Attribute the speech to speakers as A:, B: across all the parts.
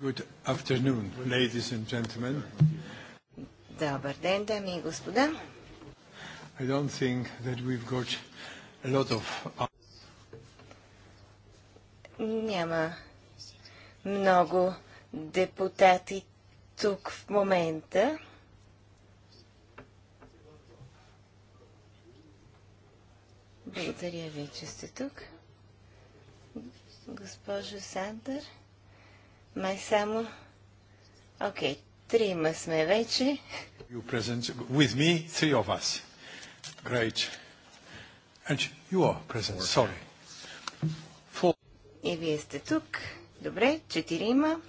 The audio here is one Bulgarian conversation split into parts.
A: Good afternoon, ladies and gentlemen. Добър ден, дами и господа. I don't think that we've got a lot of... Няма много депутати тук в момента. Благодаря ви, че сте тук. Госпожо Сандър. Май само... Окей, okay, трима сме вече. You present with me, three of us. Great. And you are present, sorry. Four. И вие сте тук. Добре, четирима.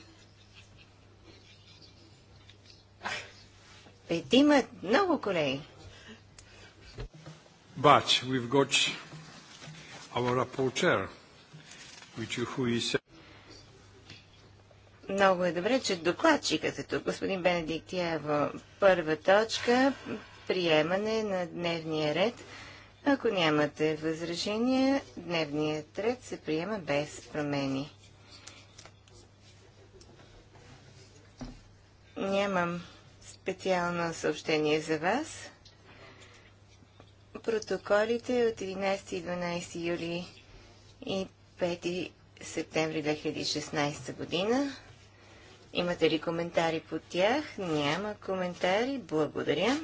A: Петима, много колеги. But we've got our rapporteur, which who is... Много е добре, че докладчикът е тук. Господин Бенедикт Яво, е първа точка, приемане на дневния ред. Ако нямате възражения, дневният ред се приема без промени. Нямам специално съобщение за вас. Протоколите от 11 и 12 юли и 5 септември 2016 година Имате ли коментари по тях? Няма коментари. Благодаря.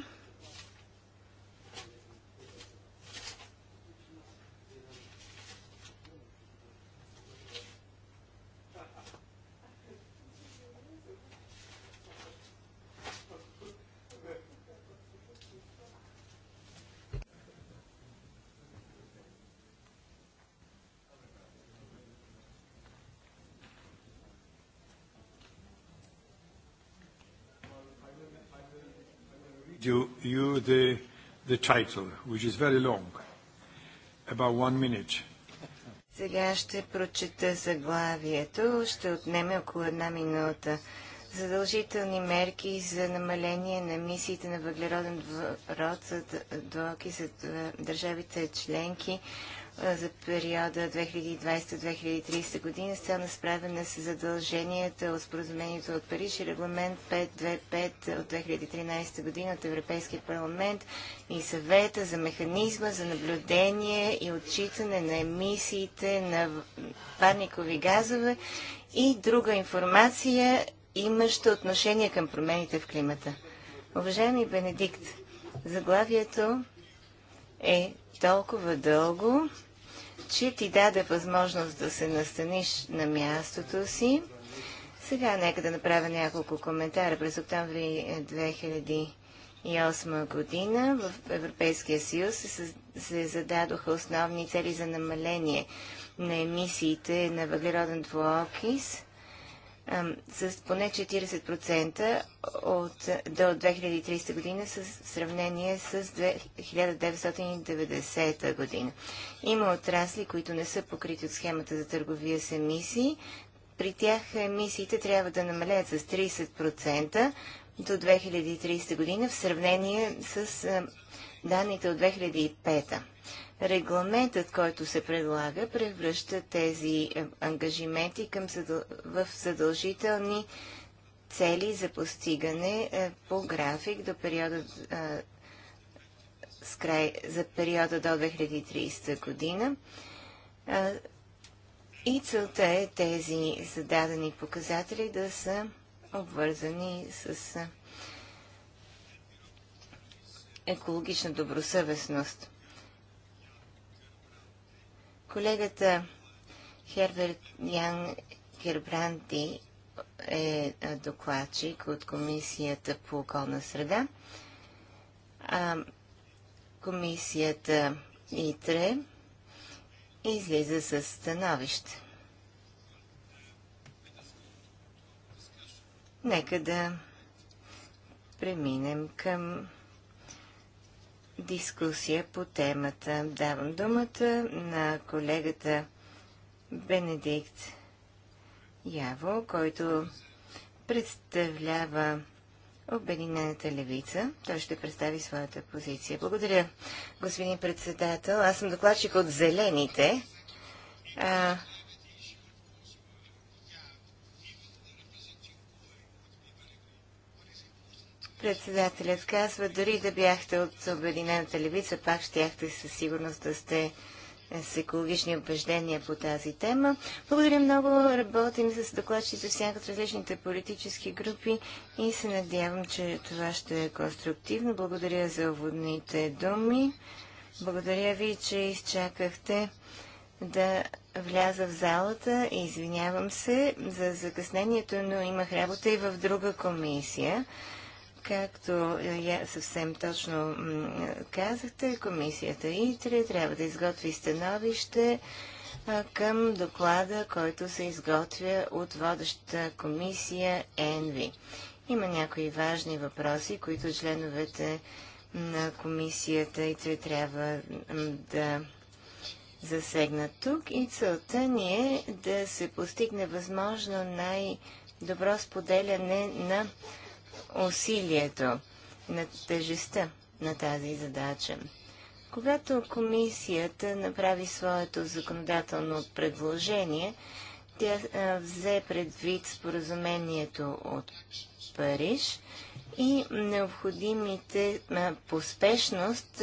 A: you, you the, the title, which is very long, about one minute. Сега ще прочета заглавието. Ще отнеме около една минута. Задължителни мерки за намаление на мисиите на въглероден двород за, двуоки за държавите членки за периода 2020-2030 година с цел на справяне с задълженията от споразумението от Париж и регламент 525 от 2013 година от Европейския парламент и съвета за механизма за наблюдение и отчитане на емисиите на парникови газове и друга информация, имаща отношение към промените в климата. Уважаеми Бенедикт, заглавието е толкова дълго, че ти даде възможност да се настаниш на мястото си. Сега нека да направя няколко коментара. През октомври 2008 година в Европейския съюз се, зададоха основни цели за намаление на емисиите на въглероден двуокис с поне 40% от, до 2030 година с сравнение с 1990 година. Има отрасли, които не са покрити от схемата за търговия с емисии. При тях емисиите трябва да намалеят с 30% до 2030 година в сравнение с данните от 2005 регламентът, който се предлага, превръща тези е, ангажименти към задъл... в задължителни цели за постигане е, по график до периода, е, с край, за периода до 2030 година. и целта е тези зададени показатели да са обвързани с екологична добросъвестност. Колегата Херберт Ян Гербранти е, е докладчик от Комисията по околна среда. А, комисията ИТРЕ излиза с становище. Нека да преминем към дискусия по темата. Давам думата на колегата Бенедикт Яво, който представлява Обединената левица. Той ще представи своята позиция. Благодаря, господин председател. Аз съм докладчик от Зелените. А, Председателят казва, дори да бяхте от Обединената левица, пак щяхте със сигурност да сте с екологични убеждения по тази тема. Благодаря много. Работим с докладчите всяка от различните политически групи и се надявам, че това ще е конструктивно. Благодаря за уводните думи. Благодаря ви, че изчакахте да вляза в залата. Извинявам се за закъснението, но имах работа и в друга комисия. Както я съвсем точно казахте, комисията ИТРЕ трябва да изготви становище към доклада, който се изготвя от водещата комисия ЕНВИ. Има някои важни въпроси, които членовете на комисията ИТРЕ трябва да засегнат тук. И целта ни е да се постигне възможно най-добро споделяне на усилието, на тежестта на тази задача. Когато комисията направи своето законодателно предложение, тя взе предвид споразумението от Париж и необходимите поспешност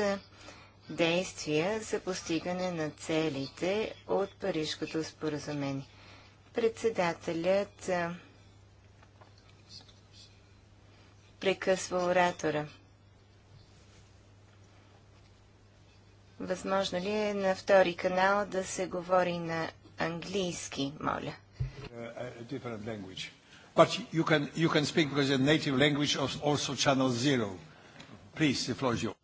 A: действия за постигане на целите от Парижкото споразумение. Председателят прекъсва оратора. Възможно ли е на втори канал да се говори на английски, моля? Uh, But you can, you can speak because the native language also channel zero. Please, the floor is yours.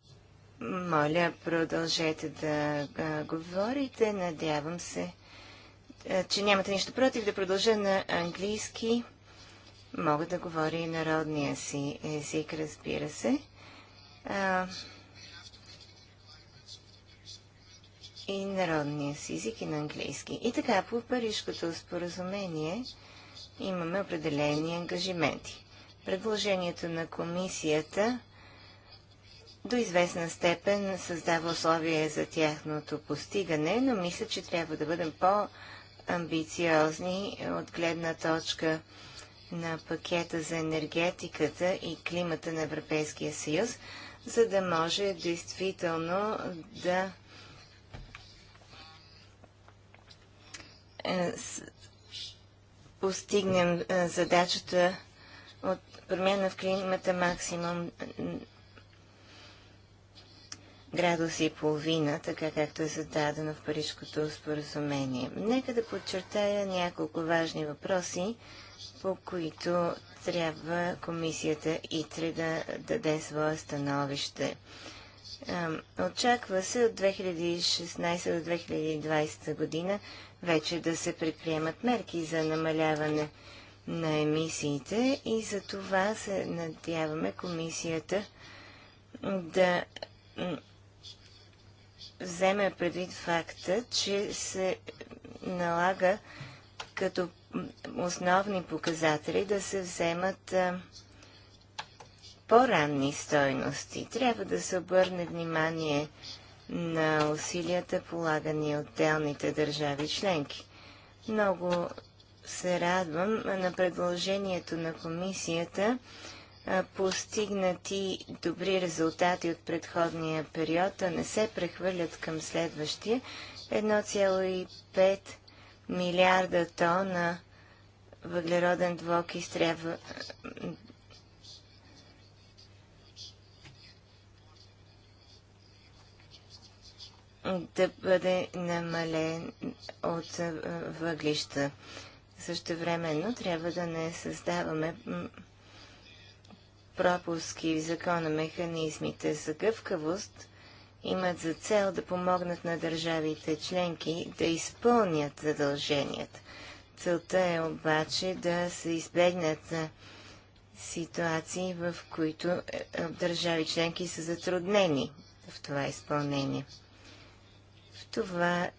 A: Моля, продължете да говорите. Надявам се, че нямате нищо против да продължа на английски мога да говоря и народния си език, разбира се. А, и народния си език и на английски. И така, по Парижкото споразумение имаме определени ангажименти. Предложението на комисията до известна степен създава условия за тяхното постигане, но мисля, че трябва да бъдем по-амбициозни от гледна точка на пакета за енергетиката и климата на Европейския съюз, за да може действително да е, постигнем е, задачата от промяна в климата максимум градус и половина, така както е зададено в Парижското споразумение. Нека да подчертая няколко важни въпроси, по които трябва комисията ИТРЕ да даде свое становище. Очаква се от 2016 до 2020 година вече да се предприемат мерки за намаляване на емисиите и за това се надяваме комисията да вземе предвид факта, че се налага като основни показатели да се вземат по-ранни стойности. Трябва да се обърне внимание на усилията, полагани от отделните държави членки. Много се радвам на предложението на комисията постигнати добри резултати от предходния период, а не се прехвърлят към следващия милиарда тона въглероден двокис трябва да бъде намален от въглища. Също времено трябва да не създаваме пропуски в закона механизмите за гъвкавост имат за цел да помогнат на държавите членки да изпълнят задълженията. Целта е обаче да се избегнат ситуации, в които е, е, държави членки са затруднени в това изпълнение. В това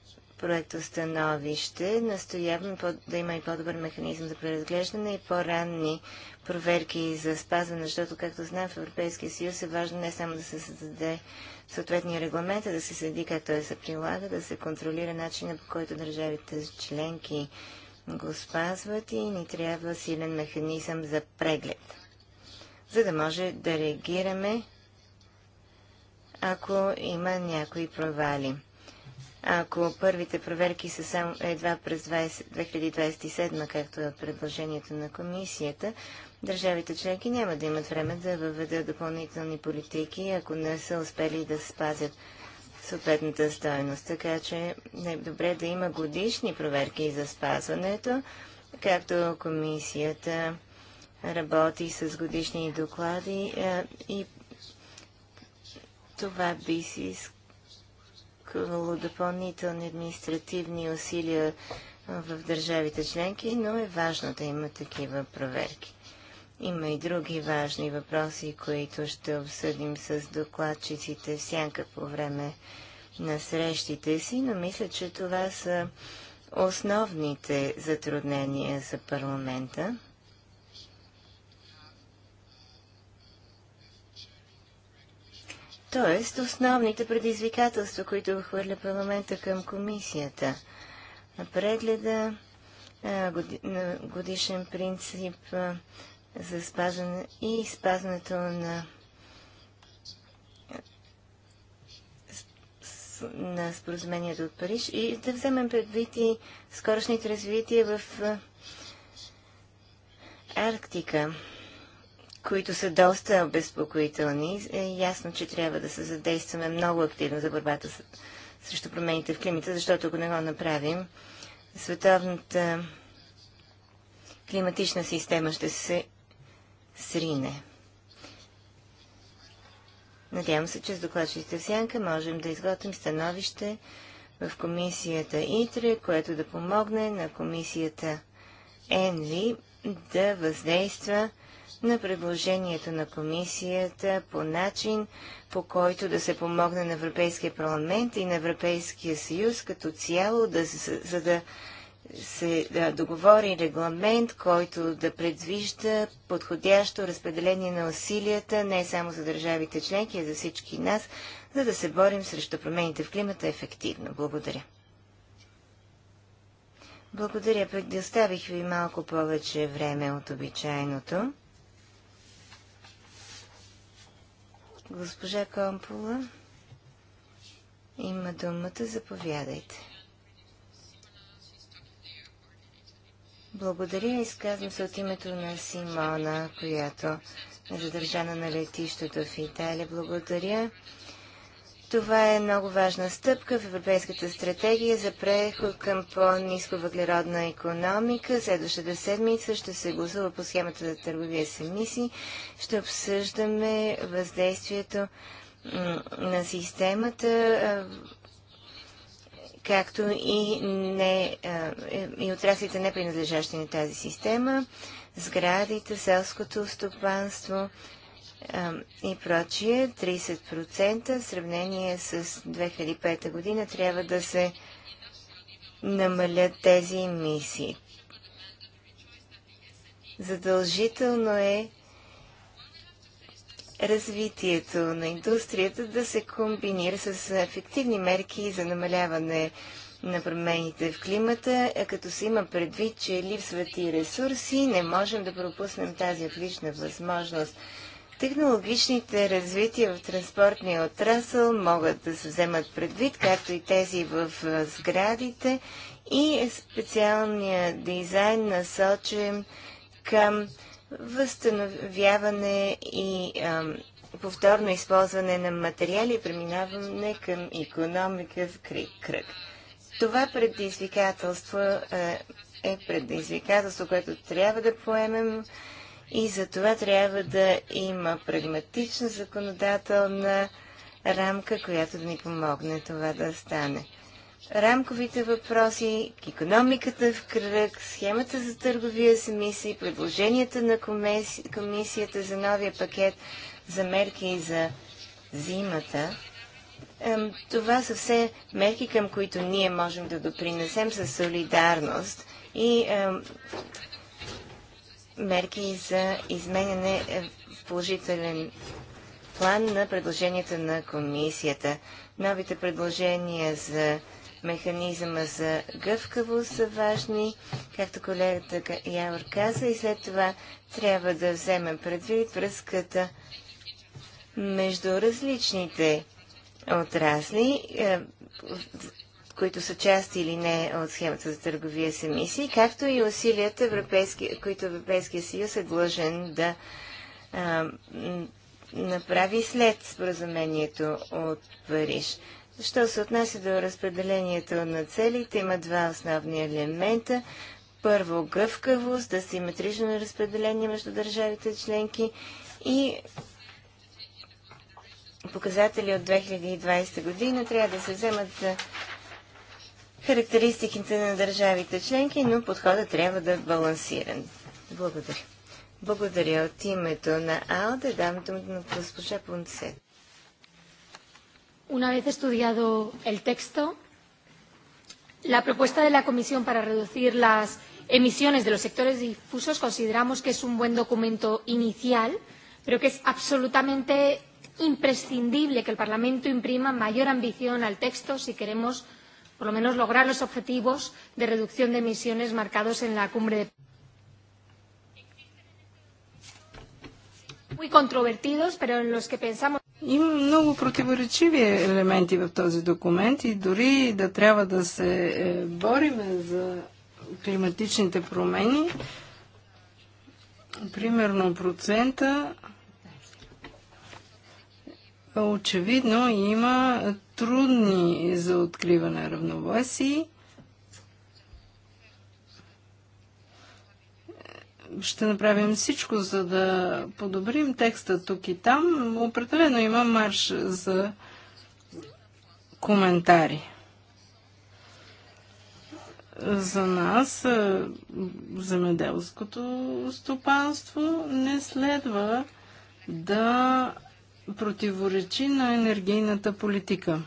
A: становище настоявам да има и по-добър механизъм за преразглеждане и по-ранни проверки за спазване, защото, както знам, в Европейския съюз е важно не само да се създаде съответния регламент, да се следи как той се прилага, да се контролира начина по който държавите членки го спазват и ни трябва силен механизъм за преглед, за да може да реагираме, ако има някои провали. Ако първите проверки са само едва през 20, 2027, както е от предложението на комисията, Държавите членки няма да имат време да въведат допълнителни политики, ако не са успели да спазят съответната стоеност. Така че е добре да има годишни проверки за спазването, както комисията работи с годишни доклади и това би си искало допълнителни административни усилия в държавите членки, но е важно да има такива проверки. Има и други важни въпроси, които ще обсъдим с докладчиците всяка по време на срещите си, но мисля, че това са основните затруднения за парламента. Тоест, основните предизвикателства, които хвърля парламента към комисията. Прегледа, годишен принцип, за спазване и спазването на на споразумението от Париж и да вземем предвид и скорошните развития в Арктика, които са доста обезпокоителни. Е ясно, че трябва да се задействаме много активно за борбата срещу промените в климата, защото ако не го направим, световната климатична система ще се срине. Надявам се, че с докладчите в Сянка можем да изготвим становище в комисията ИТРЕ, което да помогне на комисията ЕНВИ да въздейства на предложението на комисията по начин, по който да се помогне на Европейския парламент и на Европейския съюз като цяло, да, за да се да, договори регламент, който да предвижда подходящо разпределение на усилията не само за държавите членки, а за всички нас, за да се борим срещу промените в климата ефективно. Благодаря. Благодаря, предоставих ви малко повече време от обичайното. Госпожа Компола има думата, заповядайте. Благодаря. Изказвам се от името на Симона, която е задържана на летището в Италия. Благодаря. Това е много важна стъпка в Европейската стратегия за преход към по-низко въглеродна економика. Следващата седмица ще се гласува по схемата за търговия с емисии. Ще обсъждаме въздействието на системата както и, не, и отраслите не принадлежащи на тази система, сградите, селското стопанство и прочие, 30% в сравнение с 2005 година трябва да се намалят тези емисии. Задължително е развитието на индустрията да се комбинира с ефективни мерки за намаляване на промените в климата, като се има предвид, че липсват и ресурси, не можем да пропуснем тази отлична възможност. Технологичните развития в транспортния отрасъл могат да се вземат предвид, както и тези в сградите и специалния дизайн насочен към възстановяване и ам, повторно използване на материали и преминаване към економика в кръг. Това предизвикателство е, е предизвикателство, което трябва да поемем и за това трябва да има прагматична законодателна рамка, която да ни помогне това да стане рамковите въпроси, економиката в кръг, схемата за търговия с емисии, предложенията на комиси... комисията за новия пакет за мерки и за зимата. Това са все мерки, към които ние можем да допринесем със солидарност и мерки за изменяне в положителен план на предложенията на комисията. Новите предложения за Механизма за гъвкавост са важни, както колегата Явор каза, и след това трябва да вземем предвид връзката между различните отрасли, е, които са част или не от схемата за търговия с емисии, както и усилията, европейски, които Европейския съюз е длъжен да е, направи след споразумението от Париж. Що се отнася до разпределението на целите, има два основни елемента. Първо, гъвкавост, да симетрично разпределение между държавите членки и показатели от 2020 година трябва да се вземат характеристиките на държавите членки, но подходът трябва да е балансиран. Благодаря. Благодаря от името на АЛДЕ. Дам думата на госпожа Пунцет. Una vez estudiado el texto, la propuesta de la Comisión para reducir las emisiones de los sectores difusos consideramos que es un buen documento inicial, pero que es absolutamente imprescindible que el Parlamento imprima mayor ambición al texto si queremos, por lo menos, lograr los objetivos de reducción de emisiones marcados en la cumbre de muy controvertidos, pero en los que pensamos
B: има много противоречиви елементи в този документ и дори да трябва да се е, бориме за климатичните промени, примерно процента, е, очевидно има трудни за откриване равновесии ще направим всичко, за да подобрим текста тук и там. Определено има марш за коментари. За нас е, земеделското стопанство не следва да противоречи на енергийната политика.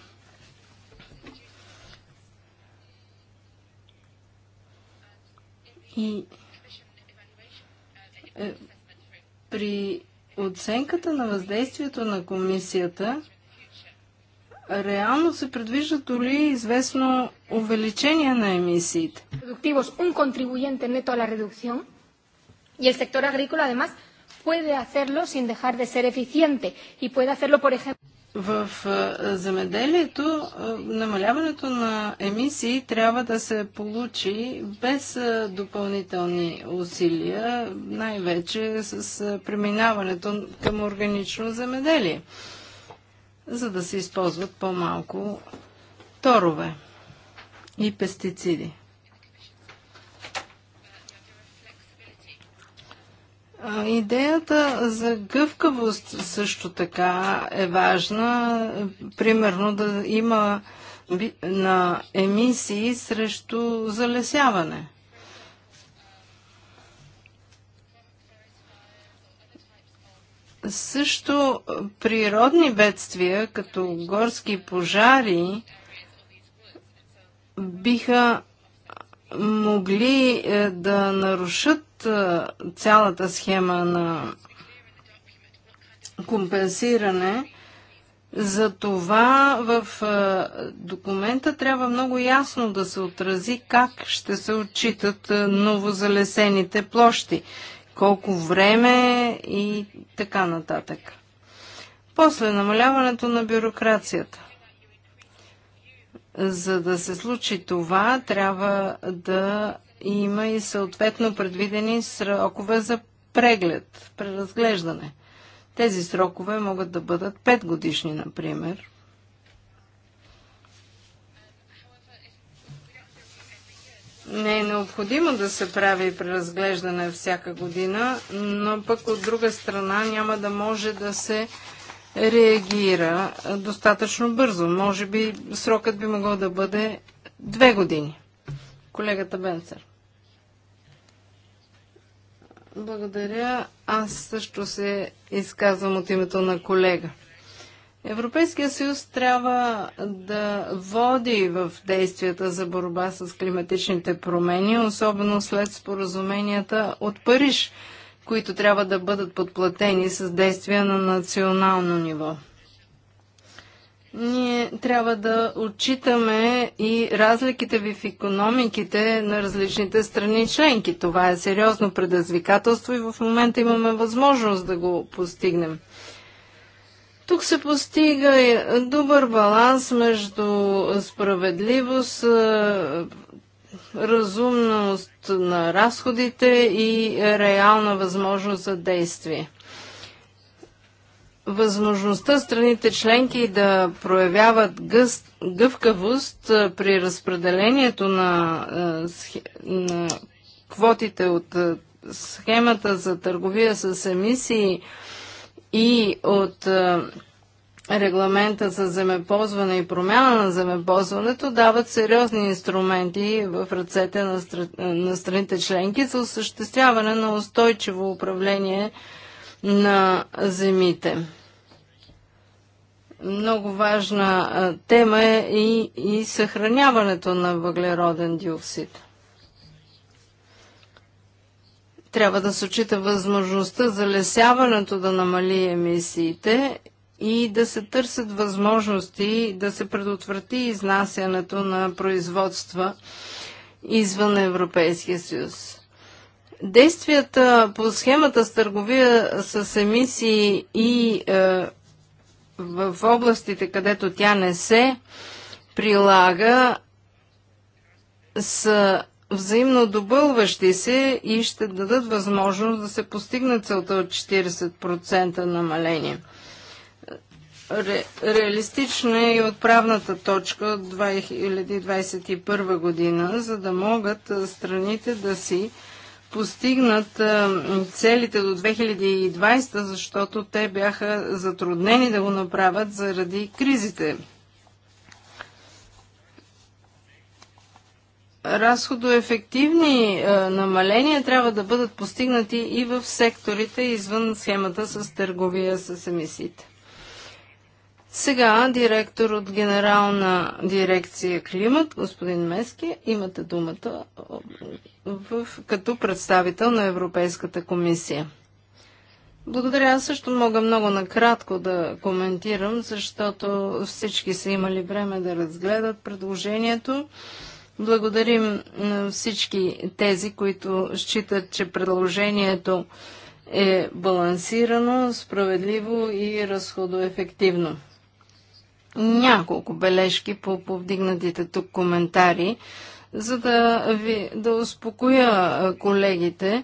B: И при оценката на въздействието на комисията реално се предвижда дори известно увеличение на емисиите. Productivos un contribuyente neto a la reducción y el sector agrícola además puede hacerlo sin
A: dejar de ser eficiente y puede hacerlo por ejemplo
B: в земеделието намаляването на емисии трябва да се получи без допълнителни усилия, най-вече с преминаването към органично земеделие, за да се използват по-малко торове и пестициди. Идеята за гъвкавост също така е важна. Примерно да има на емисии срещу залесяване. Също природни бедствия, като горски пожари, биха могли е, да нарушат цялата схема на компенсиране, за това в документа трябва много ясно да се отрази как ще се отчитат новозалесените площи, колко време и така нататък. После намаляването на бюрокрацията. За да се случи това, трябва да има и съответно предвидени срокове за преглед, преразглеждане. Тези срокове могат да бъдат 5 годишни, например. Не е необходимо да се прави преразглеждане всяка година, но пък от друга страна няма да може да се реагира достатъчно бързо. Може би срокът би могъл да бъде две години. Колегата Бенцер. Благодаря. Аз също се изказвам от името на колега. Европейския съюз трябва да води в действията за борба с климатичните промени, особено след споразуменията от Париж, които трябва да бъдат подплатени с действия на национално ниво ние трябва да отчитаме и разликите ви в економиките на различните страни членки. Това е сериозно предизвикателство и в момента имаме възможност да го постигнем. Тук се постига и добър баланс между справедливост, е, разумност на разходите и реална възможност за действие възможността страните членки да проявяват гъст, гъвкавост при разпределението на, на квотите от схемата за търговия с емисии и от регламента за земеползване и промяна на земеползването дават сериозни инструменти в ръцете на, на страните членки за осъществяване на устойчиво управление на земите. Много важна тема е и, и съхраняването на въглероден диоксид. Трябва да се очита възможността за лесяването да намали емисиите и да се търсят възможности да се предотврати изнасянето на производства извън Европейския съюз. Действията по схемата с търговия с емисии и е, в областите, където тя не се прилага, са взаимно добълващи се и ще дадат възможност да се постигне целта от 40% намаление. Ре, реалистично е и отправната точка от 2021 година, за да могат е, страните да си постигнат целите до 2020, защото те бяха затруднени да го направят заради кризите. Разходоефективни намаления трябва да бъдат постигнати и в секторите извън схемата с търговия с емисиите. Сега директор от Генерална дирекция Климат, господин Мески, имате думата в, като представител на Европейската комисия. Благодаря. Аз също мога много накратко да коментирам, защото всички са имали време да разгледат предложението. Благодарим на всички тези, които считат, че предложението е балансирано, справедливо и разходоефективно. Няколко бележки по повдигнатите тук коментари за да, ви, да успокоя колегите.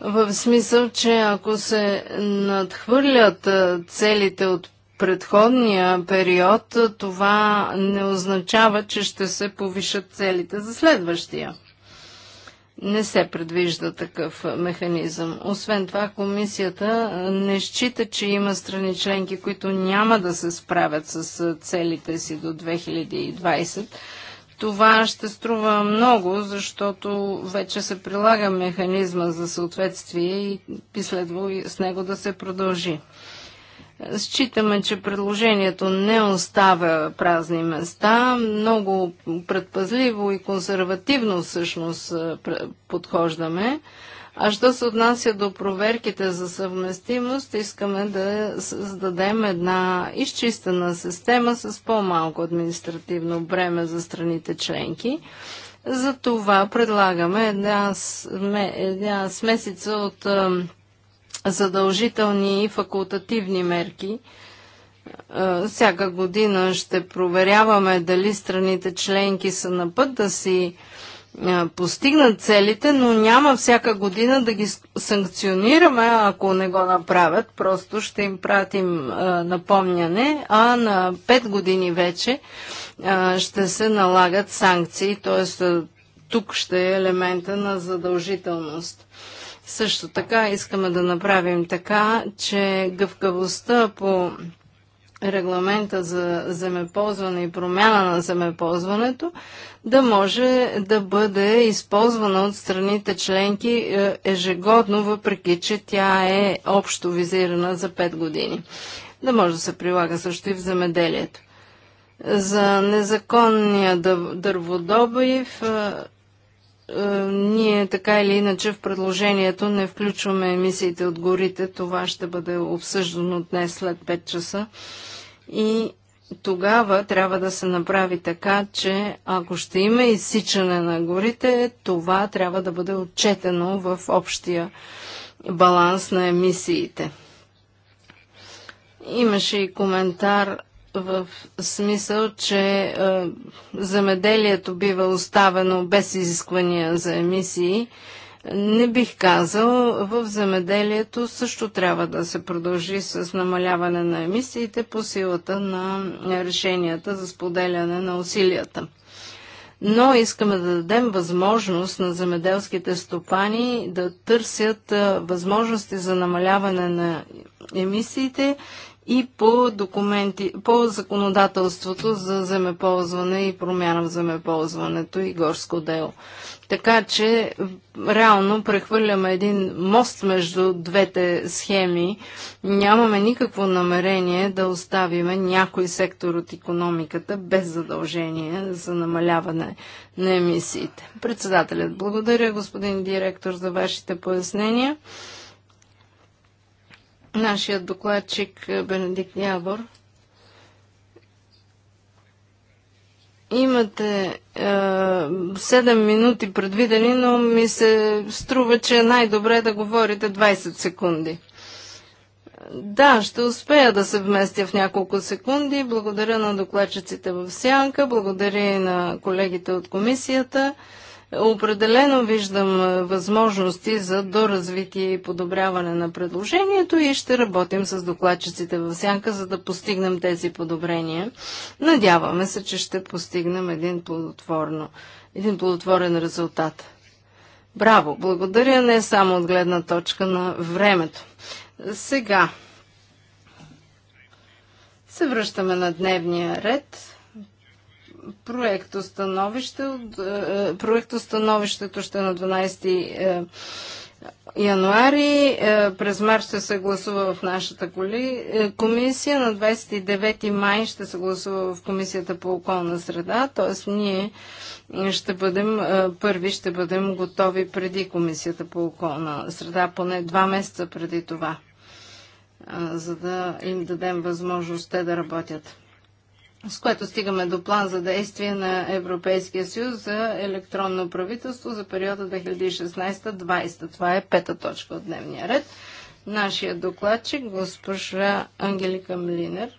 B: В смисъл, че ако се надхвърлят целите от предходния период, това не означава, че ще се повишат целите за следващия. Не се предвижда такъв механизъм. Освен това, комисията не счита, че има страни членки, които няма да се справят с целите си до 2020 това ще струва много, защото вече се прилага механизма за съответствие и би следвало с него да се продължи. Считаме, че предложението не оставя празни места. Много предпазливо и консервативно всъщност е, подхождаме. А що се отнася до проверките за съвместимост, искаме да създадем една изчистена система с по-малко административно бреме за страните членки. За това предлагаме една, сме, една смесица от задължителни и факултативни мерки. всяка година ще проверяваме дали страните членки са на път да си постигнат целите, но няма всяка година да ги санкционираме, ако не го направят. Просто ще им пратим а, напомняне, а на 5 години вече а, ще се налагат санкции, т.е. тук ще е елемента на задължителност. Също така искаме да направим така, че гъвкавостта по регламента за земеползване и промяна на земеползването, да може да бъде използвана от страните членки е, ежегодно, въпреки че тя е общо визирана за 5 години. Да може да се прилага също и в земеделието. За незаконния дърводобив е, е, ние така или иначе в предложението не включваме емисиите от горите. Това ще бъде обсъждано днес след 5 часа. И тогава трябва да се направи така, че ако ще има изсичане на горите, това трябва да бъде отчетено в общия баланс на емисиите. Имаше и коментар в смисъл, че е, замеделието бива оставено без изисквания за емисии. Не бих казал, в замеделието също трябва да се продължи с намаляване на емисиите по силата на решенията за споделяне на усилията. Но искаме да дадем възможност на земеделските стопани да търсят е, възможности за намаляване на емисиите и по, документи, по законодателството за земеползване и промяна в земеползването и горско дело. Така че реално прехвърляме един мост между двете схеми. Нямаме никакво намерение да оставиме някой сектор от економиката без задължение за намаляване на емисиите. Председателят, благодаря господин директор за вашите пояснения нашият докладчик е, Бенедикт Явор. Имате е, 7 минути предвидени, но ми се струва, че е най-добре да говорите 20 секунди. Да, ще успея да се вместя в няколко секунди. Благодаря на докладчиците в Сянка, благодаря и на колегите от комисията. Определено виждам възможности за доразвитие и подобряване на предложението и ще работим с докладчиците в сянка, за да постигнем тези подобрения. Надяваме се, че ще постигнем един, плодотворно, един плодотворен резултат. Браво! Благодаря не само от гледна точка на времето. Сега се връщаме на дневния ред. Проектостановище, е, проектостановището ще е на 12 е, януари. През март ще се гласува в нашата комисия. На 29 май ще се гласува в комисията по околна среда. Т.е. ние ще бъдем първи, ще бъдем готови преди комисията по околна среда, поне два месеца преди това, за да им дадем възможност те да работят с което стигаме до план за действие на Европейския съюз за електронно правителство за периода 2016-2020. Това е пета точка от дневния ред. Нашия докладчик, госпожа Ангелика Млинер,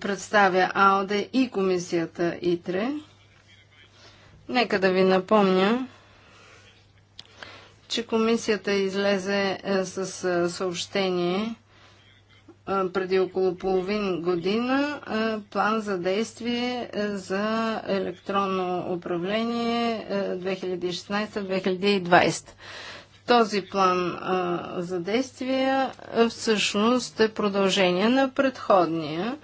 B: представя АОДЕ и комисията ИТРЕ. Нека да ви напомня, че комисията излезе е, с е, съобщение преди около половин година план за действие е, за електронно управление 2016-2020. Е, Този план за действие е, всъщност е продължение на предходния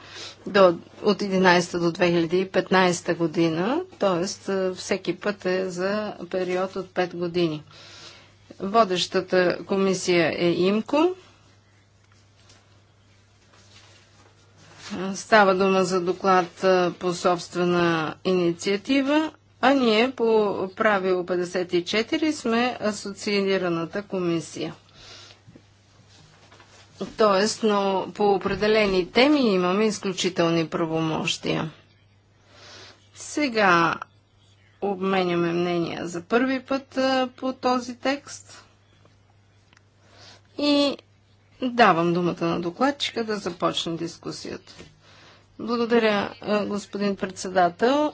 B: до, от 2011 до 2015 година, т.е. всеки път е за период от 5 години. Водещата комисия е ИМКО. Става дума за доклад по собствена инициатива, а ние по правило 54 сме асоциираната комисия. Тоест, но по определени теми имаме изключителни правомощия. Сега обменяме мнения за първи път по този текст и Давам думата на докладчика да започне дискусията. Благодаря, е, господин председател.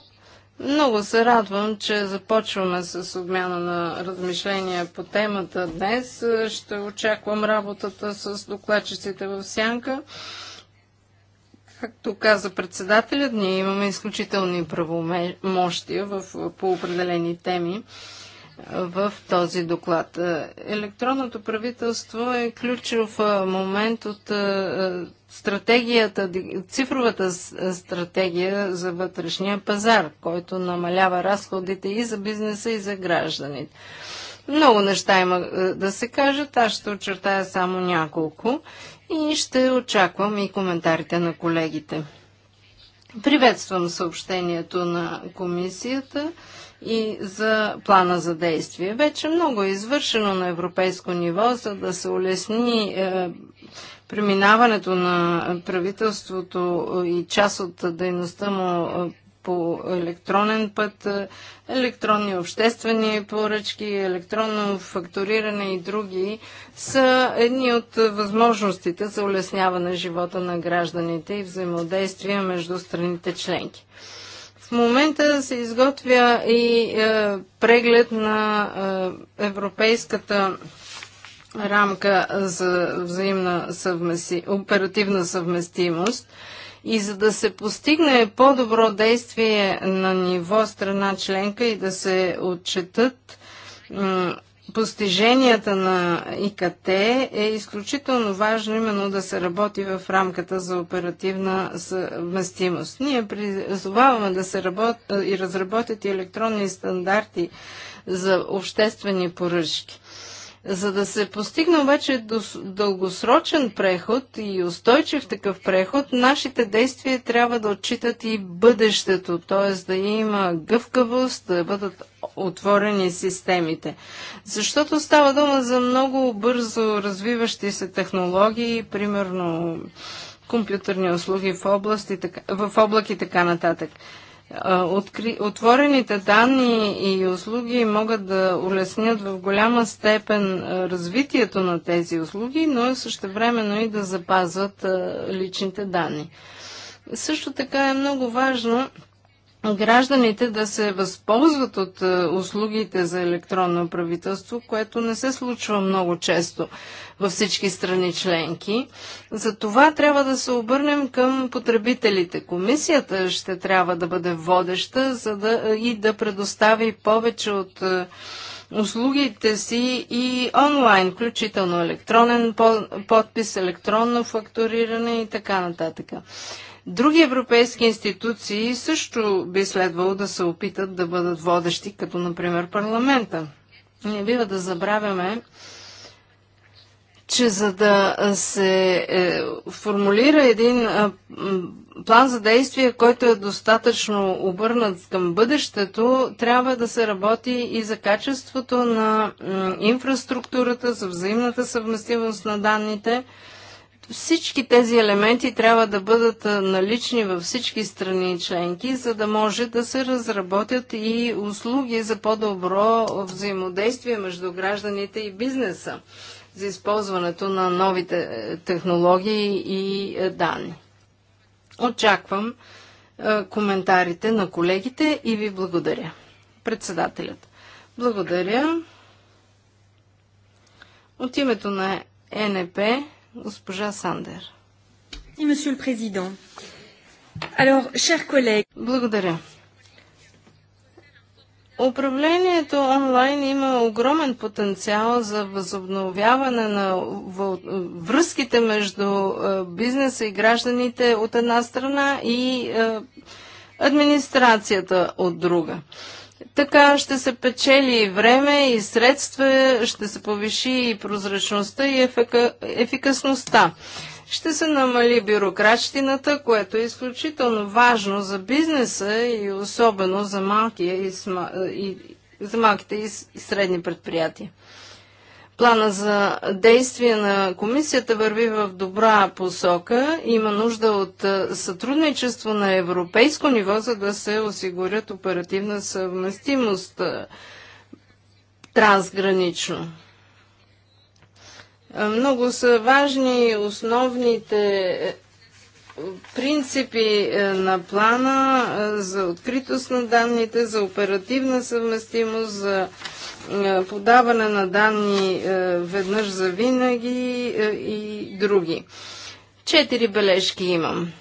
B: Много се радвам, че започваме с обмяна на размишления по темата днес. Е, ще очаквам работата с докладчиците в Сянка. Както каза председателят, ние имаме изключителни правомощия в, по определени теми в този доклад. Е, електронното правителство е ключов е, момент от е, стратегията, цифровата стратегия за вътрешния пазар, който намалява разходите и за бизнеса, и за гражданите. Много неща има да се кажат, аз ще очертая само няколко и ще очаквам и коментарите на колегите. Приветствам съобщението на комисията и за плана за действие. Вече много е извършено на европейско ниво, за да се улесни е, преминаването на правителството и част от дейността му е, по електронен път, електронни обществени поръчки, електронно фактуриране и други са едни от възможностите за улесняване живота на гражданите и взаимодействие между страните членки. В момента се изготвя и е, преглед на е, европейската рамка за взаимна съвмеси... оперативна съвместимост. И за да се постигне по-добро действие на ниво страна членка и да се отчетат постиженията на ИКТ е изключително важно именно да се работи в рамката за оперативна съвместимост. Ние призоваваме да се работят и разработят и електронни стандарти за обществени поръчки. За да се постигне обаче дългосрочен преход и устойчив такъв преход, нашите действия трябва да отчитат и бъдещето, т.е. да има гъвкавост, да бъдат отворени системите. Защото става дума за много бързо развиващи се технологии, примерно компютърни услуги в, области, в облак и така нататък. Откри... Отворените данни и услуги могат да улеснят в голяма степен развитието на тези услуги, но е същевременно и да запазват личните данни. Също така е много важно гражданите да се възползват от е, услугите за електронно правителство, което не се случва много често във всички страни членки. За това трябва да се обърнем към потребителите. Комисията ще трябва да бъде водеща за да, е, и да предостави повече от е, услугите си и онлайн, включително електронен подпис, електронно фактуриране и така нататък. Други европейски институции също би следвало да се опитат да бъдат водещи, като например парламента. Не бива да забравяме, че за да се е, формулира един е, план за действие, който е достатъчно обърнат към бъдещето, трябва да се работи и за качеството на е, инфраструктурата, за взаимната съвместимост на данните – всички тези елементи трябва да бъдат налични във всички страни и членки, за да може да се разработят и услуги за по-добро взаимодействие между гражданите и бизнеса за използването на новите е, технологии и е, данни. Очаквам е, коментарите на колегите и ви благодаря. Председателят. Благодаря. От името на НП Госпожа Сандер. И, месье президент. Alors, Благодаря. Управлението онлайн има огромен потенциал за възобновяване на връзките между е, бизнеса и гражданите от една страна и е, администрацията от друга. Така ще се печели и време, и средства, ще се повиши и прозрачността, и ефикасността. Ще се намали бюрократщината, което е изключително важно за бизнеса и особено за малките и средни предприятия. Плана за действие на комисията върви в добра посока. Има нужда от е, сътрудничество на европейско ниво, за да се осигурят оперативна съвместимост е, трансгранично. Е, много са важни основните принципи на плана за откритост на данните, за оперативна съвместимост, за е, подаване на данни е, веднъж за винаги е, и други. Четири бележки имам.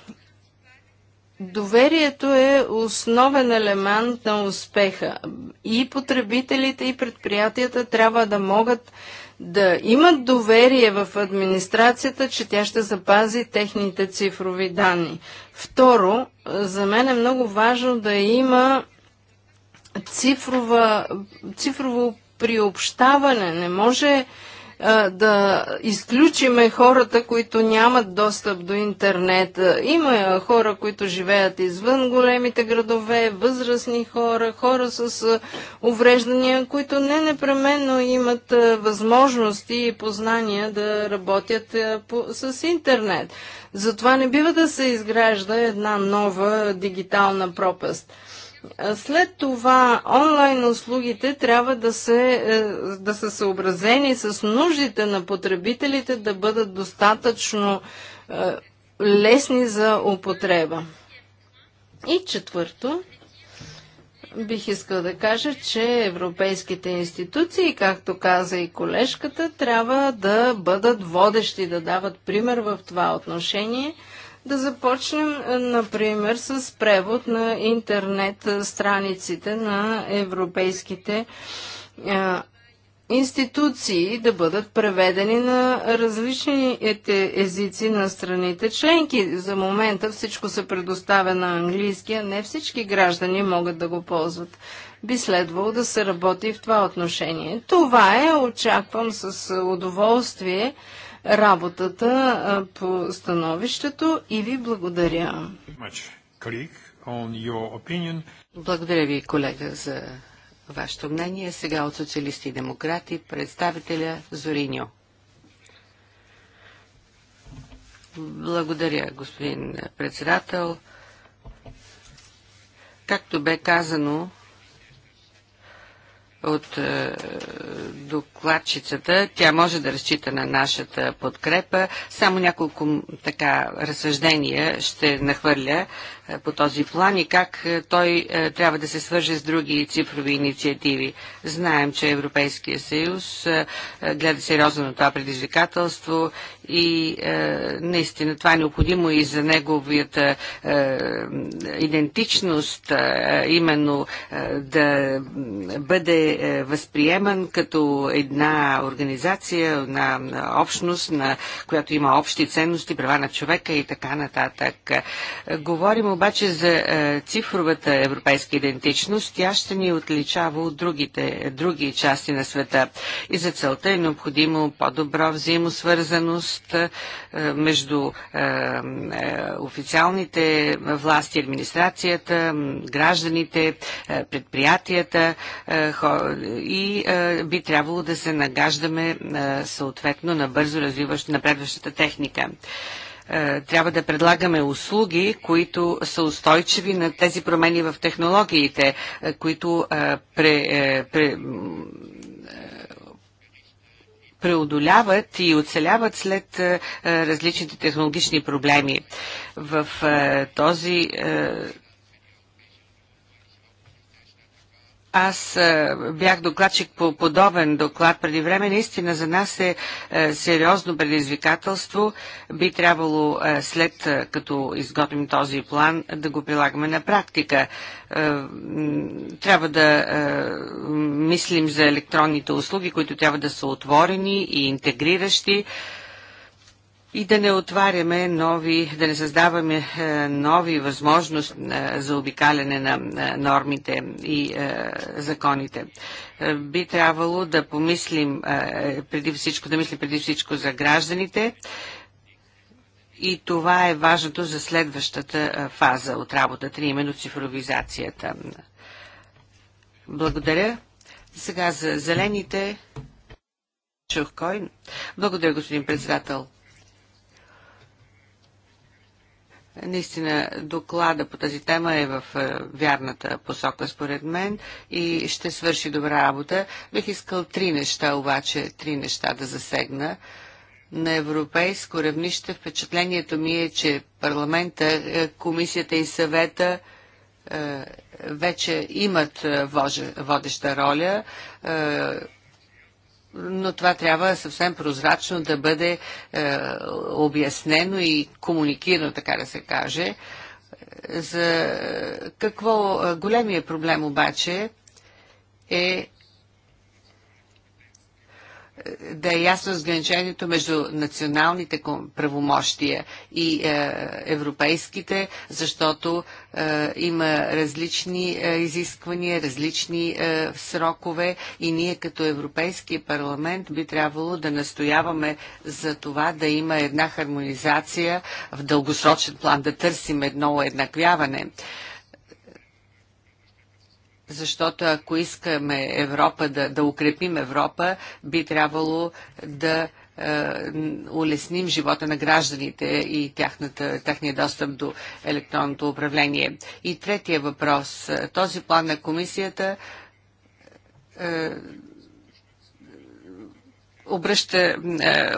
B: Доверието е основен елемент на успеха. И потребителите, и предприятията трябва да могат да имат доверие в администрацията, че тя ще запази техните цифрови данни. Второ, за мен е много важно да има цифрова, цифрово приобщаване. Не може а, да изключиме хората, които нямат достъп до интернет. Има хора, които живеят извън големите градове, възрастни хора, хора с а, увреждания, които не непременно имат а, възможности и познания да работят по, с интернет. Затова не бива да се изгражда една нова дигитална пропаст. След това онлайн услугите трябва да, се, е, да са съобразени с нуждите на потребителите да бъдат достатъчно е, лесни за употреба. И четвърто, бих искал да кажа, че европейските институции, както каза и колежката, трябва да бъдат водещи, да дават пример в това отношение – да започнем, е, например, с превод на интернет е, страниците на европейските е, институции да бъдат преведени на различните езици на страните членки. За момента всичко се предоставя на английски, а не всички граждани могат да го ползват. Би следвало да се работи в това отношение. Това е, очаквам с удоволствие работата по становището и ви благодаря.
C: Благодаря ви, колега, за вашето мнение. Сега от социалисти и демократи представителя Зориньо. Благодаря, господин председател. Както бе казано, от е, докладчицата. Тя може да разчита на нашата подкрепа. Само няколко така разсъждения ще нахвърля е, по този план и как е, той е, трябва да се свърже с други цифрови инициативи. Знаем, че Европейския съюз е, е, гледа сериозно на това предизвикателство и е, наистина това е необходимо и за неговията е, идентичност, е, именно е, да бъде е, възприеман като една организация, една общност, на която има общи ценности, права на човека и така нататък. Е, говорим обаче за е, цифровата европейска идентичност. Тя ще ни отличава от другите, други части на света. И за целта е необходимо по-добро взаимосвързаност между официалните власти, администрацията, гражданите, предприятията, и е, би трябвало да се нагаждаме е, съответно на бързо развиващ, напредващата техника е, трябва да предлагаме услуги, които са устойчиви на тези промени в технологиите, които пре, пре, преодоляват и оцеляват след различните технологични проблеми. В този Аз е, бях докладчик по подобен доклад преди време. Наистина за нас е, е сериозно предизвикателство. Би трябвало е, след като изготвим този план да го прилагаме на практика. Трябва да мислим за електронните услуги, които трябва да са отворени и интегриращи и да не отваряме нови, да не създаваме е, нови възможности е, за обикаляне на е, нормите и законите. Би трябвало да помислим преди всичко, да мислим преди всичко за гражданите и това е важното за следващата фаза от работата, именно цифровизацията. Благодаря. Сега за зелените. Чух кой. Благодаря, господин председател. Наистина доклада по тази тема е в е, вярната посока според мен и ще свърши добра работа. Бих искал три неща обаче, три неща да засегна. На европейско равнище впечатлението ми е, че парламента, е, комисията и съвета е, вече имат водеща роля но това трябва съвсем прозрачно да бъде е, обяснено и комуникирано, така да се каже. За е, какво е, големия проблем обаче е да е ясно разграничението между националните правомощия и е, европейските, защото е, има различни е, изисквания, различни срокове и ние като Европейски парламент би трябвало да настояваме за това да има една хармонизация в дългосрочен план, да търсим едно еднаквяване защото ако искаме Европа да, да укрепим Европа, би трябвало да е, улесним живота на гражданите и тяхната, тяхния достъп до електронното управление. И третия въпрос. Този план на комисията е, обръща е,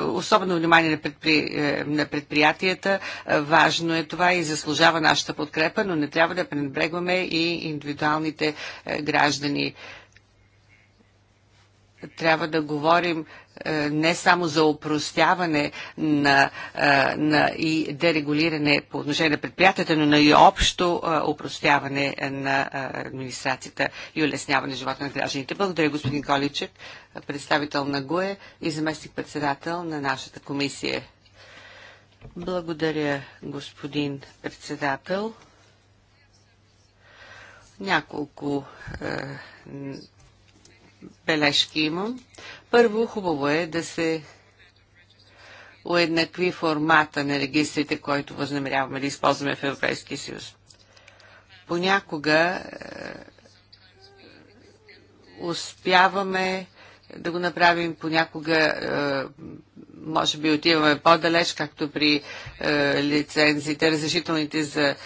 C: особено внимание на, предпри... Е, на предприятията. Е, важно е това и заслужава нашата подкрепа, но не трябва да пренебрегваме и индивидуалните граждани трябва да говорим е, не само за упростяване на, е, на и дерегулиране по отношение на предприятията, но и общо опростяване е, на администрацията и улесняване живота на гражданите. Благодаря, господин Количек, представител на ГУЕ и заместник председател на нашата комисия. Благодаря, господин председател. Няколко бележки имам. Първо, хубаво е да се уеднакви формата на регистрите, който възнамеряваме да използваме в Европейския съюз. Понякога е, успяваме да го направим понякога, е, може би отиваме по-далеч, както при е, лицензите, разрешителните за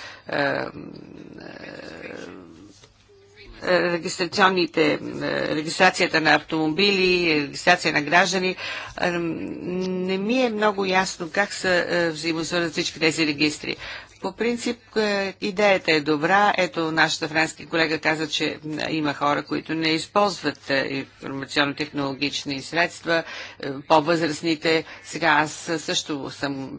C: регистрационните, регистрацията на автомобили, регистрация на граждани. Не ми е много ясно как са е, взаимосвързани всички тези регистри. По принцип, е, идеята е добра. Ето, нашата френски колега каза, че има хора, които не използват е, информационно-технологични средства, е, по-възрастните. Сега аз също съм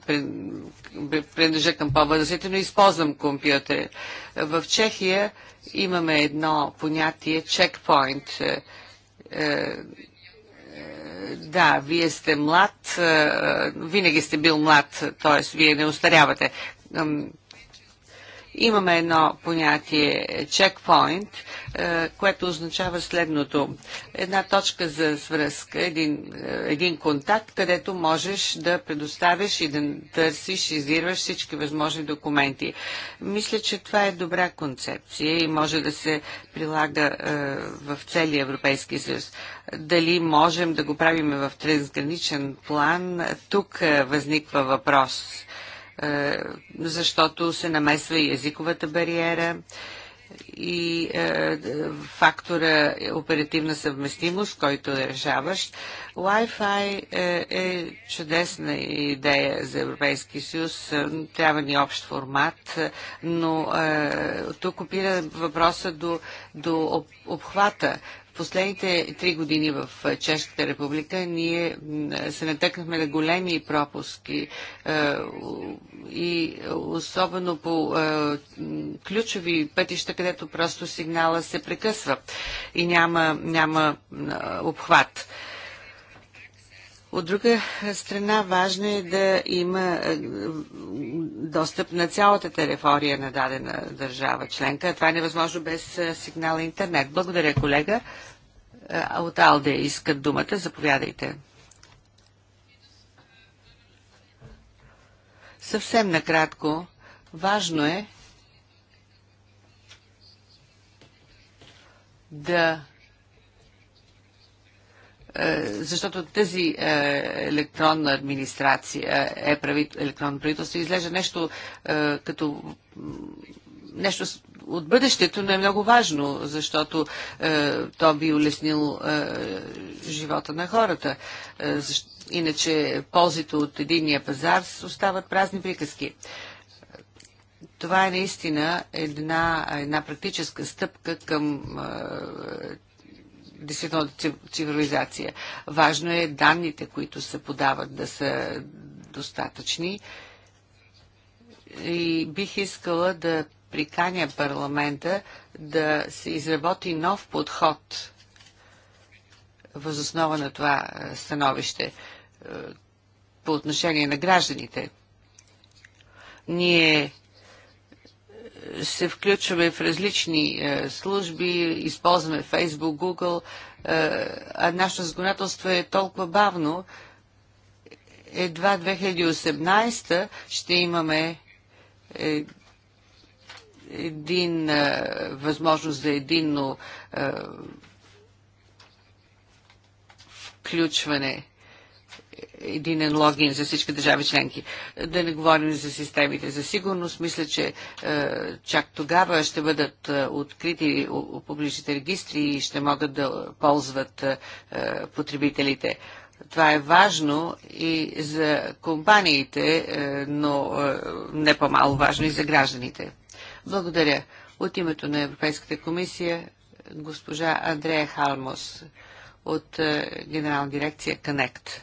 C: принадлежа към по-възрастните, но използвам компютър. В Чехия имаме едно понятие чекпоинт. Да, вие сте млад, винаги сте бил млад, т.е. вие не устарявате имаме едно понятие checkpoint, е, което означава следното. Една точка за свръзка, един, е, един контакт, където можеш да предоставиш и да търсиш, издирваш всички възможни документи. Мисля, че това е добра концепция и може да се прилага е, в целия Европейски съюз. Дали можем да го правим в трансграничен план, тук възниква въпрос е, защото се намесва и езиковата бариера и е, фактора е оперативна съвместимост, който е решаващ. Wi-Fi е, чудесна идея за Европейски съюз. Трябва ни общ формат, но тук опира въпроса до, до обхвата в последните три години в Чешката република ние се натъкнахме на големи пропуски е, и особено по е, ключови пътища, където просто сигнала се прекъсва и няма, няма е, обхват. От друга страна, важно е да има е, достъп на цялата територия на дадена държава членка. Това е невъзможно без е, сигнала интернет. Благодаря, колега. Е, от Алде искат думата. Заповядайте. Съвсем накратко, важно е да е, защото тази е, електронна администрация, е прави, електронно правителство, излежа нещо е, като нещо от бъдещето, но е много важно, защото то би улеснило живота на хората. Иначе ползите от единния пазар остават празни приказки. Това е наистина една, една практическа стъпка към действително цивилизация. Важно е данните, които се подават, да са достатъчни. И бих искала да приканя парламента да се изработи нов подход възоснова на това е, становище е, по отношение на гражданите. Ние се включваме в различни е, служби, използваме Facebook, Google, е, а нашето законодателство е толкова бавно. Едва 2018 ще имаме е, един възможност за единно включване единен логин за всички държави членки. Да не говорим за системите за сигурност. Мисля, че е, чак тогава ще бъдат е, открити публичните регистри и ще могат да ползват е, потребителите. Това е важно и за компаниите, но не по-мало важно и за гражданите. Благодаря. От името на Европейската комисия госпожа Андрея Халмос от Генерална дирекция Connect.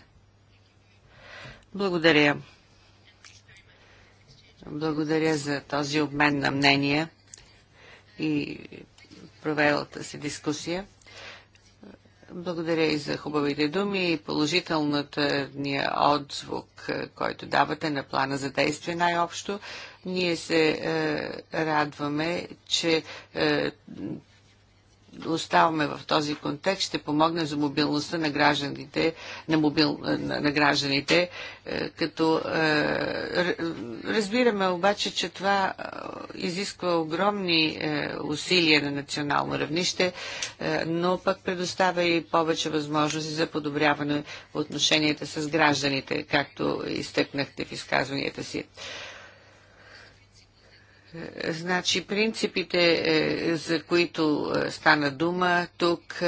C: Благодаря. Благодаря за този обмен на мнения и провелата се дискусия. Благодаря и за хубавите думи и положителната ни отзвук, е, който давате на плана за действие най-общо. Ние се е, радваме, че е, оставаме в този контекст, ще помогне за мобилността на гражданите, на, мобил, на, на гражданите е, като е, разбираме обаче, че това е, изисква огромни усилия на национално равнище, но пък предоставя и повече възможности за подобряване отношенията с гражданите, както изтъкнахте в изказванията си. Е, значи принципите, е, за които е, стана дума тук,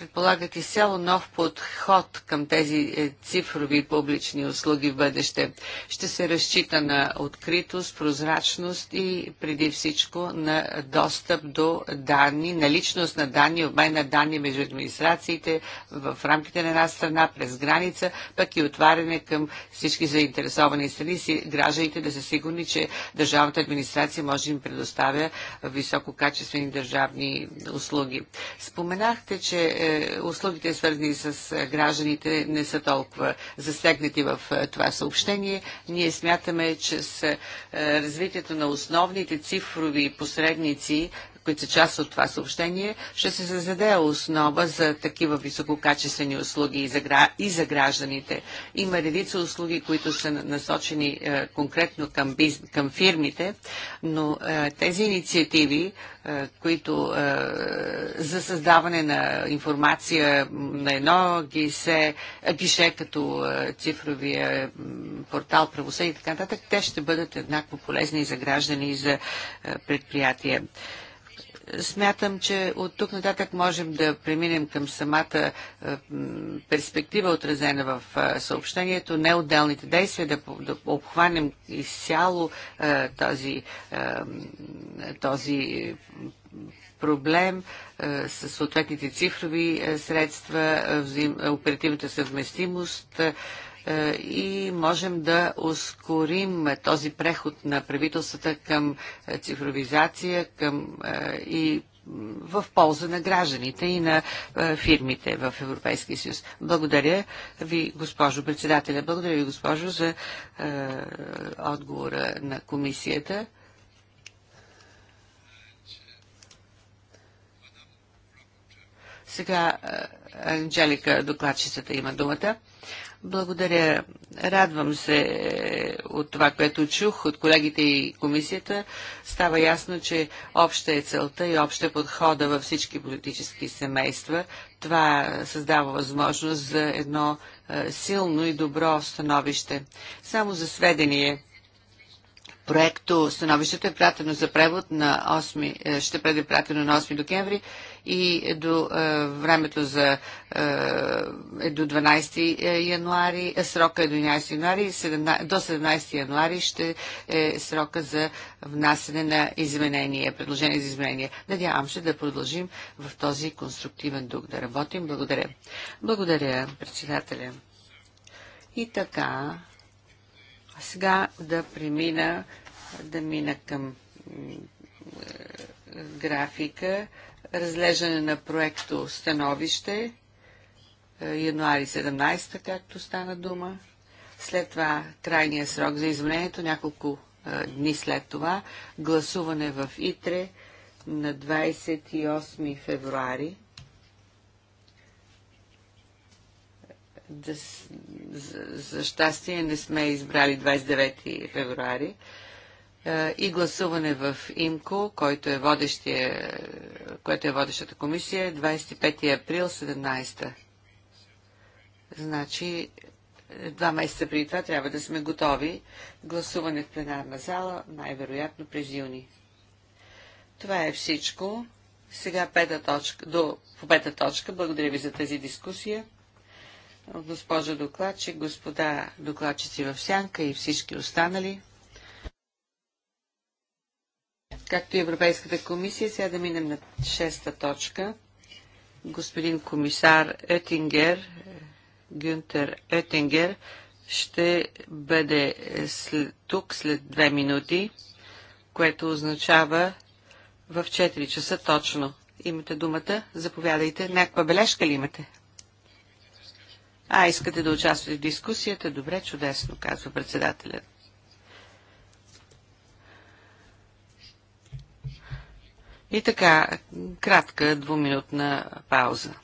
C: предполагат изцяло нов подход към тези е, цифрови публични услуги в бъдеще. Ще се разчита на откритост, прозрачност и преди всичко на достъп до данни, наличност на данни, обмен на данни между администрациите в рамките на една страна, през граница, пък и отваряне към всички заинтересовани страни си, гражданите да са сигурни, че държавната администрация може да им предоставя висококачествени държавни услуги. Споменахте, че е, услугите, свързани с гражданите, не са толкова засегнати в това съобщение. Ние смятаме, че с развитието на основните цифрови посредници, които са част от това съобщение, ще се създаде основа за такива висококачествени услуги и за, и за гражданите. Има редица услуги, които са насочени е, конкретно към, биз, към фирмите, но е, тези инициативи, е, които е, за създаване на информация на едно гише, гише като е, цифровия портал правосъдие и така нататък, те ще бъдат еднакво полезни и за граждани, и за е, предприятия. Смятам, че от тук нататък можем да преминем към самата е, перспектива, отразена в е, съобщението, не отделните действия, да, обхванем изцяло е, този, този проблем с съответните цифрови средства, оперативната съвместимост, е, и можем да ускорим този преход на правителствата към е, цифровизация към, е, и в полза на гражданите и на фирмите в Европейския съюз. Благодаря ви, госпожо председателя. Благодаря ви, госпожо, за отговора на комисията. Сега Анджелика, докладчицата, има думата. Благодаря. Радвам се е, от това, което чух от колегите и комисията. Става ясно, че обща е целта и обща е подхода във всички политически семейства. Това създава възможност за едно е, силно и добро становище. Само за сведение проекто становището е пратено за превод на 8, е, ще бъде пратено на 8 декември и до е, времето за е, е до 12 е, януари, е, срока е до 11 януари 17, до 17 януари ще е срока за внасене на изменения, предложение за изменения. Надявам се да продължим в този конструктивен дух да работим. Благодаря. Благодаря, председателя. И така, сега да премина, да мина към графика разглеждане на проекто становище, е, януари 17, както стана дума. След това крайния срок за изменението, няколко е, дни след това, гласуване в ИТРЕ на 28 февруари. за щастие не сме избрали 29 февруари, е, и гласуване в ИМКО, който е водещия, което е водещата комисия, 25 април 17. Значи, два месеца преди това трябва да сме готови. Гласуване в пленарна зала, най-вероятно през юни. Това е всичко. Сега пета точка, до, по пета точка. Благодаря ви за тази дискусия. Госпожо докладчик, господа докладчици в сянка и всички останали както и Европейската комисия. Сега да минем на шеста точка. Господин комисар Етингер, Гюнтер Етингер, ще бъде след, тук след две минути, което означава в 4 часа точно. Имате думата, заповядайте. Някаква бележка ли имате? А, искате да участвате в дискусията? Добре, чудесно, казва председателят. И така, кратка двуминутна пауза.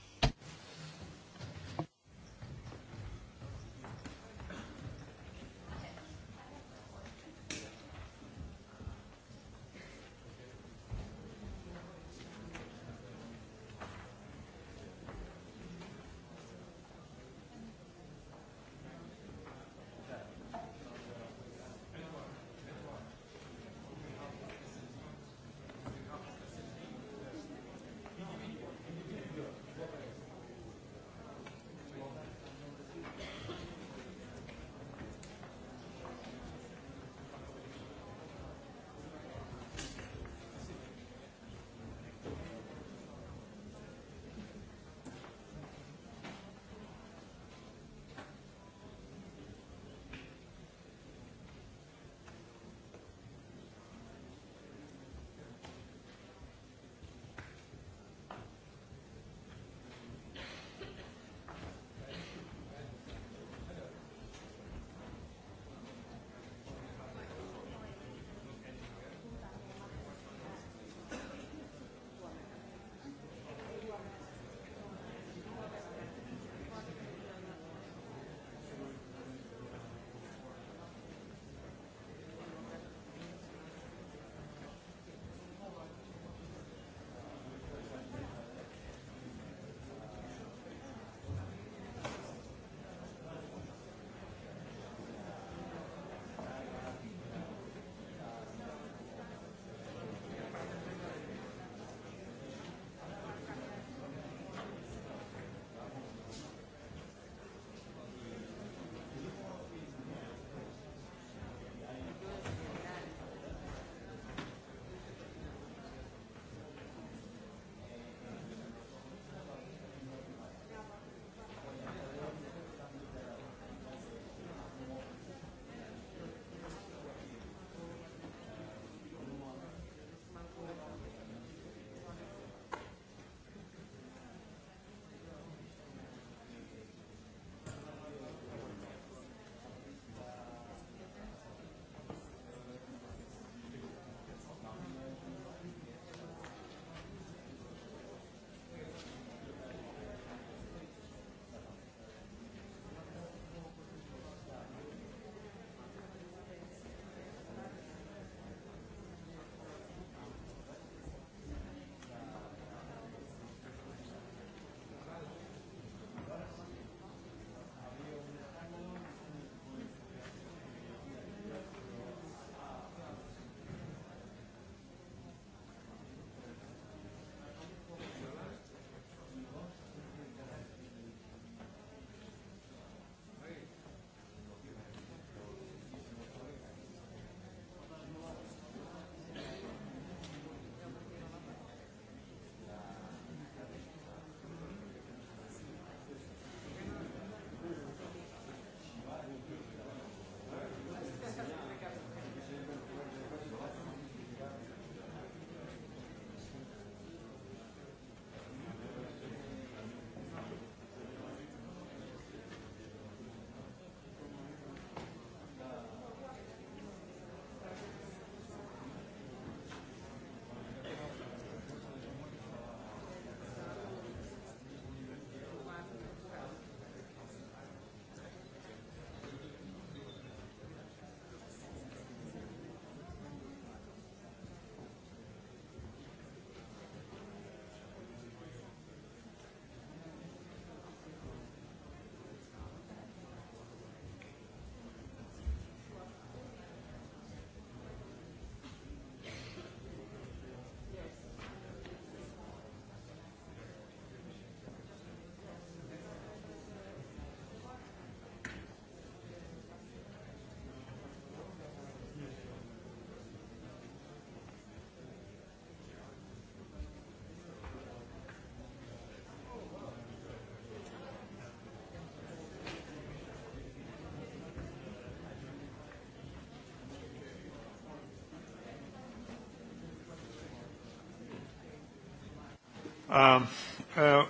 B: Um, uh,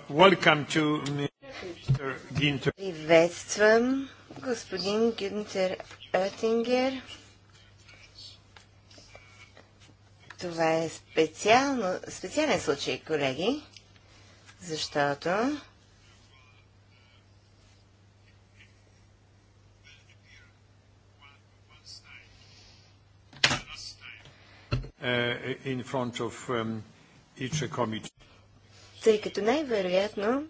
A: Приветствам господин Гюнтер Оттингер. Това е специално, специален случай, колеги, защото uh, in front of um, each committee тъй като най-вероятно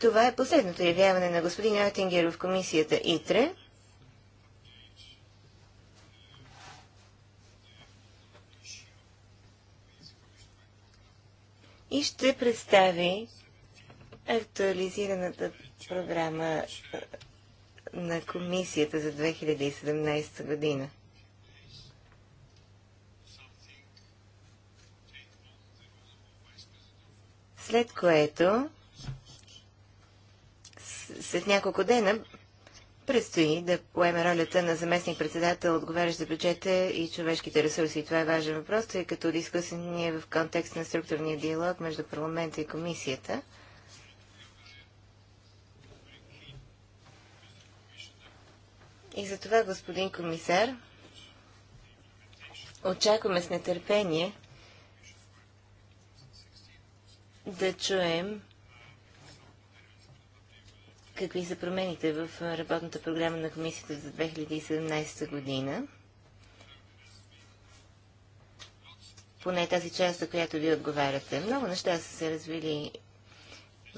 A: това е последното явяване на господин Оттингер в комисията ИТРЕ. И ще представи актуализираната програма на комисията за 2017 година. След което след няколко дена предстои да поеме ролята на заместник-председател, отговарящ за бюджета и човешките ресурси. Това е важен въпрос, тъй като дискусия ни е в контекст на структурния диалог между парламента и комисията. И за това, господин комисар, очакваме с нетърпение да чуем какви са промените в работната програма на комисията за 2017 година. Поне тази част, за която ви отговаряте. Много неща са се развили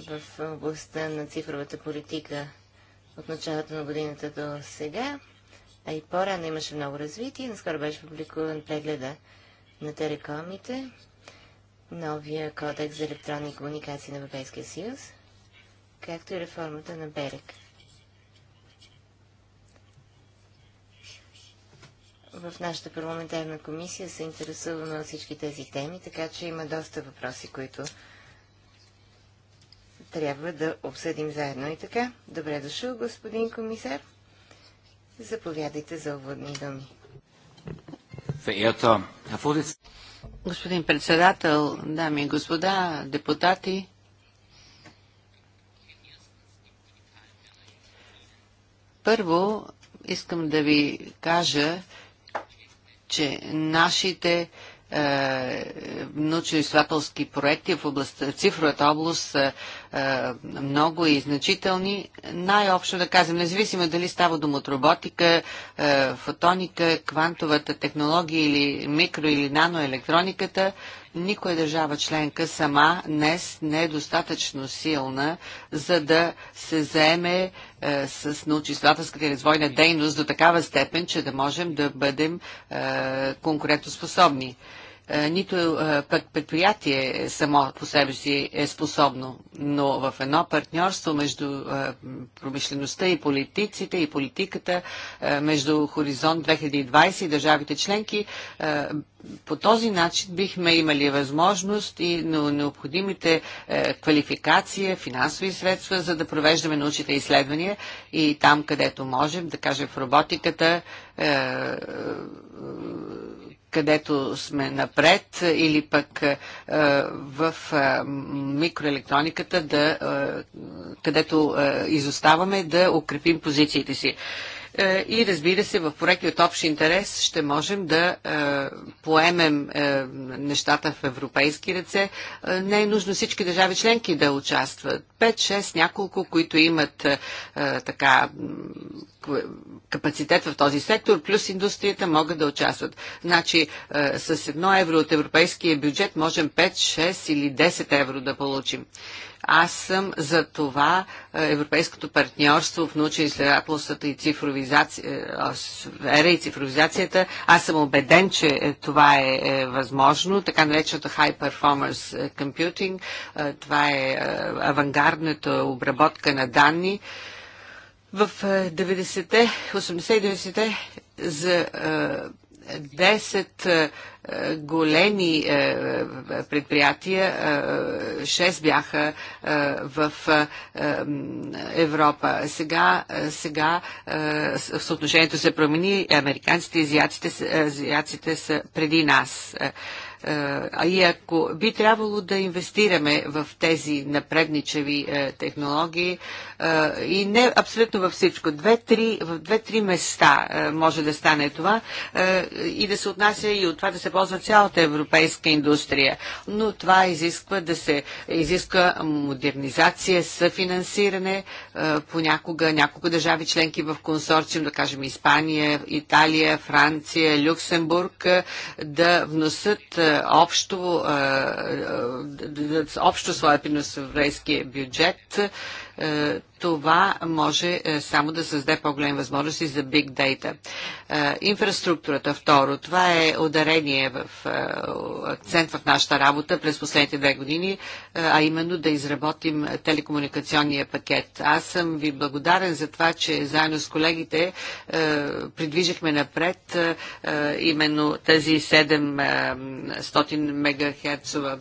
A: в областта на цифровата политика от началото на годината до сега, а и по-рано имаше много развитие. Наскоро беше публикуван прегледа на телекомите новия кодекс за електронни комуникации на Европейския съюз, както и реформата на Берек. В нашата парламентарна комисия се интересуваме от всички тези теми, така че има доста въпроси, които трябва да обсъдим заедно и така. Добре дошъл, господин комисар. Заповядайте за уводни
C: думи. Господин председател, дами и господа, депутати, първо искам да ви кажа, че нашите е, научно-изследователски проекти в областта, цифровата област са е, много и значителни. Най-общо да кажем, независимо дали става дума от роботика, е, фотоника, квантовата технология или микро- или наноелектрониката, никоя държава членка сама днес не е достатъчно силна, за да се заеме е, с научно-изследователската и развойна дейност до такава степен, че да можем да бъдем е, конкурентоспособни. Е, нито е, пък предприятие само по себе си е способно, но в едно партньорство между е, промишлеността и политиците и политиката, между Хоризонт 2020 и държавите членки, по този начин бихме имали възможност и необходимите квалификация, финансови средства, за да провеждаме научните изследвания и там, където можем, да кажем в роботиката, където сме напред, или пък е, в е, микроелектрониката, да, е, където изоставаме, да укрепим позициите си. Е, и разбира се в проекти от общ интерес ще можем да е, поемем е, нещата в европейски ръце. Не е нужно всички държави членки да участват. 5-6 няколко, които имат така капацитет в този сектор, плюс индустрията могат да участват. Значи с едно евро от европейския бюджет можем 5, 6 или 10 евро да получим. Аз съм за това е, европейското партньорство в научни изследователствата и цифровизация, е, сфера и цифровизацията. Аз съм убеден, че е, това е възможно. Така нареченото High Performance Computing, това е авангардната обработка на данни. В 90-те, 80-90-те за 10 е, големи е, предприятия, 6 е, бяха в Европа. Сега, сега съотношението се промени, американците и азиаците, азиаците са преди нас. Е, а и ако би трябвало да инвестираме в тези напредничеви е, технологии е, и не абсолютно във всичко. Две-три, в две-три места може да стане това и да се отнася и от това да се ползва цялата европейска индустрия. Но това изисква да се изисква модернизация, съфинансиране. Понякога няколко държави членки в консорциум, да кажем Испания, Италия, Франция, Люксембург, да вносят е, общо, е, е, общо своя принос в еврейския бюджет е, това може е, само да създаде по-големи възможности за биг дейта. Инфраструктурата, второ, това е ударение в е, акцент в нашата работа през последните две години, а именно да изработим телекомуникационния пакет. Аз съм ви благодарен за това, че заедно с колегите придвижихме напред именно тези 700 мегахерцова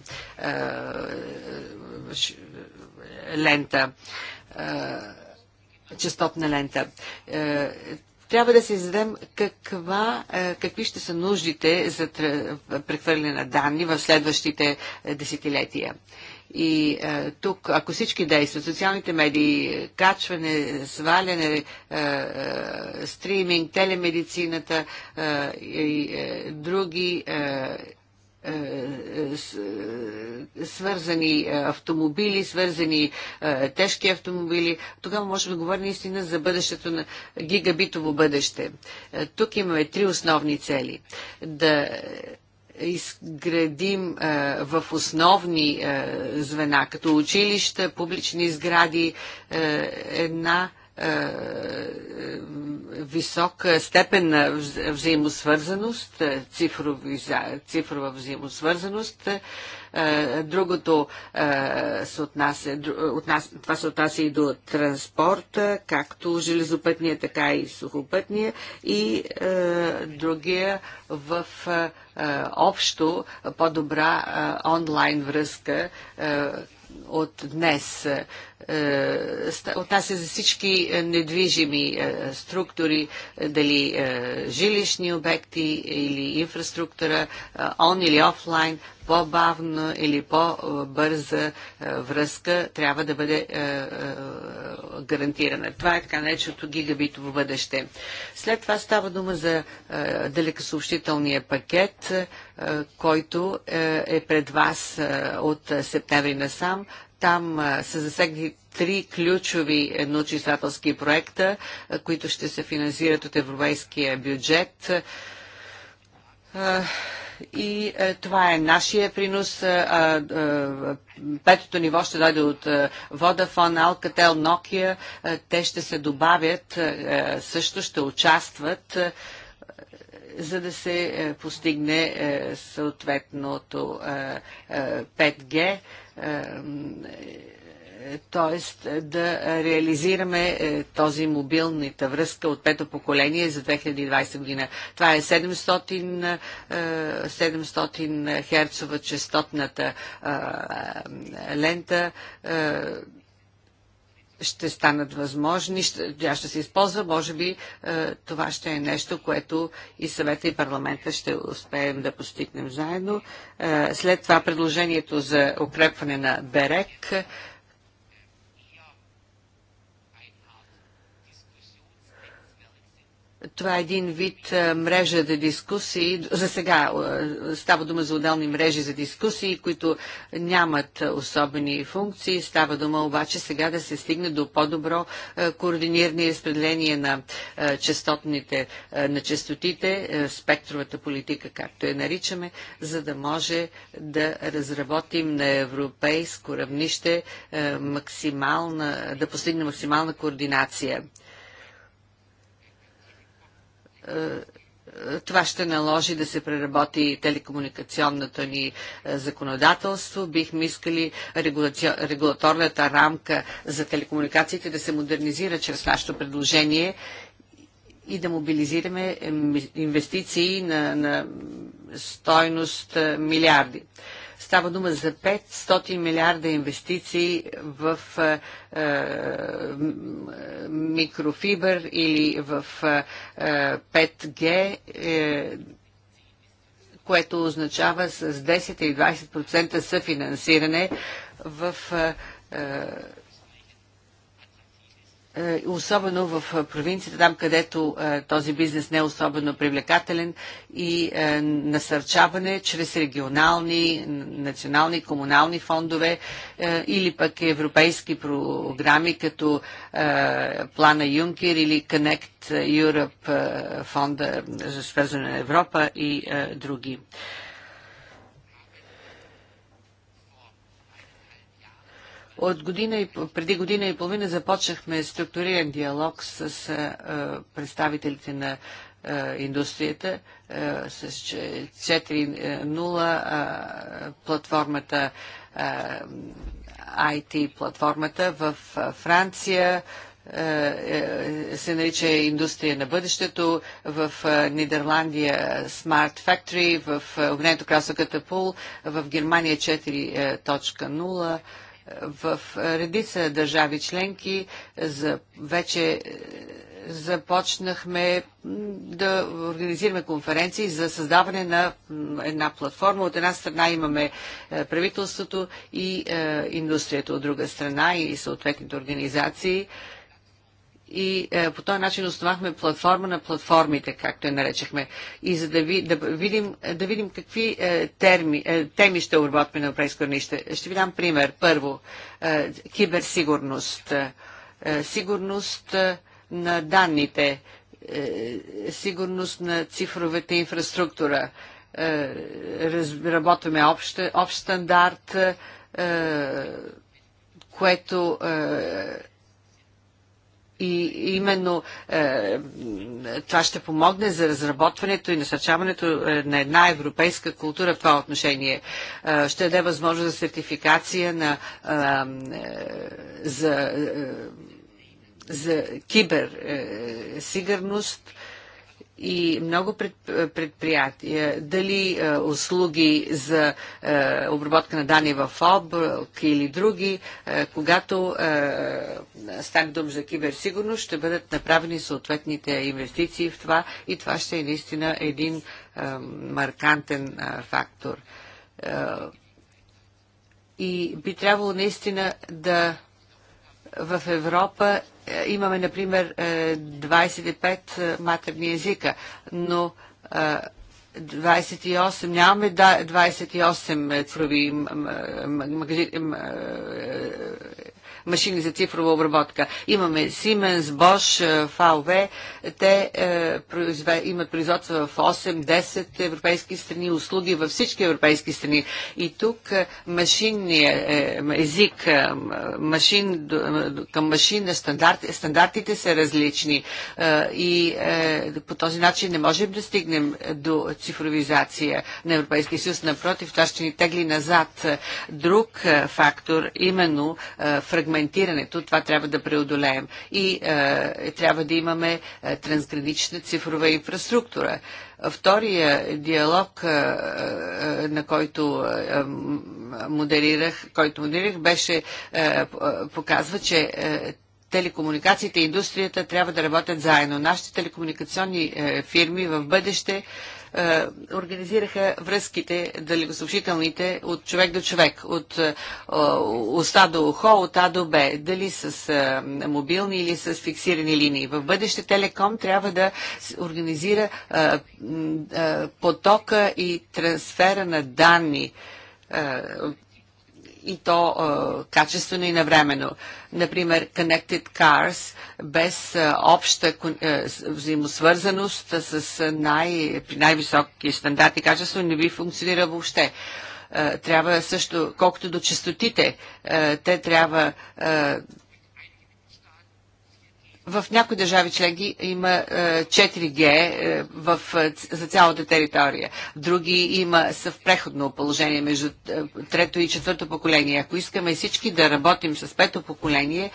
C: лента, частотна лента. Трябва да се зададем каква, какви ще са нуждите за прехвърляне на данни в следващите десетилетия. И е, тук, ако всички действат, социалните медии, качване, сваляне, е, е, стриминг, телемедицината е, и е, други е, е, е, свързани е, автомобили, свързани тежки автомобили, тогава можем да говорим наистина за бъдещето на гигабитово бъдеще. Тук имаме три основни цели. Да изградим е, в основни е, звена, като училища, публични сгради, е, една е, висока степен на взаимосвързаност, е, цифрова взаимосвързаност. Е, другото се отнася, това се отнася и до транспорта, както железопътния, така и сухопътния и другия в общо по-добра онлайн връзка от днес е, отнася за всички е, недвижими е, структури, дали жилищни обекти или инфраструктура, он или офлайн, по бавно или по-бърза връзка трябва да бъде гарантирана. Това е така нареченото гигабитово бъдеще. След това става дума за далекосъобщителния пакет, който е пред вас от септември насам. Там са засегнати три ключови научно-изследователски проекта, които ще се финансират от европейския бюджет. И това е нашия принос. петото ниво ще дойде от Vodafone, Alcatel, Nokia. те ще се добавят, също ще участват, за да се е, постигне е, съответното 5G. Е, т.е. Е, да реализираме е, този мобилната връзка от пето поколение за 2020 година. Това е 700, 700 е, херцова частотната лента ще станат възможни, ще, тя ще се използва, може би е, това ще е нещо, което и съвета и парламента ще успеем да постигнем заедно. Е, след това предложението за укрепване на БЕРЕК. това е един вид мрежа за дискусии. За сега става дума за отделни мрежи за дискусии, които нямат особени функции. Става дума обаче сега да се стигне до по-добро координиране и разпределение на частотните, на частотите, спектровата политика, както я наричаме, за да може да разработим на европейско равнище максимална, да постигне максимална координация. Е, е, това ще наложи да се преработи телекомуникационното ни е, законодателство. Бихме искали регулаторната рамка за телекомуникациите да се модернизира чрез нашето предложение и да мобилизираме инвестиции на, на стойност милиарди. Става дума за 500 милиарда инвестиции в е, е микрофибър или в е, 5G. Е, е, което означава с 10 и 20% съфинансиране в е, е е, особено в е, провинцията, там където е, този бизнес не е особено привлекателен и насърчаване чрез регионални, национални, комунални фондове или пък европейски програми като Плана Юнкер или Connect Europe фонда за свързване на Европа и други. От година и, преди година и половина започнахме структуриран диалог с а, представителите на а, индустрията а, с 4.0 платформата IT платформата в Франция е, се нарича индустрия на бъдещето, в Нидерландия Smart Factory, в Огнението красоката Пул, в Германия 4.0 в редица държави членки за вече е, започнахме да организираме конференции за създаване на една платформа. От една страна имаме е, правителството и е, индустрията, от друга страна и съответните организации и е, по този начин основахме платформа на платформите, както я наречахме. И за да, ви, да, видим, да видим какви е, терми, е, теми ще обработваме на европейско равнище. Ще ви дам пример. Първо, е, киберсигурност, е, сигурност е, на данните, е, сигурност на цифровата инфраструктура. Е, разработваме общ, общ стандарт, е, е което. Е, и именно е, това ще помогне за разработването и насърчаването е, на една европейска култура в това отношение. Е, ще даде възможност за сертификация на, е, е за, е, за киберсигурност. Е, и много предприятия, дали е, услуги за е, обработка на данни в облак или други, е, когато стане дум за киберсигурност, ще бъдат направени съответните инвестиции в това и това ще е наистина един маркантен фактор. И би трябвало наистина да в Европа е, имаме, например, 25 е, е, матерни езика, но 28, нямаме 28 цифрови машини за цифрова обработка. Имаме Siemens, Bosch, е, VW. Те е, произве, имат производство в 8-10 европейски страни, услуги във всички европейски страни. И тук е, машинния машинният е, език, е, машин, към машина стандарт, стандартите са различни. Е, и е, по този начин не можем да стигнем до цифровизация на Европейския съюз. Напротив, това ще ни тегли назад. Друг фактор, именно фрагмент фрагментирането, това трябва да преодолеем. И е, е, трябва да имаме е, трансгранична цифрова инфраструктура. Втория диалог, е, е, на който е, е модерирах, който модерирах, беше, е, е, показва, че е, телекомуникациите и индустрията трябва да работят заедно. Нашите телекомуникационни е, фирми в бъдеще е, организираха връзките далекосъобщителните от човек до човек, от е, уста до ухо, от А до Б, дали с е, мобилни или с фиксирани линии. В бъдеще Телеком трябва да организира потока и трансфера на данни и то е, качествено и навременно. Например, Connected Cars без е, обща е, взаимосвързаност с е, най, при най-високи стандарти качество не би функционира въобще е, трябва също, колкото до частотите, е, те трябва в някои държави членки има 4G е, е, в, е, за цялата територия. Други има са в преходно положение между трето и четвърто поколение. Ако искаме всички да работим с пето поколение,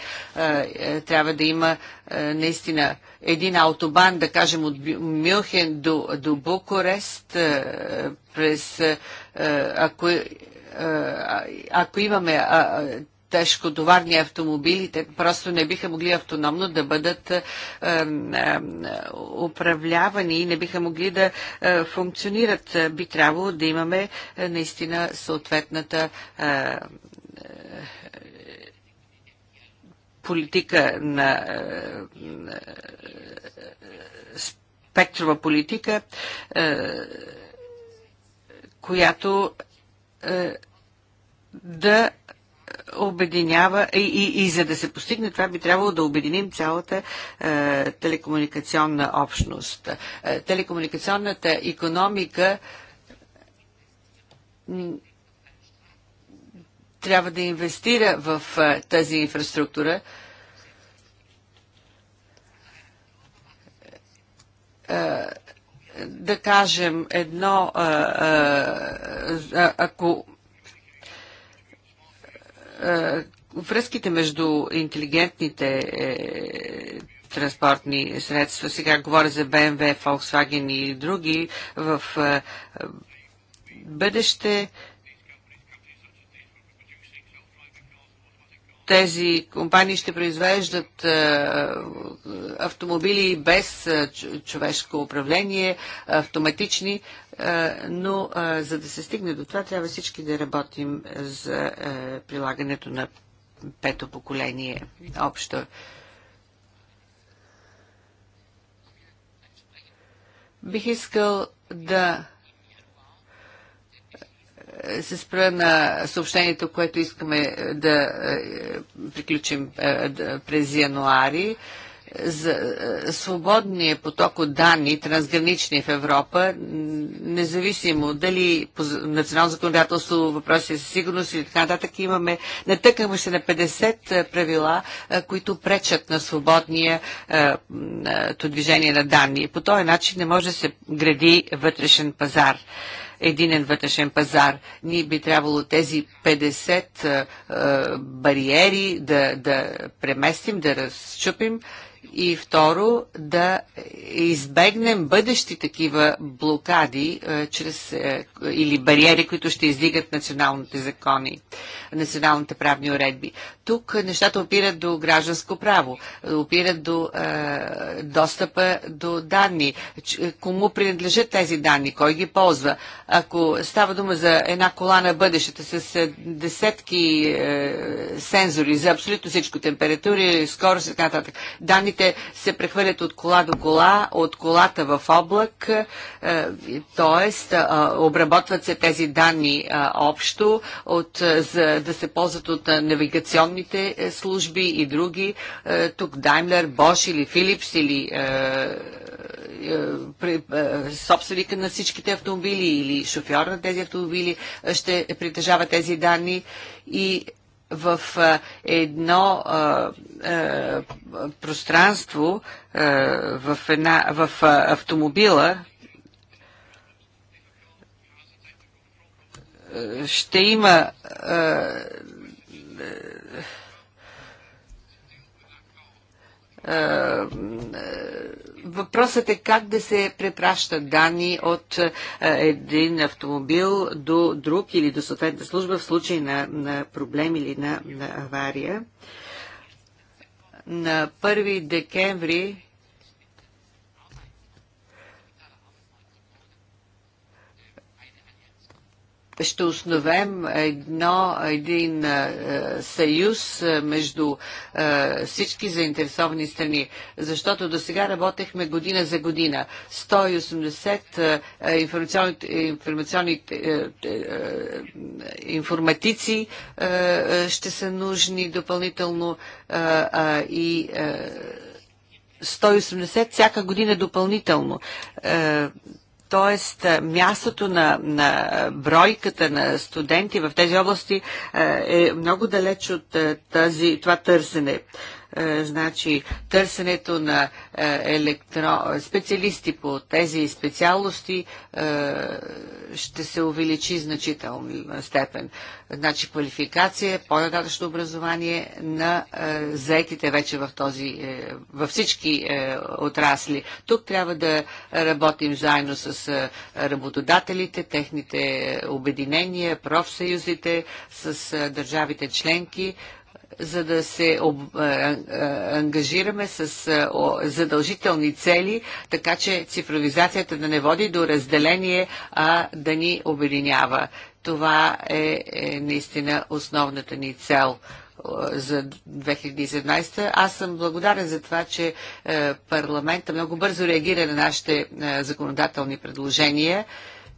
C: трябва да има наистина един автобан, да кажем, от Мюнхен до, до Букурест, през, ако, ако имаме тежкотоварни автомобили, те просто не биха могли автономно да бъдат е, е, управлявани и не биха могли да е, функционират. Би трябвало да имаме е, наистина съответната е, е, политика на спектрова политика, която да обединява и, и, и за да се постигне това би трябвало да обединим цялата е, телекомуникационна общност. Е, телекомуникационната економика трябва да инвестира в е, тази инфраструктура. Е, е да кажем едно, а, е, а, е, ако е, връзките между интелигентните е, транспортни средства, сега говоря за BMW, Volkswagen и други, в е, бъдеще тези компании ще произвеждат е, автомобили без е, човешко управление, автоматични, е, но за да се стигне до това, трябва всички да работим за прилагането на пето поколение общо. Бих искал да се спра на съобщението, което искаме да е, приключим е, през януари за е, свободния поток от данни, трансгранични в Европа, независимо дали по национално законодателство, въпроси за сигурност или така нататък, имаме, натъкаме се на 50 правила, които пречат на свободния движение на данни. По този начин не може да се гради вътрешен пазар единен вътрешен пазар. Ние би трябвало тези 50 бариери да, да преместим, да разчупим и второ да избегнем бъдещи такива блокади а, е, чрез, а, е, или бариери, които ще издигат националните закони, националните правни уредби. Тук нещата опират до гражданско право, опират до а, е, достъпа до данни, кому принадлежат тези данни, кой ги ползва. Ако става дума за една кола на бъдещето с десетки а, сензори за абсолютно всичко, температури, скорост и така нататък, данни Резервите се прехвърлят от кола до кола, от колата в облак, т.е. Е, обработват се тези данни е, общо, от, е, за да се ползват от навигационните служби и други. Тук Даймлер, Бош или Филипс или собственика на всичките автомобили или шофьор на тези автомобили ще притежава тези данни и в едно а, а, пространство, а, в, една, в автомобила, ще има Въпросът е как да се препращат данни от е, един автомобил до друг или до съответна служба в случай на, на проблем или на, на авария. На 1 декември ще основем едно, един е, съюз е, между е, всички заинтересовани страни, защото до сега работехме година за година. 180 информационни, информационни информатици ще са нужни допълнително и 180 всяка година допълнително. Тоест, мястото на, на бройката на студенти в тези области е много далеч от тази, това търсене. Е, значи, търсенето на е, електро... специалисти по тези специалности е, ще се увеличи значителна степен. Значи, квалификация, по-нататъчно образование на заетите вече в този, във всички отрасли. Тук трябва да работим заедно с работодателите, техните обединения, профсъюзите, с държавите членки, за да се об, е, е, ангажираме с е, задължителни цели, така че цифровизацията да не води до разделение, а да ни обединява. Това е, е наистина основната ни цел за 2017. Аз съм благодарен за това, че парламента много бързо реагира на нашите законодателни предложения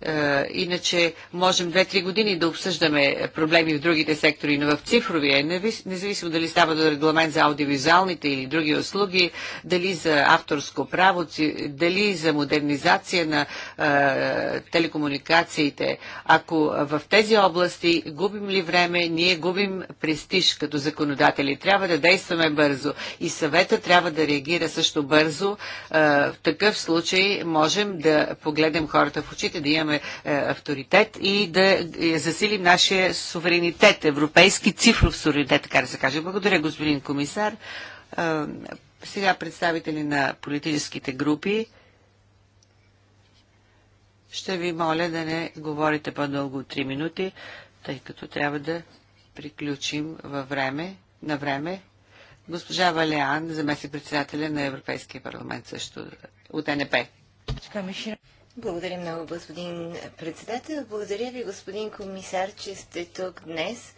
C: е, иначе можем 2-3 години да обсъждаме проблеми в другите сектори, но в цифровия, независимо дали става до регламент за аудиовизуалните или други услуги, дали за авторско право, дали за модернизация на е, телекомуникациите, ако в тези области губим ли време, ние губим престиж като законодатели. Трябва да действаме бързо и съвета трябва да реагира също бързо. Е, в такъв случай можем да погледнем хората в очите, да имаме имаме е, авторитет и да е, засилим нашия суверенитет, европейски цифров суверенитет, така да се каже. Благодаря, господин комисар. Е, сега представители на политическите групи. Ще ви моля да не говорите по-дълго от 3 минути, тъй като трябва да приключим във време, на време. Госпожа Валеан, заместник председателя на Европейския парламент също от НП.
A: Благодаря много, господин председател. Благодаря ви, господин комисар, че сте тук днес.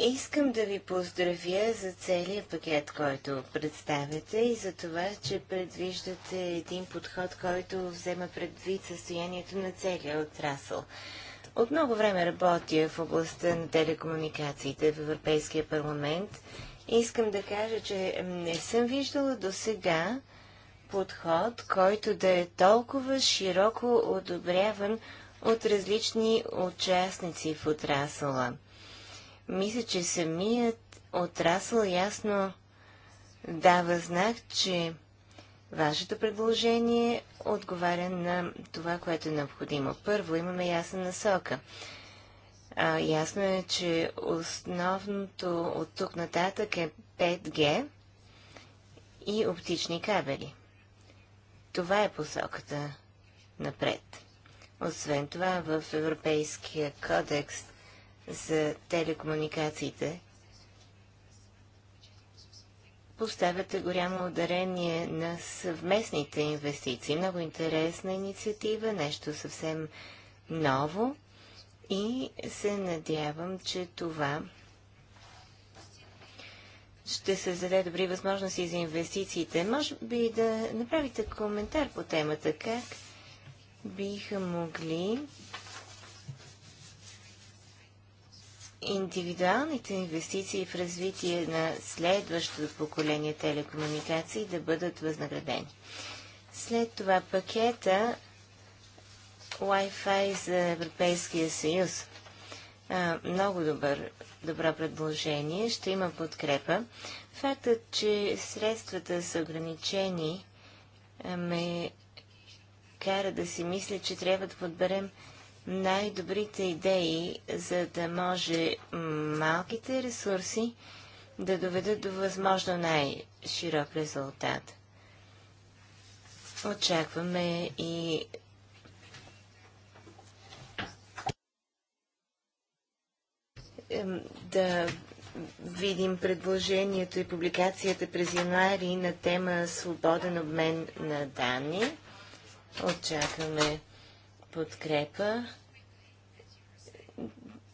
A: Искам да ви поздравя за целият пакет, който представяте и за това, че предвиждате един подход, който взема предвид състоянието на целия отрасъл. От много време работя в областта на телекомуникациите в Европейския парламент и искам да кажа, че не съм виждала до сега подход, който да е толкова широко одобряван от различни участници в отрасъла. Мисля, че самият отрасъл ясно дава знак, че вашето предложение отговаря на това, което е необходимо. Първо, имаме ясна насока. А, ясно е, че основното от тук нататък е 5G и оптични кабели. Това е посоката напред. Освен това, в Европейския кодекс за телекомуникациите поставяте голямо ударение на съвместните инвестиции. Много интересна инициатива, нещо съвсем ново и се надявам, че това ще се заде добри възможности за инвестициите. Може би да направите коментар по темата. Как биха могли индивидуалните инвестиции в развитие на следващото поколение телекомуникации да бъдат възнаградени. След това пакета Wi-Fi за Европейския съюз а, много добър, добро предложение. Ще има подкрепа. Фактът, че средствата са ограничени, а, ме кара да си мисля, че трябва да подберем най-добрите идеи, за да може малките ресурси да доведат до възможно най-широк резултат. Очакваме и да видим предложението и публикацията през януари на тема Свободен обмен на данни. Очакваме подкрепа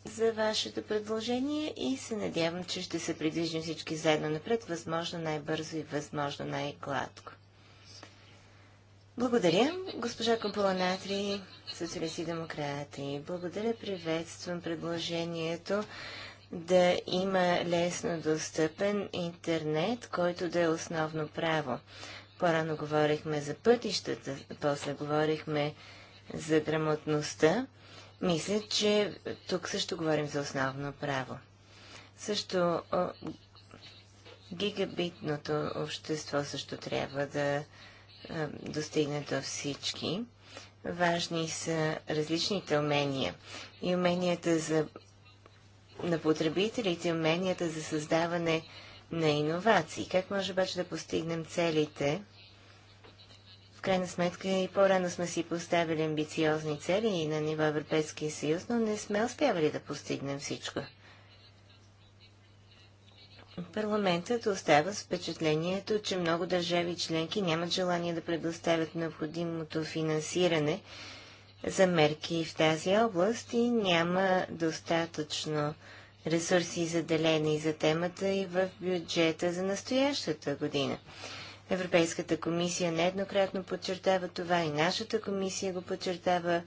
A: за вашето предложение и се надявам, че ще се придвижим всички заедно напред, възможно най-бързо и възможно най-гладко. Благодаря, госпожа Копола Натри, социалисти и демократи. Благодаря, приветствам предложението да има лесно достъпен интернет, който да е основно право. По-рано говорихме за пътищата, после говорихме за грамотността. Мисля, че тук също говорим за основно право. Също гигабитното общество също трябва да е, достигне до всички. Важни са различните умения и уменията за, на потребителите, уменията за създаване на иновации. Как може обаче да постигнем целите? В крайна сметка и по-рано сме си поставили амбициозни цели на ниво Европейския съюз, но не сме успявали да постигнем всичко. Парламентът остава с впечатлението, че много държави членки нямат желание да предоставят необходимото финансиране за мерки в тази област и няма достатъчно ресурси заделени за темата и в бюджета за настоящата година. Европейската комисия нееднократно подчертава това и нашата комисия го подчертава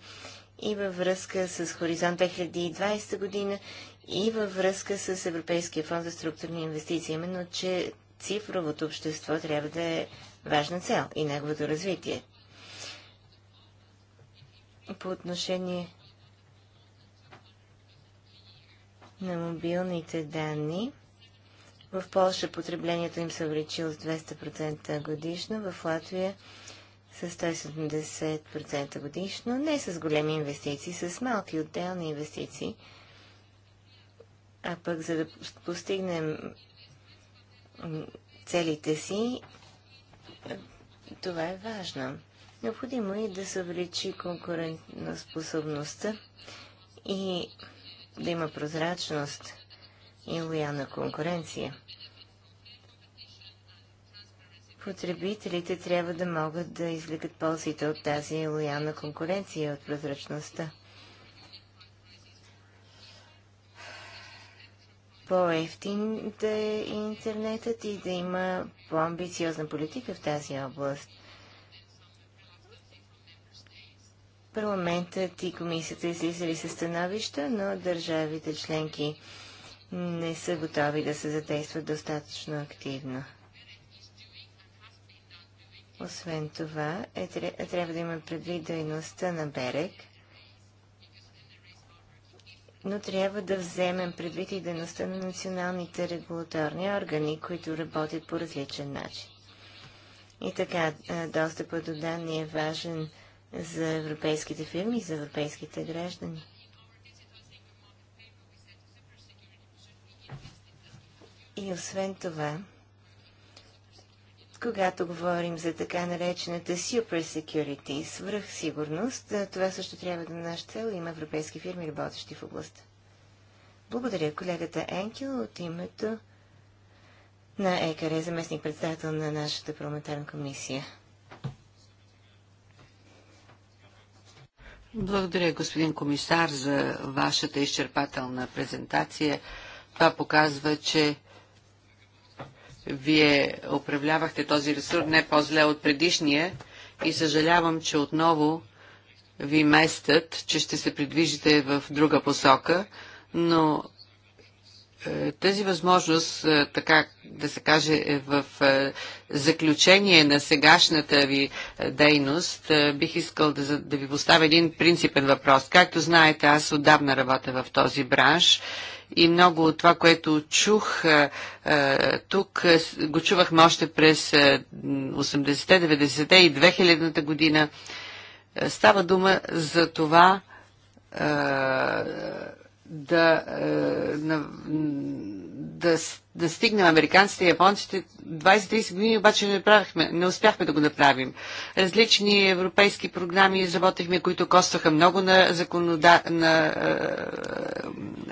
A: и във връзка с Хоризонт 2020 година и във връзка с Европейския фонд за структурни инвестиции, именно, че цифровото общество трябва да е важна цел и неговото развитие. По отношение на мобилните данни, в Польша потреблението им се увеличило с 200% годишно, в Латвия с 170% годишно, не с големи инвестиции, с малки отделни инвестиции – а пък за да постигнем целите си, това е важно. Необходимо е да се увеличи конкурентна способността и да има прозрачност и лоялна конкуренция. Потребителите трябва да могат да извлекат ползите от тази лоялна конкуренция, от прозрачността. по-ефтин да е интернетът и да има по-амбициозна политика в тази област. Парламентът и комисията излизали със становища, но държавите членки не са готови да се задействат достатъчно активно. Освен това, е, трябва да има предвид дейността на Берег – но трябва да вземем предвид и дейността на националните регулаторни органи, които работят по различен начин. И така, достъпът до данни е важен за европейските фирми, за европейските граждани. И освен това, когато говорим за така наречената super security, свръхсигурност, това също трябва да наш цел. Има европейски фирми, работещи в областта. Благодаря колегата Енкел от името на ЕКР, заместник председател на нашата парламентарна комисия.
C: Благодаря, господин комисар, за вашата изчерпателна презентация. Това показва, че вие управлявахте този ресурс не по-зле от предишния и съжалявам, че отново ви местят, че ще се придвижите в друга посока, но е, тази възможност, е, така да се каже, е в заключение на сегашната ви дейност, бих искал да, да ви поставя един принципен въпрос. Както знаете, аз отдавна работя в този бранш и много от това, което чух тук, го чувахме още през 80-те, 90-те и 2000-та година. Става дума за това да, е, на, да, да стигнем американците и японците. 20-30 години обаче не, правихме, не успяхме да го направим. Различни европейски програми изработихме, които костваха много на, законода, на,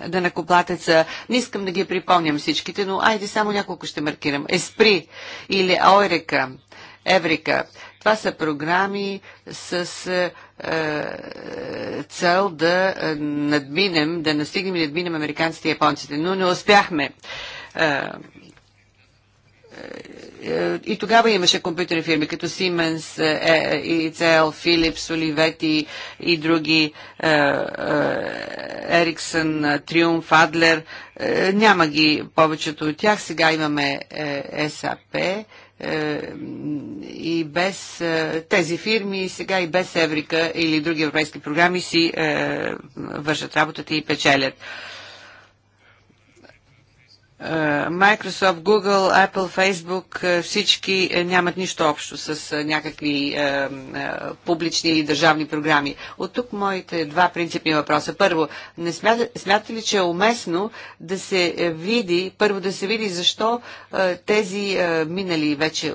C: е, на накоплатеца. Не искам да ги припомням всичките, но айде само няколко ще маркирам. Еспри или Ойрека. Еврика. Това са програми с е, е, цел да е, надминем, да настигнем и надминем американците и японците, но не успяхме. И тогава имаше компютърни фирми, като Siemens, ICL, Philips, Olivetti и други, Ericsson, Triumph, Adler. Няма ги повечето от тях. Сега имаме SAP е, и без е, тези фирми, сега и без Еврика или други европейски програми си е, вършат работата и печелят. Е, Microsoft, Google, Apple, Facebook, е, всички е, нямат нищо общо с някакви публични или държавни програми. От тук моите два принципни въпроса. Първо, не смята, смятате ли, че е уместно да се види, първо да се види защо тези минали вече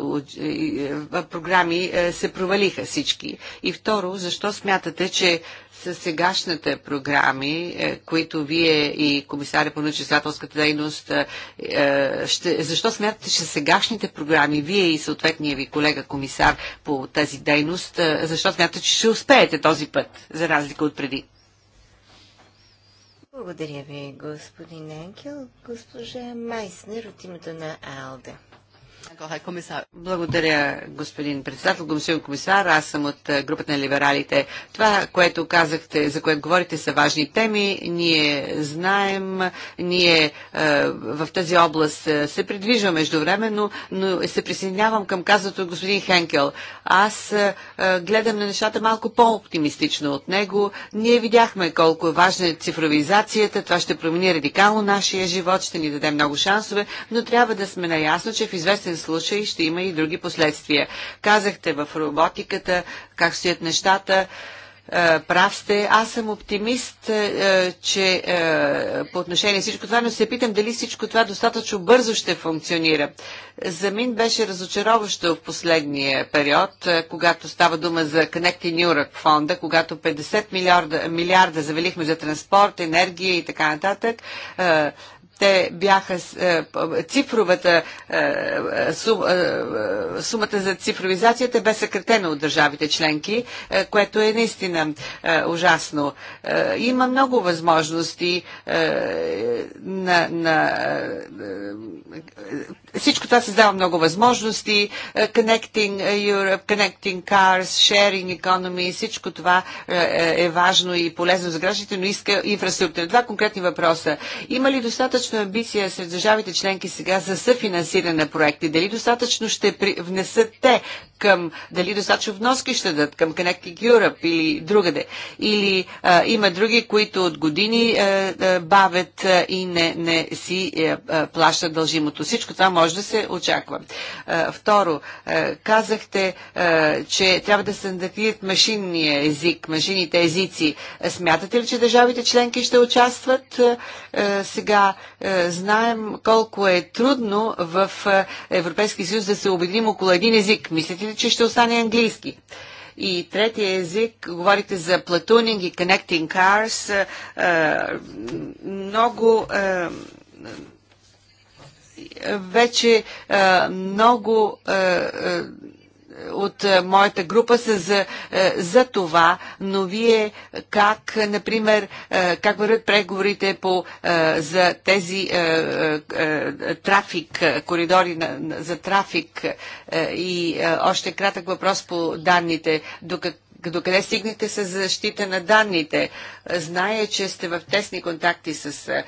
C: програми се провалиха всички? И второ, защо смятате, че с сегашните програми, е, които вие и комисаря по научествателската дейност, е, е, ще, защо смятате, че сегашните програми, вие и съответния ви колега комисар по тази дейност, защо смятате, че ще успеете този път, за разлика от преди?
A: Благодаря ви, господин Енкел. Госпожа Майснер от името на АЛДА.
C: Благодаря, господин председател, господин комисар. Аз съм от е, групата на либералите. Това, което казахте, за което говорите, са важни теми. Ние знаем, ние е, в тази област е, се придвижваме междувременно, но се присъединявам към казвато господин Хенкел. Аз е, е, гледам на нещата малко по-оптимистично от него. Ние видяхме колко е важна е цифровизацията. Това ще промени радикално нашия живот, ще ни даде много шансове, но трябва да сме наясно, че в известен известен случай ще има и други последствия. Казахте в роботиката как стоят нещата е, прав сте. Аз съм оптимист, е, че е, по отношение всичко това, но се питам дали всичко това достатъчно бързо ще функционира. За мен беше разочароващо в последния период, когато става дума за Connecting Europe фонда, когато 50 милиарда, милиарда завелихме за транспорт, енергия и така нататък те бяха е, цифровата е, е, сумата за цифровизацията бе съкратена от държавите членки, което е наистина ужасно. Има много възможности на, на всичко това създава много възможности. Е, Connecting е, Europe, Connecting Cars, Sharing Economy, всичко това е, е важно и полезно за гражданите, но иска инфраструктура. Два конкретни въпроса. Има ли достатъчно амбиция сред държавите членки сега за съфинансиране на проекти? Дали достатъчно ще внесат те към, дали достатъчно вноски ще дадат към Connecting Europe или другаде? Или а, има други, които от години а, а, бавят а, и не, не си а, а, плащат дължимото. Всичко това може да се очаква. Е, второ, е, казахте, е, че трябва да стандартизират машинния език, машините езици. Смятате ли, че държавите членки ще участват? Сега знаем колко е трудно в Европейския съюз да се обединим около един език. Мислите ли, че ще остане английски? И третия език, говорите за платунинг и connecting cars, много вече много от моята група са за, за това, но вие как, например, как върват преговорите по, за тези трафик, коридори за трафик и още кратък въпрос по данните. До как, докъде стигнете с защита на данните? Зная, че сте в тесни контакти с е,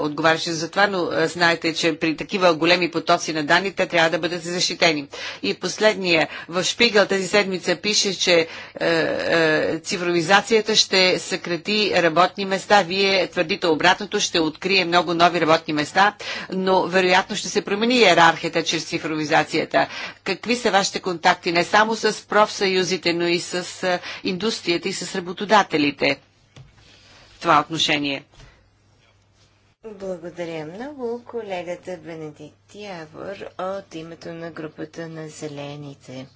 C: отговарящи за това, но знаете, че при такива големи потоци на данните, трябва да бъдат защитени. И последния, в Шпигъл тази седмица пише, че е, е, цифровизацията ще съкрати работни места. Вие твърдите обратното, ще открие много нови работни места, но вероятно ще се промени иерархията чрез цифровизацията. Какви са вашите контакти не само с профсъюзите, но и с с индустрията и с работодателите в това отношение.
A: Благодаря много колегата Бенедикт Явор от името на групата на Зелените.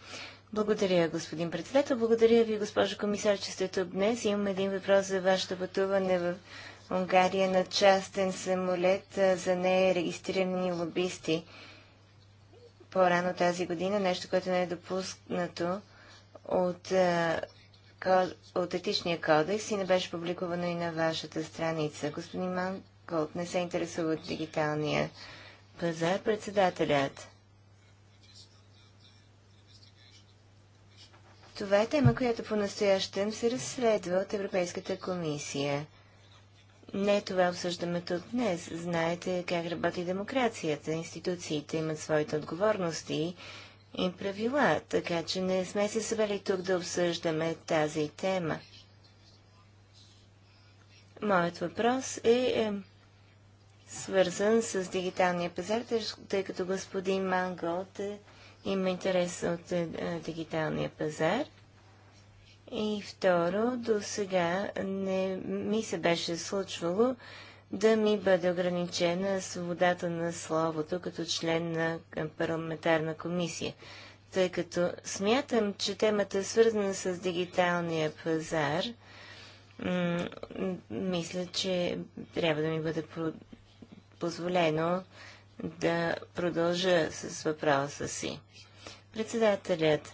A: Благодаря, господин председател. Благодаря ви, госпожо комисар, че сте тук днес. Имам един въпрос за вашето пътуване в Унгария на частен самолет за нея е регистрирани лобисти по-рано тази година, нещо, което не е допуснато от, е, от етичния кодекс и не беше публикувано и на вашата страница. Господин Манколт не се интересува от дигиталния пазар. Председателят. Това е тема, която по-настоящем се разследва от Европейската комисия. Не това обсъждаме тук днес. Знаете как работи демокрацията. Институциите имат своите отговорности и правила, така че не сме се събрали тук да обсъждаме тази тема. Моят въпрос е, е свързан с дигиталния пазар, тъй като господин Манголт е, има интерес от е, е, дигиталния пазар. И второ, до сега не ми се беше случвало да ми бъде ограничена свободата на словото като член на парламентарна комисия, тъй като смятам, че темата е свързана с дигиталния пазар. Мисля, че трябва да ми бъде позволено да продължа с въпроса си. Председателят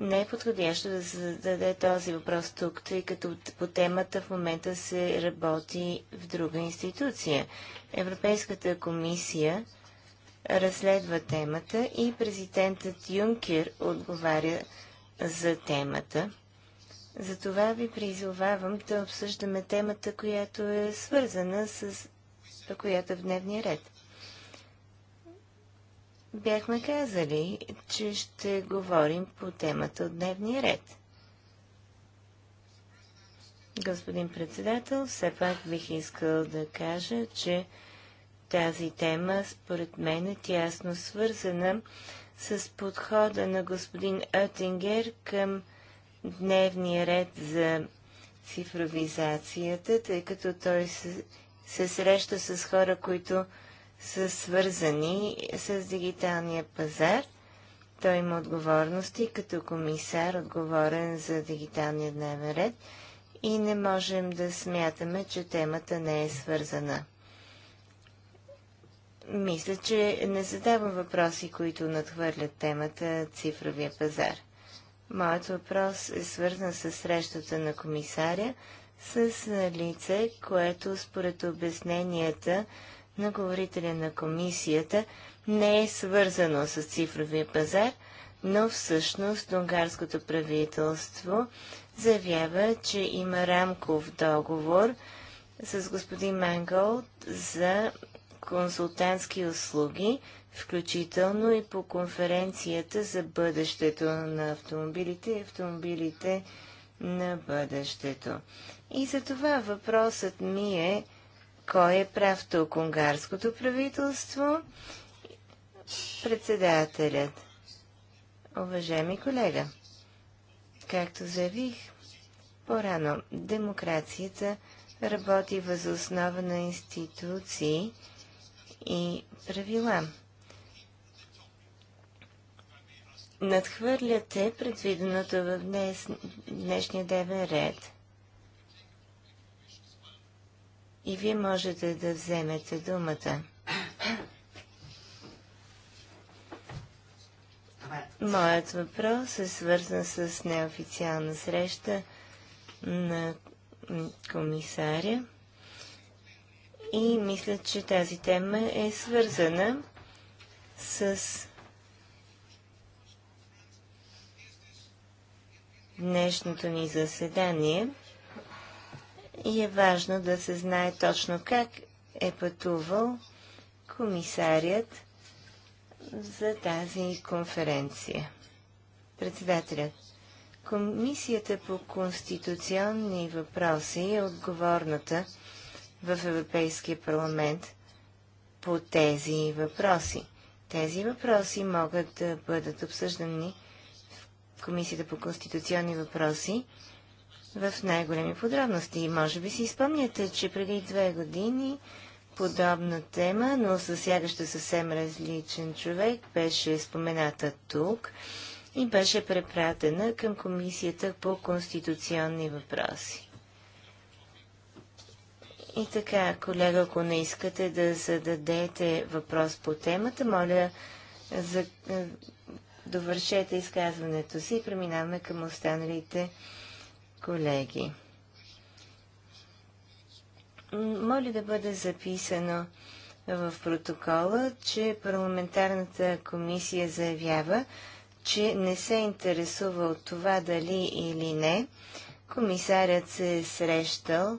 A: не е подходящо да се зададе този въпрос тук, тъй като по темата в момента се работи в друга институция. Европейската комисия разследва темата и президентът Юнкер отговаря за темата. Затова ви призовавам да обсъждаме темата, която е свързана с която е в дневния ред бяхме казали, че ще говорим по темата от дневния ред. Господин председател, все пак бих искал да кажа, че тази тема според мен е тясно свързана с подхода на господин Оттингер към дневния ред за цифровизацията, тъй като той се, се среща с хора, които са свързани с дигиталния пазар. Той има отговорности като комисар, отговорен за дигиталния дневен ред и не можем да смятаме, че темата не е свързана. Мисля, че не задавам въпроси, които надхвърлят темата цифровия пазар. Моят въпрос е свързан с срещата на комисаря с лице, което според обясненията на говорителя на комисията не е свързано с цифровия пазар, но всъщност унгарското правителство заявява, че има рамков договор с господин Мангол за консултантски услуги, включително и по конференцията за бъдещето на автомобилите и автомобилите на бъдещето. И за това въпросът ми е кой е прав тук? Унгарското правителство? Председателят. Уважаеми колега, както заявих по-рано, демокрацията работи въз основа на институции и правила. Надхвърляте предвиденото в днес, днешния дневен ред – и вие можете да вземете думата. Моят въпрос е свързан с неофициална среща на комисаря и мисля, че тази тема е свързана с днешното ни заседание – и е важно да се знае точно как е пътувал комисарият за тази конференция. Председателят. Комисията по конституционни въпроси е отговорната в Европейския парламент по тези въпроси. Тези въпроси могат да бъдат обсъждани в Комисията по конституционни въпроси в най-големи подробности. може би си спомняте, че преди две години подобна тема, но засягаща съвсем различен човек, беше спомената тук и беше препратена към Комисията по конституционни въпроси. И така, колега, ако не искате да зададете въпрос по темата, моля, за... довършете изказването си и преминаваме към останалите колеги. Моля да бъде записано в протокола, че парламентарната комисия заявява, че не се интересува от това дали или не комисарят се е срещал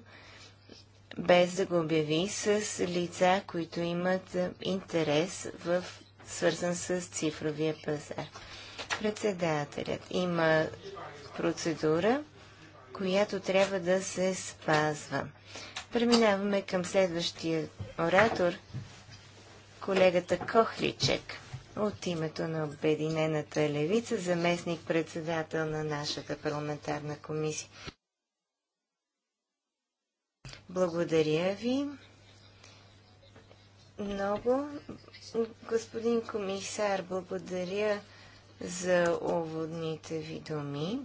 A: без да го обяви с лица, които имат е, интерес в свързан с цифровия пазар. Председателят има процедура която трябва да се спазва. Преминаваме към следващия оратор, колегата Кохличек от името на Обединената левица, заместник-председател на нашата парламентарна комисия. Благодаря ви много. Господин комисар, благодаря за уводните ви думи.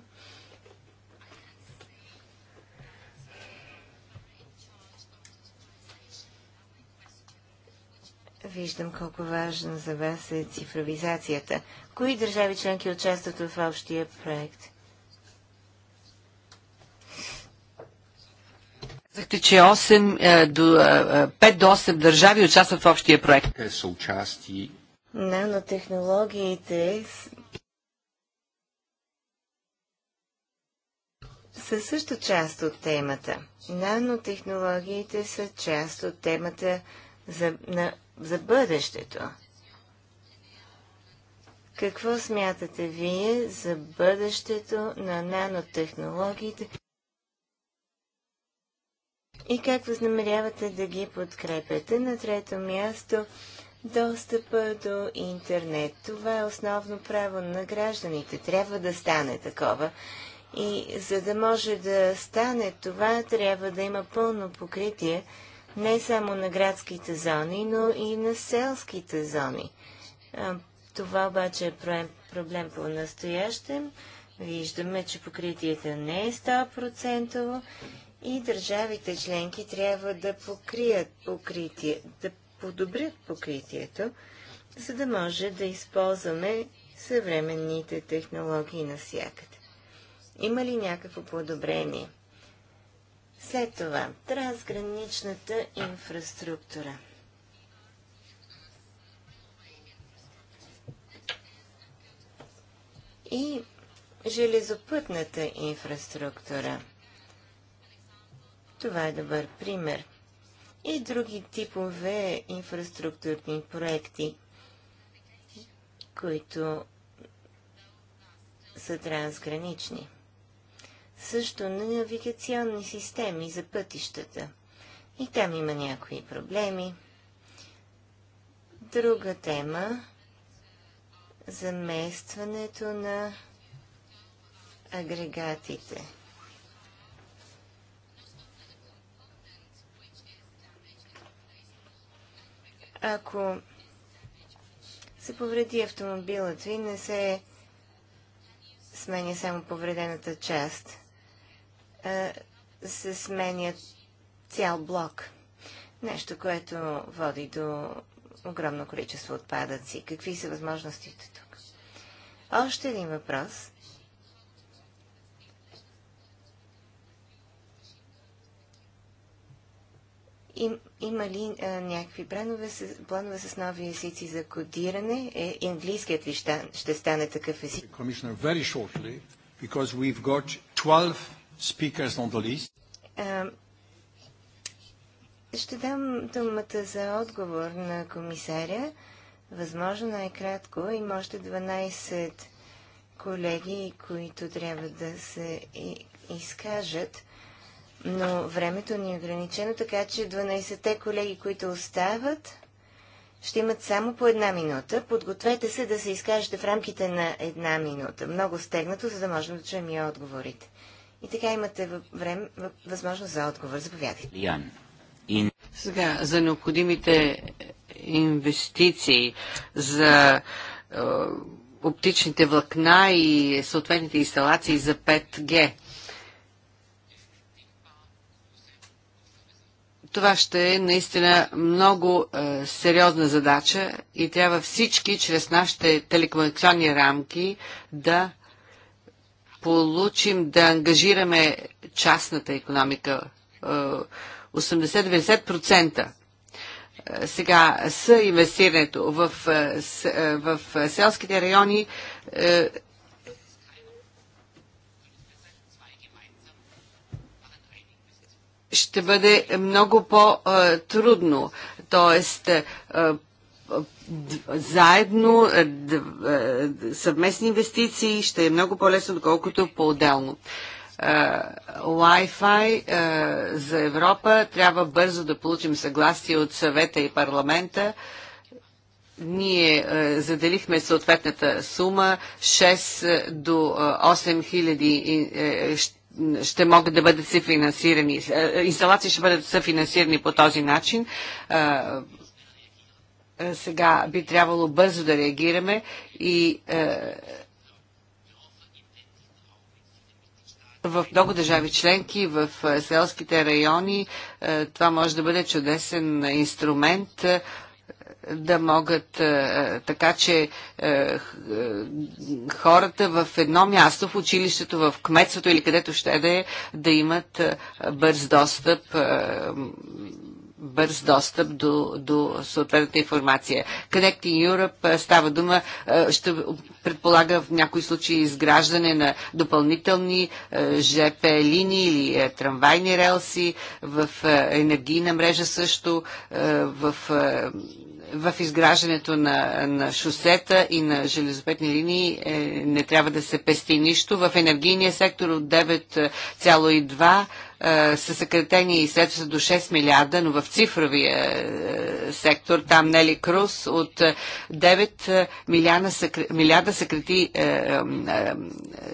A: Виждам колко важен за вас е цифровизацията. Кои държави членки участват в общия проект?
C: Казахте, че 8, е, до, 5 е, е, до 8 държави участват в общия проект. Са участи...
A: Нанотехнологиите са също част от темата. Нанотехнологиите са част от темата за, на за бъдещето. Какво смятате вие за бъдещето на нанотехнологиите? И как възнамерявате да ги подкрепяте? На трето място достъпа до интернет. Това е основно право на гражданите. Трябва да стане такова. И за да може да стане това, трябва да има пълно покритие не само на градските зони, но и на селските зони. Това обаче е проблем по настоящем. Виждаме, че покритието не е 100% и държавите членки трябва да покрият покритие, да подобрят покритието, за да може да използваме съвременните технологии навсякъде. Има ли някакво подобрение? След това, трансграничната инфраструктура. И железопътната инфраструктура. Това е добър пример. И други типове инфраструктурни проекти, които са трансгранични също на навигационни системи за пътищата. И там има някои проблеми. Друга тема – заместването на агрегатите. Ако се повреди автомобилът ви, не се сменя само повредената част – е, се сменя цял блок. Нещо, което води до огромно количество отпадъци. Какви са възможностите тук? Още един въпрос. Им, има ли а, е, някакви планове с, планове с нови езици за кодиране? Е, английският ли ще, ще стане такъв език? 12 Speakers on the list. ще дам думата за отговор на комисаря. Възможно най-кратко. Има още 12 колеги, които трябва да се изкажат. Но времето ни е ограничено, така че 12-те колеги, които остават, ще имат само по една минута. Подгответе се да се изкажете в рамките на една минута. Много стегнато, за да можем да чуем и отговорите. И така имате време, възможност
C: за отговор. Заповядайте. Сега, за необходимите инвестиции, за е, оптичните влакна и съответните инсталации за 5G. Това ще е наистина много е, сериозна задача и трябва всички чрез нашите телекомуникационни рамки да получим да ангажираме частната економика 80-90%. Е, е, сега с инвестирането в, е, в селските райони ще бъде много по-трудно. Тоест, заедно е, е, съвместни инвестиции ще е много по-лесно, отколкото по-отделно. Е, Wi-Fi за Европа трябва бързо да получим съгласие от съвета и парламента. Ние заделихме съответната сума 6 до 8 хиляди ще могат да бъдат съфинансирани. Инсталации ще бъдат съфинансирани по този начин е, сега би трябвало бързо да реагираме и е, в много държави членки, в е, селските райони, е, това може да бъде чудесен инструмент е, да могат така, че хората в едно място, в училището, в кметството или където ще да е, да имат бърз достъп бърз достъп до, до съответната информация. Connecting Europe е, става дума, е, ще предполага в някои случаи изграждане на допълнителни е, ЖП линии или трамвайни релси в енергийна мрежа също, в в изграждането на, на шосета и на железопетни линии е, не трябва да се пести нищо. В енергийния сектор от 9,2 е, са съкратени и средства до 6 милиарда, но в цифровия е, сектор, там Нели Крус от 9 е, милиарда, милиарда съкрати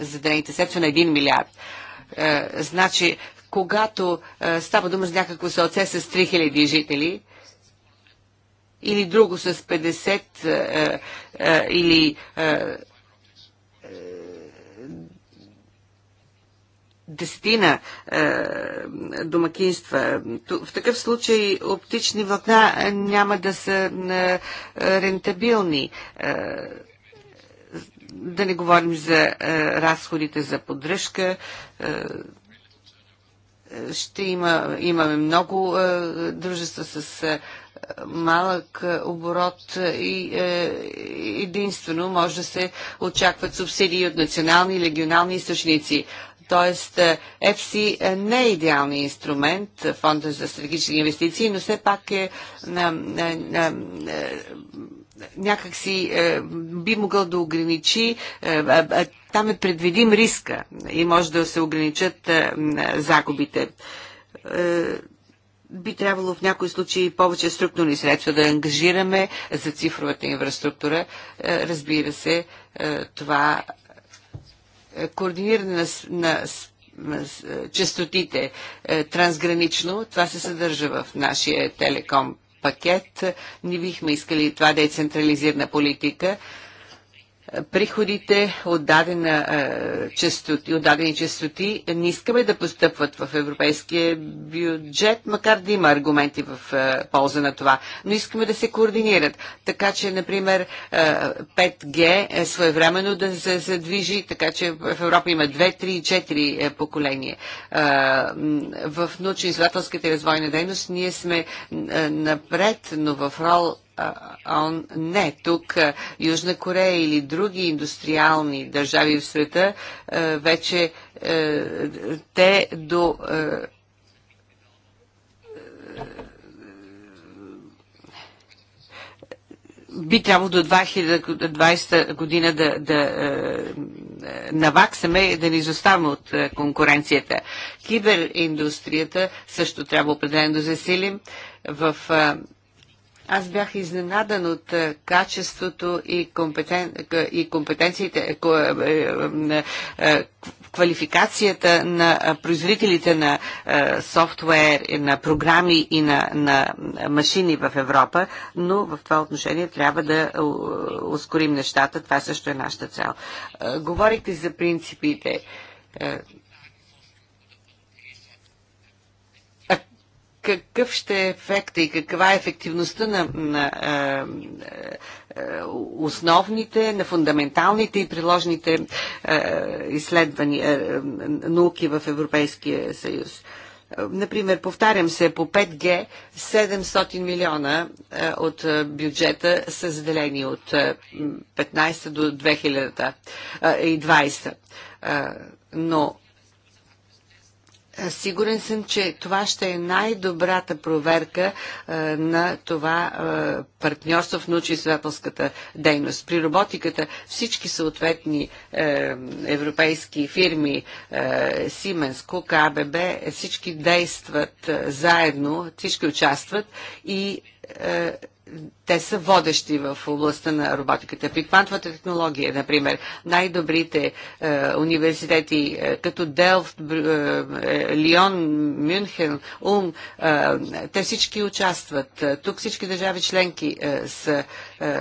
C: заделените средства на 1 милиард. Значи, когато става дума за някакво селце с 3000 жители, или друго с 50 или десетина е, домакинства. В такъв случай оптични влакна няма да са е, рентабилни. Е, да не говорим за е, разходите за поддръжка. Е, е ще има, имаме много е, дружества с е, малък е, оборот и е, единствено може да се очакват субсидии от национални и регионални източници. Тоест, е, ЕФСИ е, не е идеалният инструмент, е, фонда за стратегически инвестиции, но все пак е някакси е, би могъл да ограничи, е, е, там е предвидим риска и може да се ограничат загубите. Би трябвало в някои случаи повече структурни средства да ангажираме за цифровата инфраструктура. Разбира се, това е, координиране на, на е, частотите е, трансгранично. Това се съдържа в нашия телеком пакет. Не бихме искали това да е централизирана политика приходите от, дадена, е, частоти, от дадени частоти не искаме да постъпват в европейския бюджет, макар да има аргументи в е, полза на това, но искаме да се координират. Така че, например, 5G е, е своевременно да се задвижи, така че в Европа има 2, 3 и 4 поколения. В научно-изследователската и развойна дейност ние сме напред, но в рол он Не, тук Южна Корея или други индустриални държави в света вече те до би трябвало до 2020 година да, да наваксаме и да ни изоставаме от конкуренцията. Кибериндустрията също трябва определено да засилим в аз бях изненадан от е, качеството и, компетен... и компетенциите, е, е, квалификацията на производителите на софтуер, на програми и на, на машини в Европа, но в това отношение трябва да ускорим нещата. Това също е нашата цел. Говорихте за принципите какъв ще е ефекта и каква е ефективността на, на а, е, а, е, е, основните, на фундаменталните и приложните а, изследвания, а, науки в Европейския съюз. Например, повтарям се, по 5G 700 милиона от бюджета са заделени от 15 до 2020. но е, сигурен съм, че това ще е най-добрата проверка е, на това е, партньорство в научно-изследователската дейност. При роботиката всички съответни европейски фирми, Siemens, Кука, АББ, всички действат заедно, всички участват и те са водещи в областта на роботиката. При квантовата технология, например, най-добрите е, университети е, като Делфт, е, е, Лион, Мюнхен, Ум, е, те всички участват. Е, тук всички държави членки е, са е,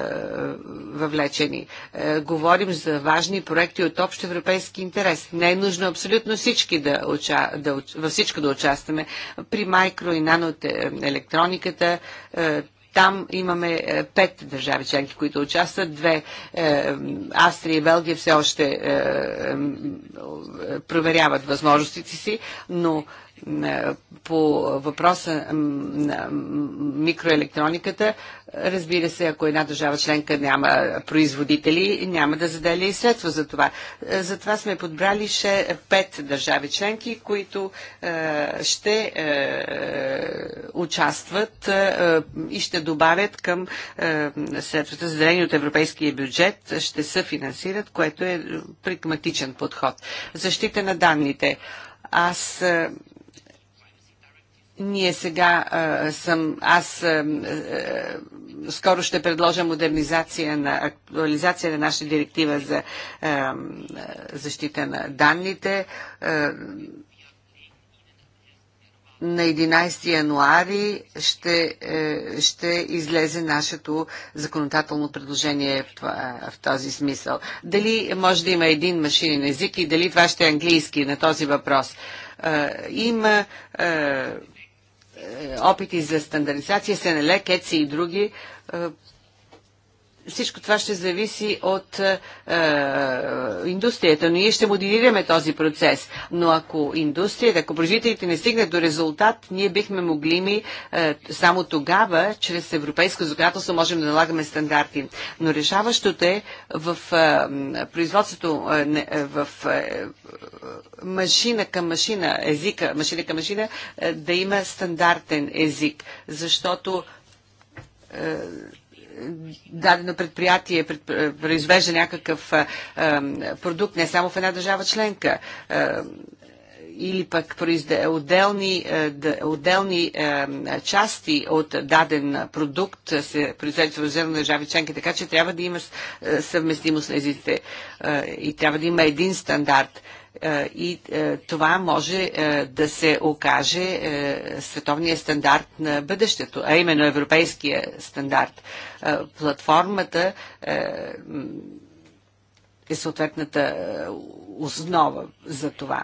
C: въвлечени. Е, говорим за важни проекти от общ европейски интерес. Не е нужно абсолютно всички да, уча, да във всичко да участваме. При майкро и нано електрониката е, там имаме е, пет държави членки, които участват. Две е, Австрия и Белгия все още е, проверяват възможностите си, но е, по въпроса на микроелектрониката, разбира се, ако една държава членка няма производители, няма да заделя и средства за това. Е, Затова сме подбрали ще пет държави членки, които е, ще участват и ще добавят към средствата заделени от европейския бюджет, ще се финансират, което е прагматичен подход. Защита на данните. Аз ние сега а, съм, аз а, а, скоро ще предложа модернизация на актуализация на наша директива за а, защита на данните. А, на 11 януари ще, е, ще излезе нашето законодателно предложение в този смисъл. Дали може да има един машинен език и дали това ще е английски на този въпрос? Е, има е, е, опити за стандартизация, Сенеле, Кеци и други е, всичко това ще зависи от е, е индустрията, но ние ще моделираме този процес. Но ако индустрията, ако производителите не стигнат до резултат, ние бихме могли ми е, само тогава, чрез европейско законодателство, можем да налагаме стандарти. Но решаващото е в е, производството е, е, в е, машина към машина, езика, машина към машина, е, да има стандартен език, защото е, дадено предприятие е, произвежда някакъв е, е, продукт не само в една държава членка, или пък отделни, отделни части от даден продукт се произвеждат в отделни държави членки, така че трябва да има съвместимост на езиците и трябва да има един стандарт. Е, и е, това може е, да се окаже световния стандарт на бъдещето, а именно европейския стандарт. Платформата е съответната основа за това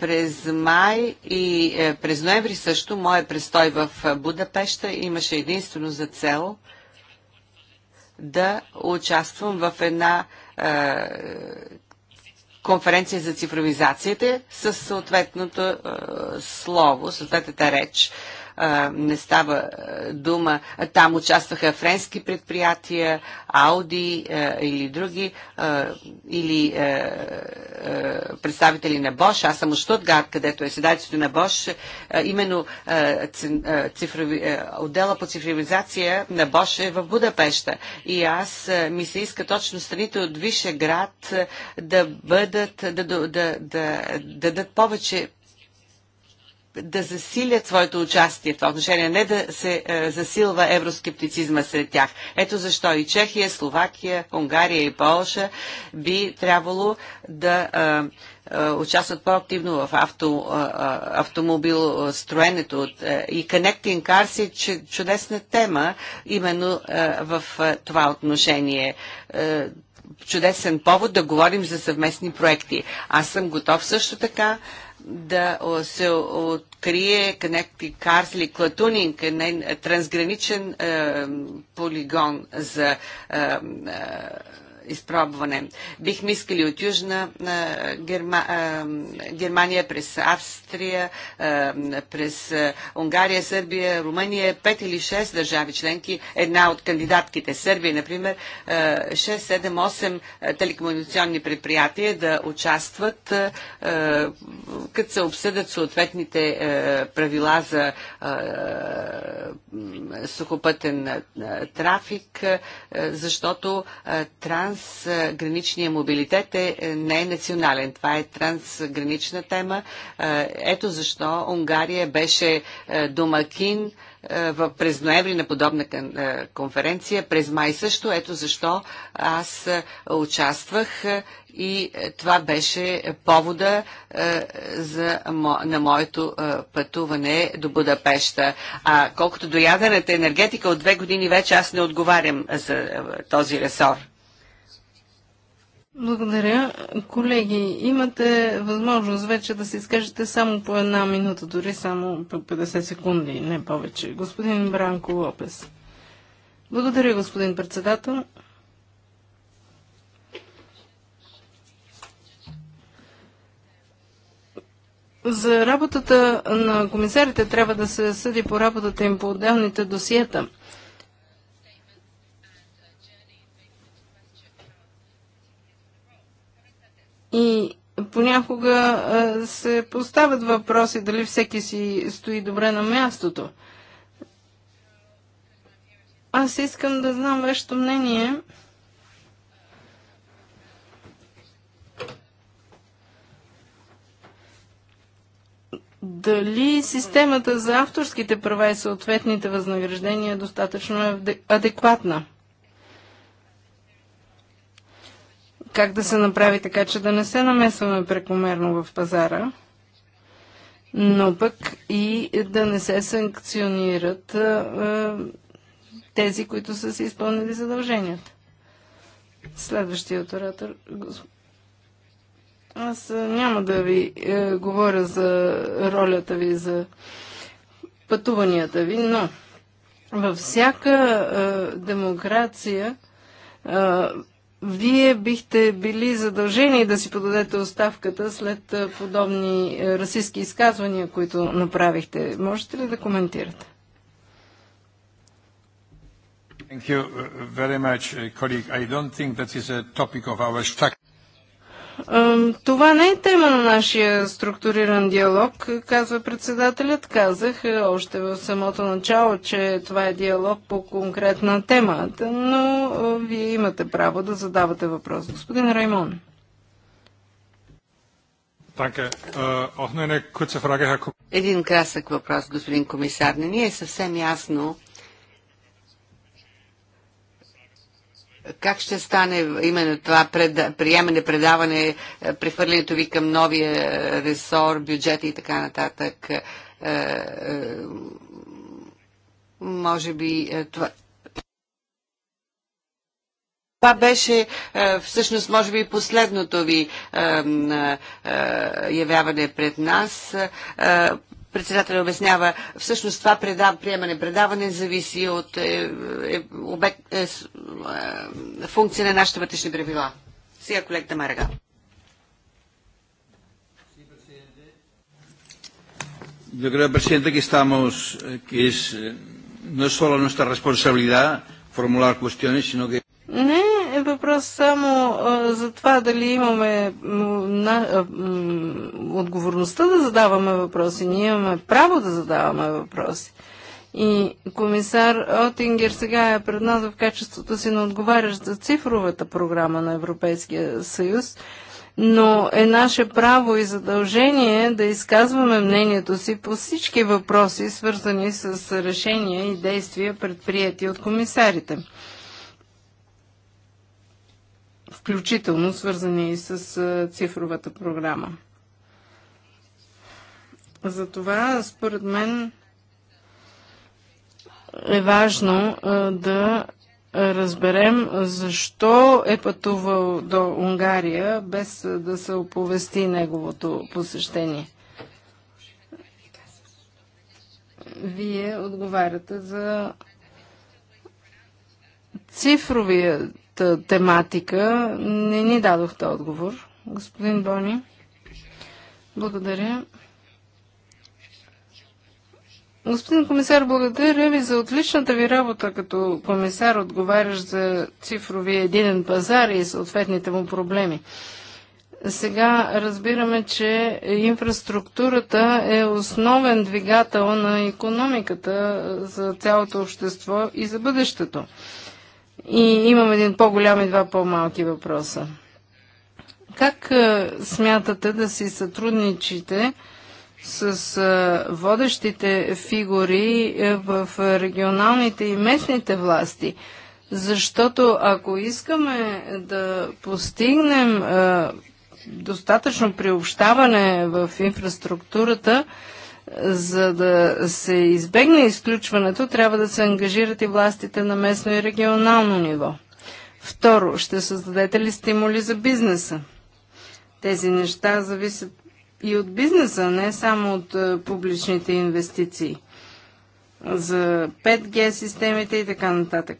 C: през май и през ноември също моят престой в Будапеща имаше единствено за цел да участвам в една е, конференция за цифровизацията с съответното е, слово, съответната реч не става дума. Там участваха френски предприятия, Ауди или други, или представители на Бош. Аз съм от Штутгарт, където е седалището на Бош. Именно цифрови, отдела по цифровизация на Бош е в Будапешта. И аз ми се иска точно страните от Вишеград да бъдат, да, да, да, да дадат повече да засилят своето участие в това отношение, не да се е, засилва евроскептицизма сред тях. Ето защо и Чехия, Словакия, Унгария и Полша би трябвало да е, е, участват по-активно в авто, е, е, е строенето от, е, и Connecting Cars е чудесна тема именно е, в е, това отношение. Е, чудесен повод да говорим за съвместни проекти. Аз съм готов също така да се открие някакви карсли, клатунинг, трансграничен е, полигон за е, е, изпробване. Бихме искали от Южна Герма, Германия през Австрия, през Унгария, Сърбия, Румъния, пет или шест държави членки, една от кандидатките Сърбия, например, 6-7-8 телекомуникационни предприятия да участват, като се обсъдят съответните правила за сухопътен трафик, защото транс трансграничния мобилитет е, е, не е национален. Това е трансгранична тема. Е, ето защо Унгария беше е, домакин през ноември на подобна конференция, през май също. Ето защо аз участвах и това беше повода за, на моето пътуване до Будапешта. А колкото до ядрената енергетика, от две години вече аз не отговарям за този ресор.
B: Благодаря. Колеги, имате възможност вече да се изкажете само по една минута, дори само по 50 секунди, не повече. Господин Бранко Лопес. Благодаря, господин председател. За работата на комисарите трябва да се съди по работата им по отделните досиета – И понякога се поставят въпроси дали всеки си стои добре на мястото. Аз искам да знам вашето мнение. Дали системата за авторските права и съответните възнаграждения е достатъчно адекватна? как да се направи така, че да не се намесваме прекомерно в пазара, но пък и да не се санкционират а, тези, които са си изпълнили задълженията. Следващият оратор. Аз няма да ви е, говоря за ролята ви, за пътуванията ви, но във всяка е, демокрация вие бихте били задължени да си подадете оставката след подобни расистски изказвания, които направихте. Можете ли да коментирате?
A: Thank you uh, very much, uh, colleague. I don't think that is a topic of our structure.
B: Това не е тема на нашия структуриран диалог, казва председателят. Казах е, още в самото начало, че това е диалог по конкретна тема, но вие имате право да задавате въпрос.
C: Господин Раймон.
B: Äh,
C: Един красък въпрос, господин комисар. Не ни е съвсем ясно Как ще стане именно това пред, приемане, предаване, е, прехвърлянето ви към новия е, ресор, бюджет и така нататък? Е, може би това, това беше всъщност, може би, последното ви явяване пред нас председателя обяснява, всъщност това предав, приемане, предаване зависи от е, е, обект, е, е, функция на нашите вътрешни правила. Сега колегата Марега.
A: Yo creo, presidente, que estamos, eh, que es, eh, no es solo nuestra responsabilidad formular cuestiones, sino que...
B: Не, въпрос само а, за това дали имаме на, а, отговорността да задаваме въпроси. Ние имаме право да задаваме въпроси. И комисар Отингер сега е пред нас в качеството си на отговарящ за цифровата програма на Европейския съюз, но е наше право и задължение да изказваме мнението си по всички въпроси, свързани с решения и действия, предприяти от комисарите включително свързани и с цифровата програма. Затова, според мен, е важно да разберем защо е пътувал до Унгария без да се оповести неговото посещение. Вие отговаряте за цифровия тематика. Не ни дадохте отговор, господин Бони. Благодаря. Господин комисар, благодаря ви за отличната ви работа като комисар, отговарящ за цифровия единен пазар и съответните му проблеми. Сега разбираме, че инфраструктурата е основен двигател на економиката за цялото общество и за бъдещето. И имам един по-голям и два по-малки въпроса. Как е, смятате да си сътрудничите с е, водещите фигури е, в регионалните и местните власти? Защото ако искаме да постигнем достатъчно приобщаване в инфраструктурата, за да се избегне изключването, трябва да се ангажират и властите на местно и регионално ниво. Второ, ще създадете ли стимули за бизнеса? Тези неща зависят и от бизнеса, не само от е, публичните инвестиции. За 5G системите и така нататък.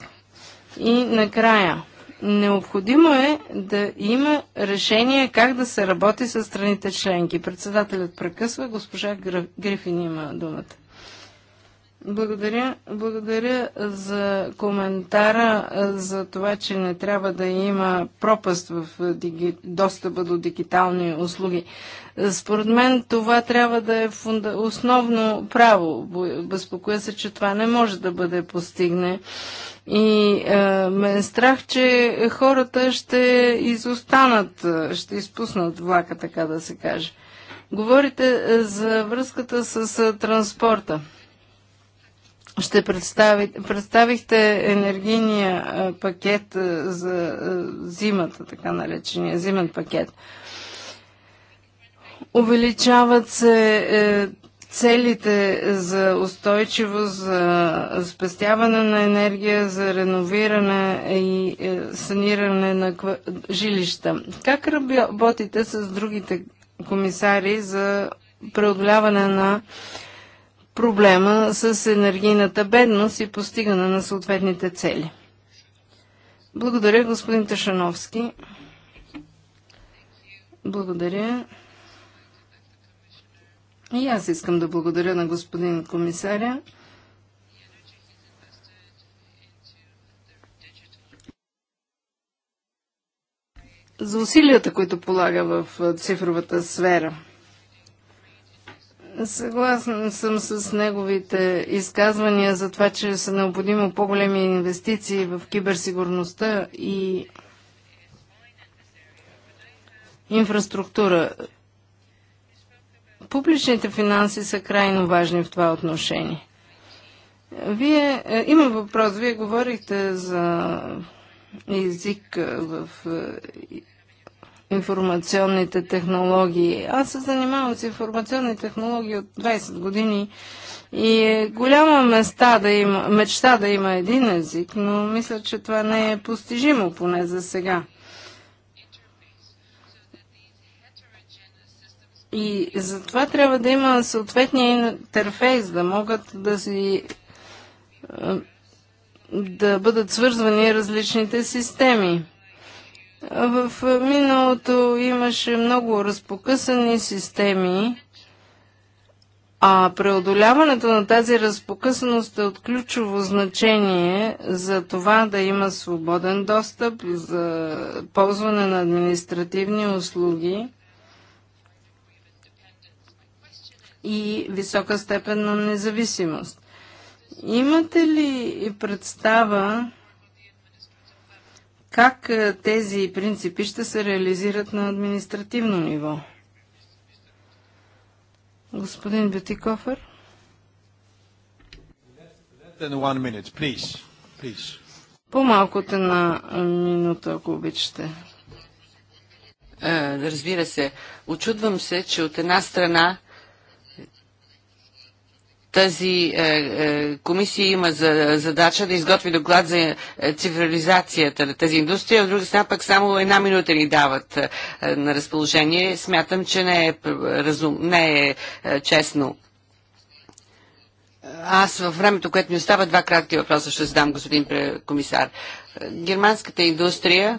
B: И накрая, Необходимо е да има решение как да се работи с страните членки. Председателят прекъсва, госпожа Грифин има думата. Благодаря, благодаря за коментара за това, че не трябва да има пропаст в диги... достъпа до дигитални услуги. Според мен това трябва да е фунда... основно право. Безпокоя се, че това не може да бъде постигне и а, е, ме е страх, че хората ще изостанат, е, ще изпуснат влака, така да се каже. Говорите е, за връзката с транспорта. Ще представи, представихте енергийния пакет за зимата, така наречения зимен пакет. Увеличават се целите за устойчивост, за спестяване на енергия, за реновиране и е, саниране на жилища. Как работите с другите комисари за преодоляване на проблема с енергийната бедност и постигане на съответните цели? Благодаря, господин Ташановски. Благодаря. И аз искам да благодаря на господин комисаря. за усилията, които полага в цифровата сфера. Съгласен съм с неговите изказвания за това, че са необходимо по-големи инвестиции в киберсигурността и инфраструктура. Публичните финанси са крайно важни в това отношение. Вие, е, има въпрос, вие говорихте за език е, в е, информационните технологии. Аз се занимавам с информационни технологии от 20 години и е голяма места да има, мечта да има един език, но мисля, че това не е постижимо, поне за сега. И затова трябва да има съответния интерфейс, да могат да си е, да бъдат свързвани различните системи. В миналото имаше много разпокъсани системи, а преодоляването на тази разпокъсаност е от ключово значение за това да има свободен достъп за ползване на административни услуги и висока степен на независимост. Имате ли представа как е, тези принципи ще се реализират на административно ниво? Господин Бютикофер.
C: По-малко от на минута, ако обичате. Е, разбира се, очудвам се, че от една страна тази е, е, комисия има за, задача да изготви доклад за е, цифровизацията на тази индустрия. От друга страна пък само една минута ни дават е, е на разположение. Смятам, че не е, е, разум, не е, е честно. Аз във времето, което ми остава, два кратки въпроса ще задам, господин комисар. Германската индустрия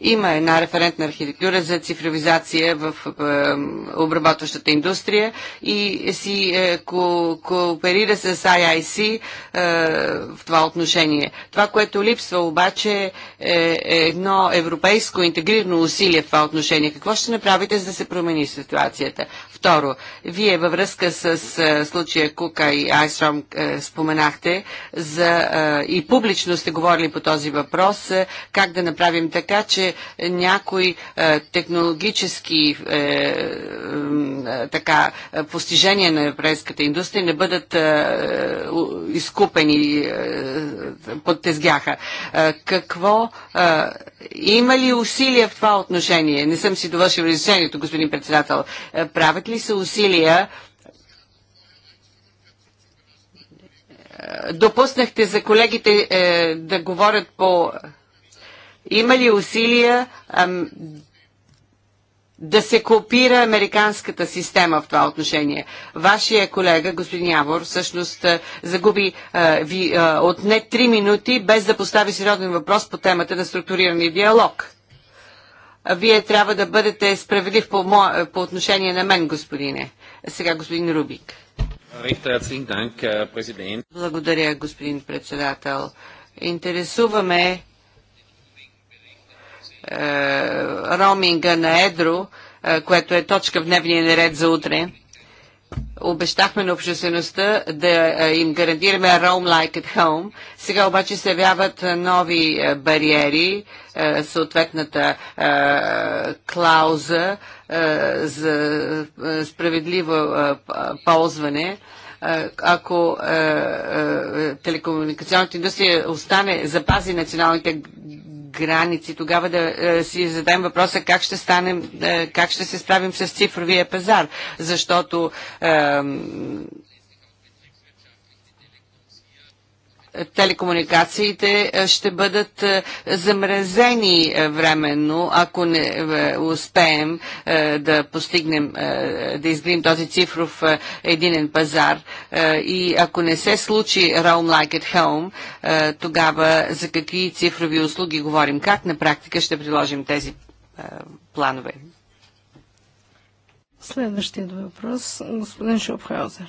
C: има една референтна архитектура за цифровизация в обработващата индустрия и си е, ко- кооперира с IIC е, в това отношение. Това, което липсва обаче е, е едно европейско интегрирано усилие в това отношение. Какво ще направите, за да се промени ситуацията? Второ, вие във връзка с случая Кука и Айстром споменахте за, и публично сте говорили по този въпрос, как да направим така, че някои технологически така, постижения на европейската индустрия не бъдат изкупени под тезгяха. Какво има ли усилия в това отношение? Не съм си довършил решението, господин председател. Е, правят ли се усилия е, допуснахте за колегите е, да говорят по... Има ли усилия да се копира американската система в това отношение. Вашия колега, господин Явор, всъщност е, загуби а, е, ви е, отне три минути, без да постави сериозен въпрос по темата на структурирания диалог. Вие трябва да бъдете справедлив по, мо... по отношение на мен, господине. Сега господин Рубик. Благодаря, господин председател. Интересуваме е, роминга на Едро, е, което е точка в дневния наред за утре. Обещахме на обществеността да е, им гарантираме Roam Like at Home. Сега обаче се явяват нови бариери, съответната клауза за справедливо ползване ако телекомуникационната индустрия остане, запази националните граници, тогава да е, си зададем въпроса как ще, станем, е, как ще се справим с цифровия пазар, защото е, телекомуникациите е, ще бъдат е, замразени е, временно, ако не успеем да постигнем, да изградим този цифров единен пазар. И ако не се случи Roam Like at Home, тогава за какви цифрови услуги говорим? Как на практика ще приложим тези планове?
B: Следващият въпрос, господин Шопхаузер.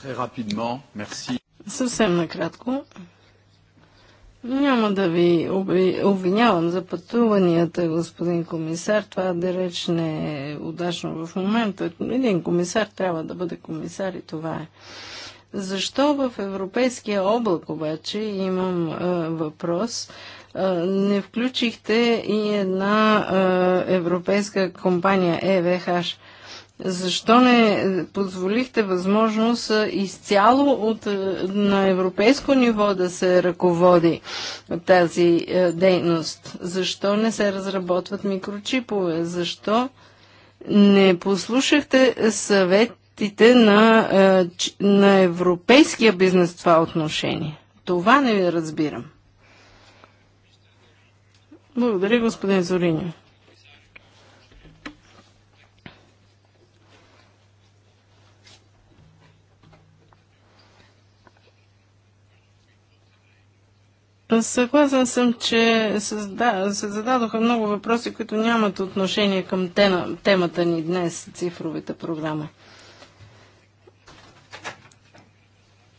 C: Très rapidement, merci.
B: Съвсем накратко. Няма да ви обвинявам за пътуванията, господин комисар. Това да реч не е удачно в момента. Един комисар трябва да бъде комисар и това е. Защо в Европейския облак обаче имам а, въпрос? А, не включихте и една а, европейска компания EVH. Е защо не позволихте възможност изцяло от, на европейско ниво да се ръководи тази дейност? Защо не се разработват микрочипове? Защо не послушахте съветите на, на европейския бизнес в това отношение? Това не ви разбирам. Благодаря, господин Зориньо. Съгласен съм, че се зададоха много въпроси, които нямат отношение към темата ни днес, цифровите програми.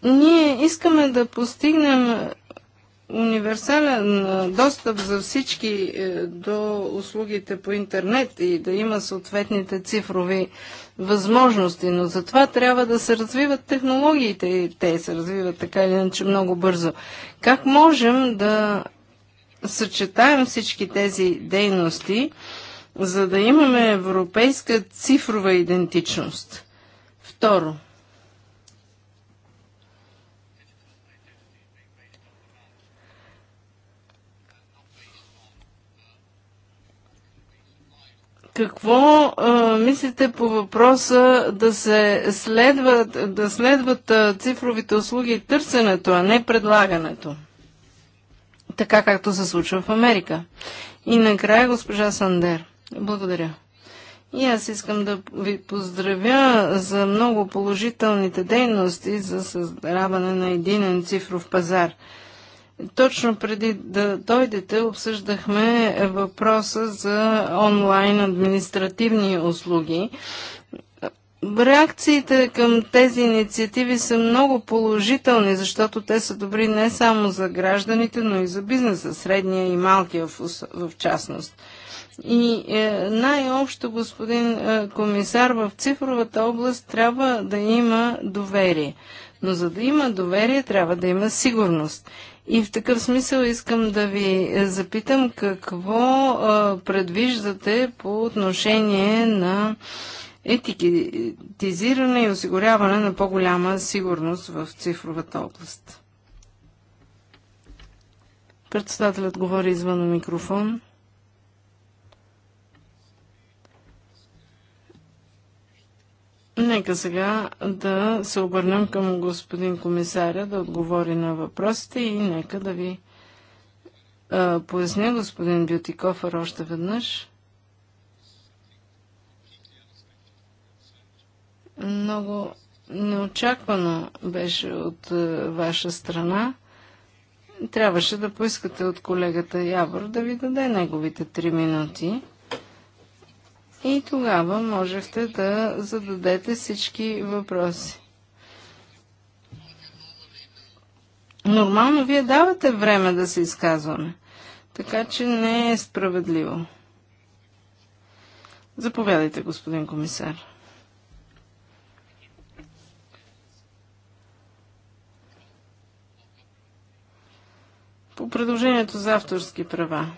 B: Ние искаме да постигнем универсален достъп за всички е, до услугите по интернет и да има съответните цифрови възможности, но за това трябва да се развиват технологиите и те се развиват така или иначе много бързо. Как можем да съчетаем всички тези дейности, за да имаме европейска цифрова идентичност? Второ – Какво а, мислите по въпроса да се следват, да следват а, цифровите услуги и търсенето, а не предлагането? Така както се случва в Америка. И накрая госпожа Сандер. Благодаря. И аз искам да ви поздравя за много положителните дейности за създаване на единен цифров пазар. Точно преди да дойдете обсъждахме въпроса за онлайн административни услуги. Реакциите към тези инициативи са много положителни, защото те са добри не само за гражданите, но и за бизнеса, средния и малкия в, в частност. И е, най-общо, господин е, комисар, в цифровата област трябва да има доверие. Но за да има доверие, трябва да има сигурност. И в такъв смисъл искам да ви е, запитам какво а, е, предвиждате по отношение на етикетизиране и осигуряване на по-голяма сигурност в цифровата област. Председателят говори извън микрофон. Нека сега да се обърнем към господин комисаря да отговори на въпросите и нека да ви а, поясня господин Бютиков още веднъж. Много неочаквано беше от а, ваша страна. Трябваше да поискате от колегата Явор да ви даде неговите три минути и тогава можехте да зададете всички въпроси. Нормално вие давате време да се изказваме, така че не е справедливо. Заповядайте, господин комисар. По предложението за авторски права.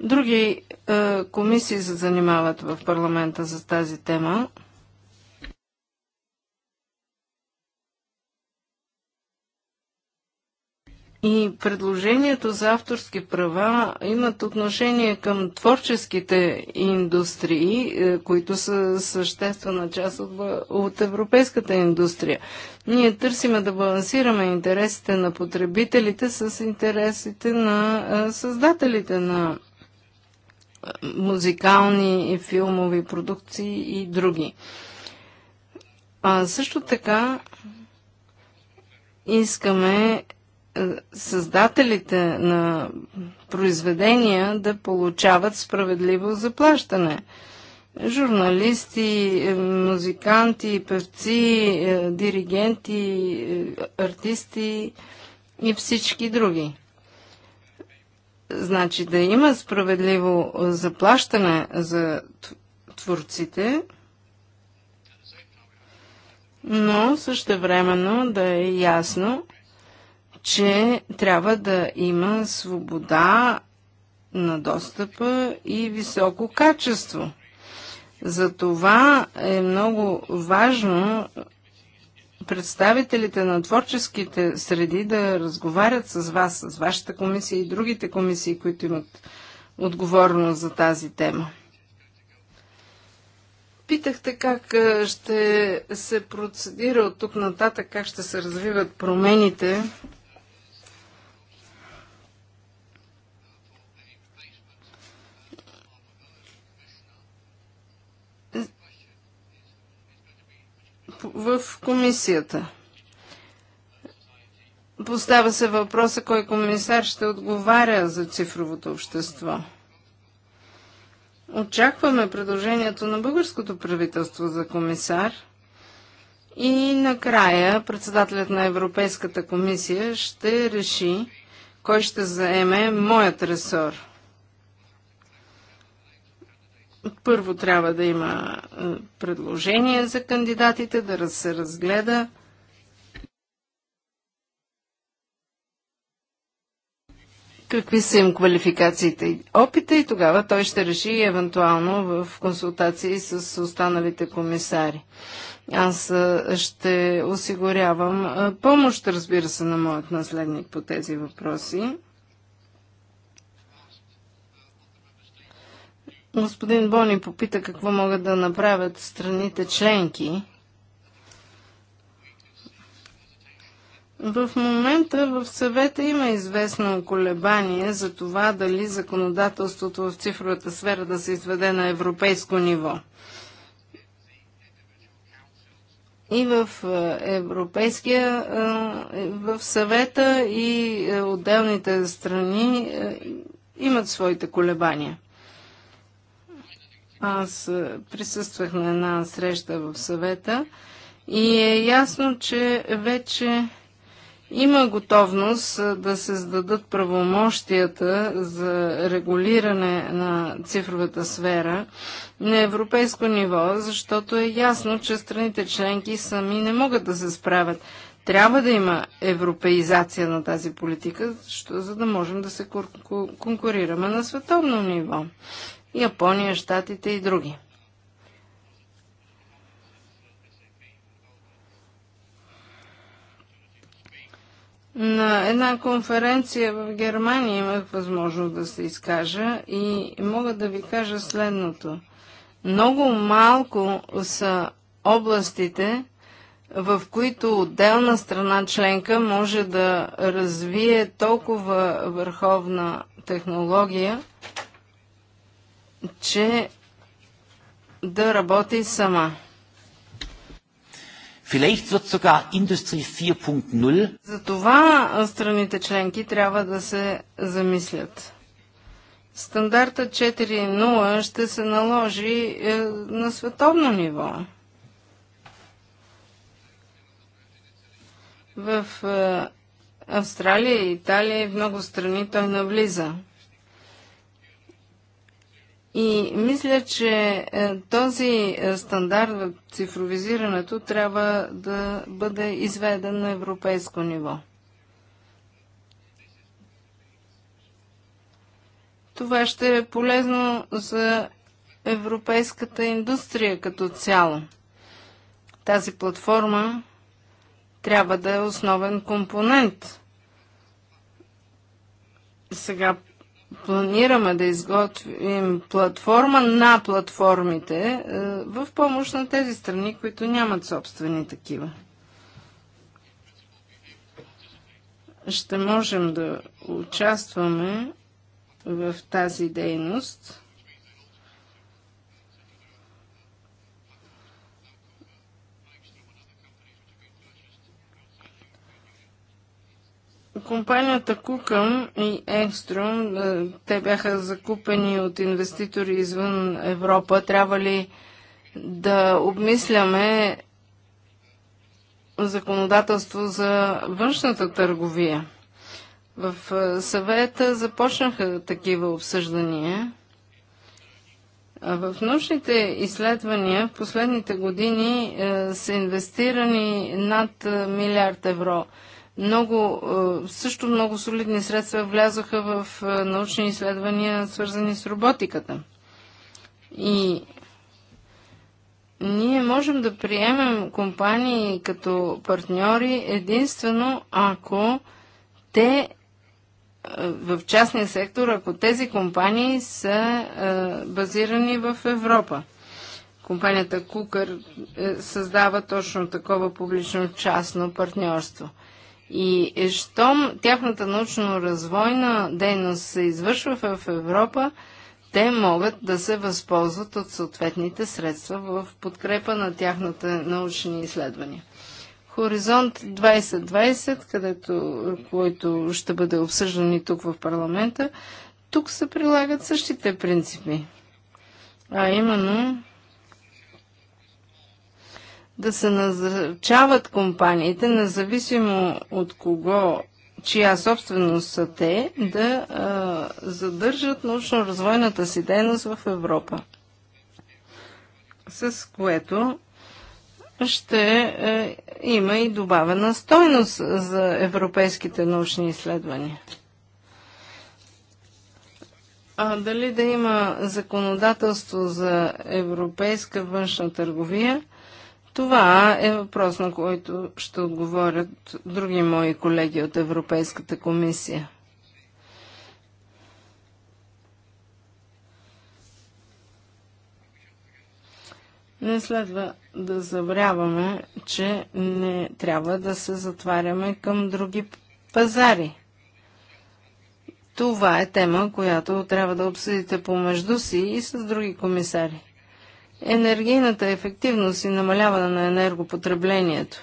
B: Други е, комисии се занимават в парламента за тази тема. И предложението за авторски права имат отношение към творческите индустрии, е, които са съществена част от, от европейската индустрия. Ние търсиме да балансираме интересите на потребителите с интересите на е, създателите на музикални и филмови продукции и други. А също така искаме е, създателите на произведения да получават справедливо заплащане. Журналисти, е, музиканти, певци, е, диригенти, артисти и всички други. Значи да има справедливо заплащане за творците, но също времено да е ясно, че трябва да има свобода на достъпа и високо качество. Затова е много важно представителите на творческите среди да разговарят с вас, с вашата комисия и другите комисии, които имат отговорност за тази тема. Питахте как ще се процедира от тук нататък, как ще се развиват промените в комисията. Поставя се въпроса, кой комисар ще отговаря за цифровото общество. Очакваме предложението на българското правителство за комисар. И накрая председателят на Европейската комисия ще реши кой ще заеме моят ресор. Първо трябва да има е, предложение за кандидатите, да се разгледа. какви са им квалификациите и опита и тогава той ще реши евентуално в консултации с останалите комисари. Аз е, ще осигурявам е, помощ, разбира се, на моят наследник по тези въпроси. Господин Бони попита какво могат да направят страните членки. В момента в съвета има известно колебание за това дали законодателството в цифровата сфера да се изведе на европейско ниво. И в е, Европейския, е, в съвета и е, отделните страни имат своите колебания. Аз е, присъствах на една среща в съвета и е ясно, че вече има готовност е, да се зададат правомощията за регулиране на цифровата сфера на европейско ниво, защото е ясно, че страните членки сами не могат да се справят. Трябва да има европеизация на тази политика, за да можем да се конкурираме на световно ниво. Япония, Штатите и други. На една конференция в Германия имах възможност да се изкажа и мога да ви кажа следното. Много малко са областите, в които отделна страна членка може да развие толкова върховна технология, че да работи сама.
A: Vielleicht wird sogar Industrie 4.0.
B: Затова страните членки трябва да се замислят. Стандарта 4.0 ще се наложи е, на световно ниво. В е, Австралия и Италия и в много страни той навлиза. И мисля, че е, този е, стандарт в цифровизирането трябва да бъде изведен на европейско ниво. Това ще е полезно за европейската индустрия като цяло. Тази платформа трябва да е основен компонент. Сега планираме да изготвим платформа на платформите е, в помощ на тези страни, които нямат собствени такива. Ще можем да участваме в тази дейност компанията Кукъм и Екстром, е, те бяха закупени от инвеститори извън Европа. Трябва ли да обмисляме законодателство за външната търговия? В е, съвета започнаха такива обсъждания. в научните изследвания в последните години е, са инвестирани над милиард евро – много, е, също много солидни средства влязоха в е, научни изследвания, свързани с роботиката. И ние можем да приемем компании като партньори единствено ако те е, в частния сектор, ако тези компании са базирани в Европа. Компанията Кукър създава точно такова публично-частно партньорство. И щом тяхната научно-развойна дейност се извършва в Европа, те могат да се възползват от съответните средства в подкрепа на тяхната научни изследвания. Хоризонт 2020, където, който ще бъде обсъждан и тук в парламента, тук се прилагат същите принципи. А именно да се назначават компаниите, независимо от кого, чия собственост са те, да а, задържат научно-развойната си дейност в Европа. С което ще е, има и добавена стойност за европейските научни изследвания. А дали да има законодателство за европейска външна търговия, това е въпрос, на който ще отговорят други мои колеги от Европейската комисия. Не следва да забравяме, че не трябва да се затваряме към други пазари. Това е тема, която трябва да обсъдите помежду си и с други комисари енергийната ефективност и намаляване на енергопотреблението.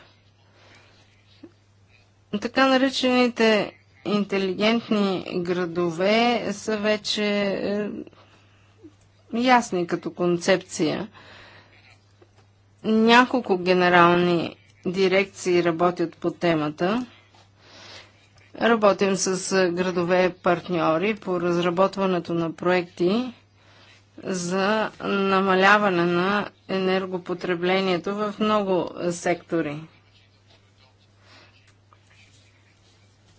B: Така наречените интелигентни градове са вече е, ясни като концепция. Няколко генерални дирекции работят по темата. Работим с градове партньори по разработването на проекти за намаляване на енергопотреблението в много сектори.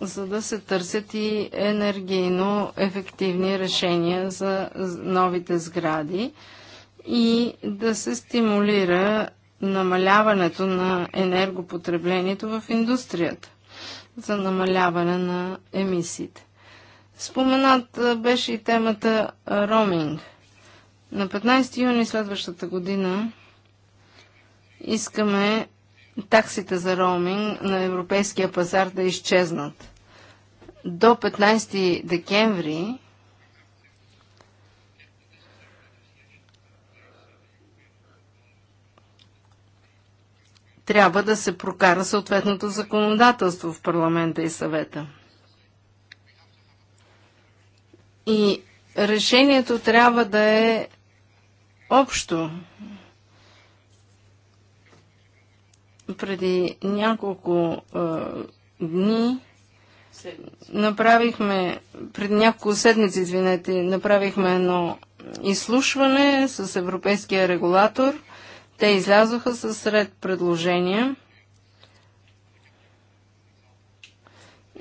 B: за да се търсят и енергийно ефективни решения за новите сгради и да се стимулира намаляването на енергопотреблението в индустрията за намаляване на емисиите. Споменат беше и темата роминг – на 15 юни следващата година искаме таксите за роуминг на европейския пазар да изчезнат. До 15 декември трябва да се прокара съответното законодателство в парламента и съвета. И решението трябва да е общо. Преди няколко а, дни направихме, преди няколко седмици, извинете, направихме едно изслушване с европейския регулатор. Те излязоха със сред предложения.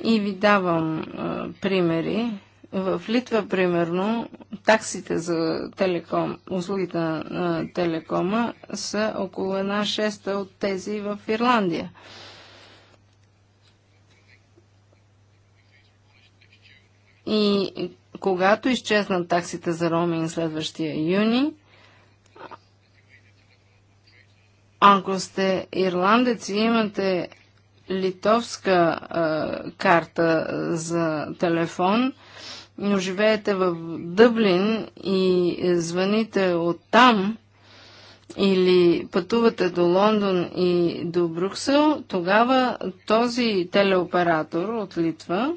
B: И ви давам а, примери. В Литва, примерно, таксите за телеком, услугите на, на телекома са около една шеста от тези в Ирландия. И когато изчезнат таксите за роуминг следващия юни, ако сте ирландец и имате литовска а, карта за телефон, но живеете в Дъблин и звъните от там или пътувате до Лондон и до Брюксел, тогава този телеоператор от Литва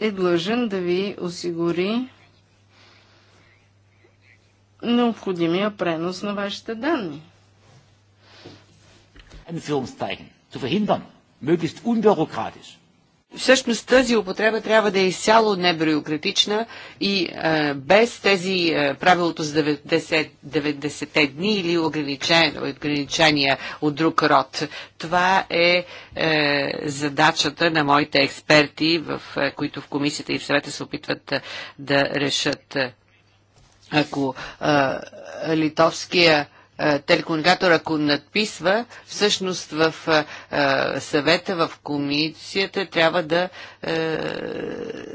B: е длъжен да ви осигури необходимия пренос на вашите данни. Anführungszeichen, zu verhindern, möglichst
C: unbürokratisch. Всъщност тази употреба трябва да е изцяло небюрократична и а, без тези а, правилото за 90, 90 дни или ограничения от друг род. Това е, е задачата на моите експерти, в, е, които в комисията и в съвета се опитват а, е, да решат. Е. Ако а, е, литовския телекомуникатора, ако надписва, всъщност в съвета, в комисията трябва да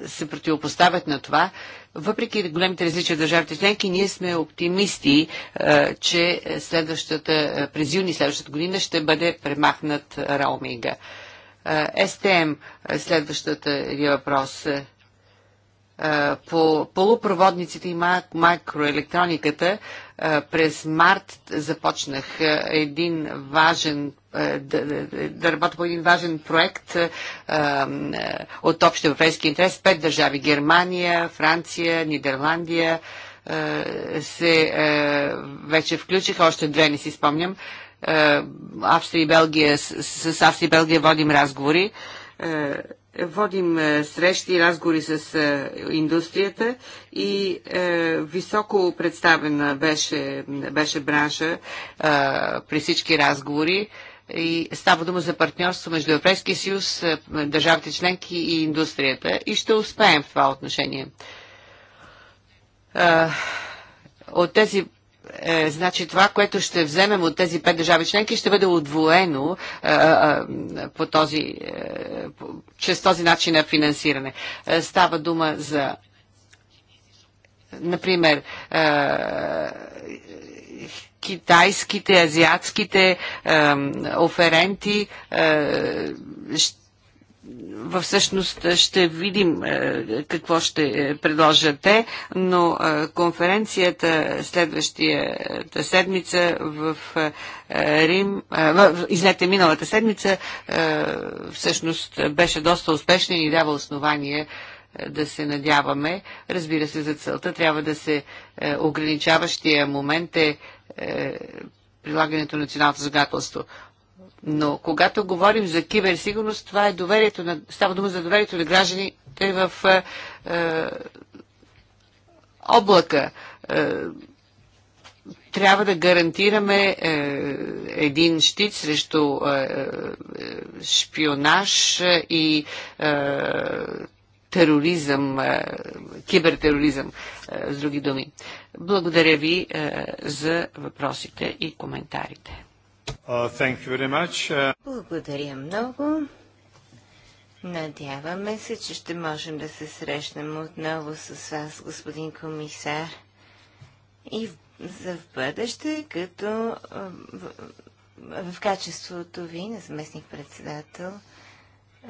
C: се противопоставят на това. Въпреки големите различия в държавите членки, ние сме оптимисти, че следващата, през юни следващата година ще бъде премахнат роуминга. СТМ, следващата ви въпрос по полупроводниците и макроелектрониката през март започнах един важен да, работя по един важен проект от общ европейски интерес. Пет държави Германия, Франция, Нидерландия се вече включиха, още две не си спомням. Австрия и Белгия, с Австрия и Белгия водим разговори водим е, срещи и разговори с е, индустрията и е, високо представена беше, беше бранша при всички разговори и става дума за партньорство между Европейския съюз, държавите членки и индустрията и ще успеем в това отношение. От тези е, значи това, което ще вземем от тези пет държави членки, ще бъде отвоено е, е, по този, по, чрез този начин на финансиране. става дума за, например, китайските, азиатските оференти ще във всъщност е, ще видим е, какво ще е, предложат те, но конференцията следващата седмица в Рим, излете миналата седмица, всъщност беше доста успешна и ни дава основание да се надяваме. Разбира се, за целта трябва да се ограничаващия момент е прилагането на националното загателство. Но когато говорим за киберсигурност, това е доверието на, става дума за доверието на гражданите в е, е облака. Е, трябва да гарантираме е, един щит срещу е, е, шпионаж и е, тероризъм, е, кибертероризъм, е, с други думи. Благодаря ви е, за въпросите и коментарите.
A: Uh, uh, Благодаря много. Надяваме се, че ще можем да се срещнем отново с вас, господин комисар. И за в бъдеще, като в, в качеството ви на заместник-председател,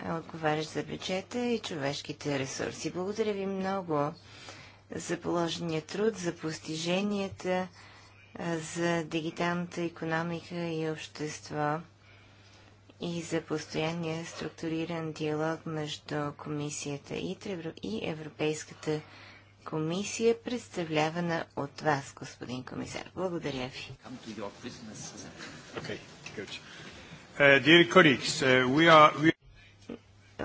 A: отговарящ за бюджета и човешките ресурси. Благодаря ви много за положения труд, за постиженията за дигиталната економика и общество и за постоянния структуриран диалог между комисията и Европейската комисия, представлявана от вас, господин комисар. Благодаря ви. Uh,
C: uh,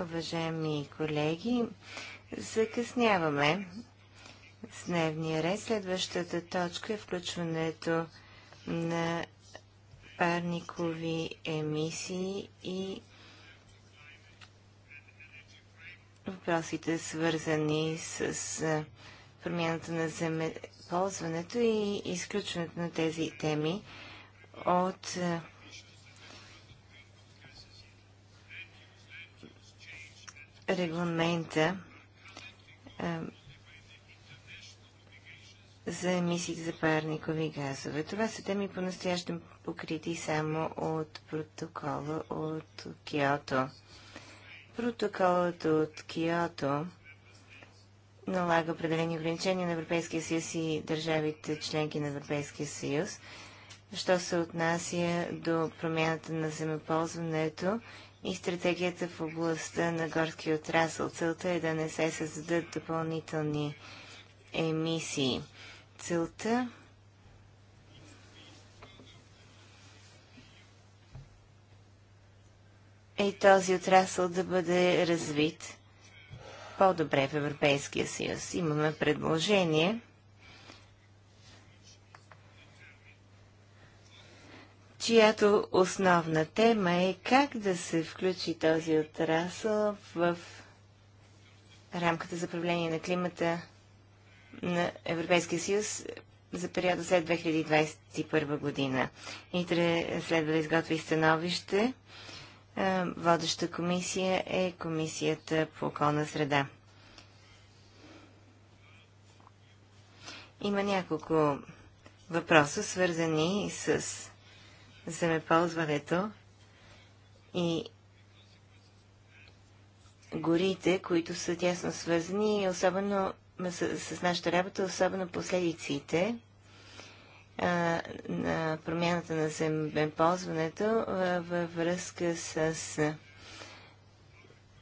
A: Уважаеми колеги, закъсняваме с дневния ред. Следващата точка е включването на парникови емисии и въпросите свързани с промяната на земеползването и изключването на тези теми от регламента за емисиите за парникови газове. Това са теми по-настоящем покрити само от протокола от Киото. Протоколът от Киото налага определени ограничения на Европейския съюз и държавите членки на Европейския съюз, що се отнася до промяната на земеползването и стратегията в областта на горски отрасъл. Целта е да не се създадат допълнителни емисии целта е този отрасъл да бъде развит по-добре в Европейския съюз. Имаме предложение чиято основна тема е как да се включи този отрасъл в рамката за управление на климата на Европейския съюз за периода след 2021 година. ИТРЕ следва да изготви становище. Е, водеща комисия е Комисията по околна среда. Има няколко въпроса, свързани с земеползването и горите, които са тясно свързани, особено с, с нашата работа, особено последиците а, на промяната на земеползването във връзка с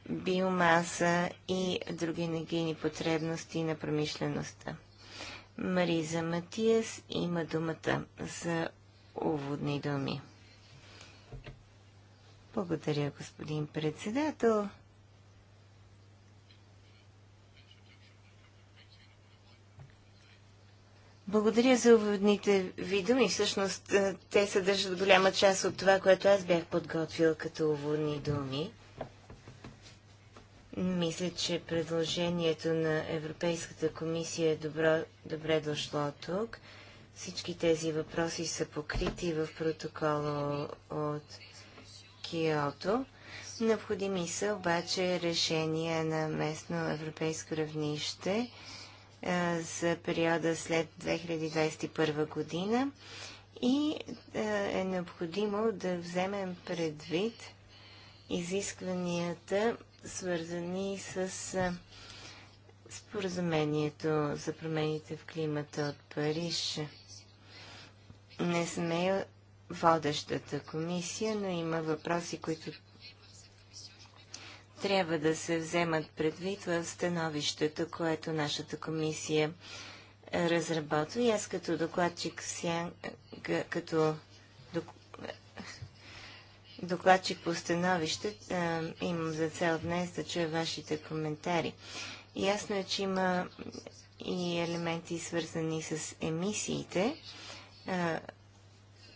A: биомаса и други енергийни потребности на промишлеността. Мариза Матиас има думата за уводни думи. Благодаря, господин председател. Благодаря за уводните ви думи. Всъщност е, те съдържат голяма част от това, което аз бях подготвил като уводни думи. Мисля, че предложението на Европейската комисия е добро, добре дошло тук. Всички тези въпроси са покрити в протокола от Киото. Необходими са обаче решения на местно европейско равнище – за периода след 2021 година и е необходимо да вземем предвид изискванията, свързани с споразумението за промените в климата от Париж. Не сме водещата комисия, но има въпроси, които трябва да се вземат предвид в становището, което нашата комисия е, разработва. И аз като докладчик, е, като е, докладчик по становище, имам за цел днес да чуя вашите коментари. Ясно е, че има и елементи свързани с емисиите,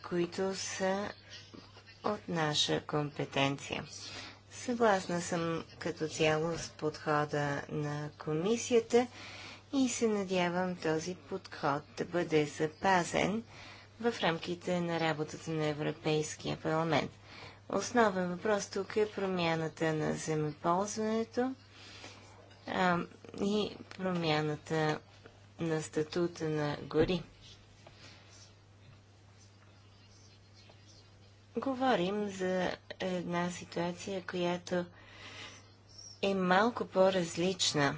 A: които са от наша компетенция. Съгласна съм като цяло с подхода на комисията и се надявам този подход да бъде запазен в рамките на работата на Европейския парламент. Основен въпрос тук е промяната на земеползването а, и промяната на статута на гори. Говорим за една ситуация, която е малко по-различна.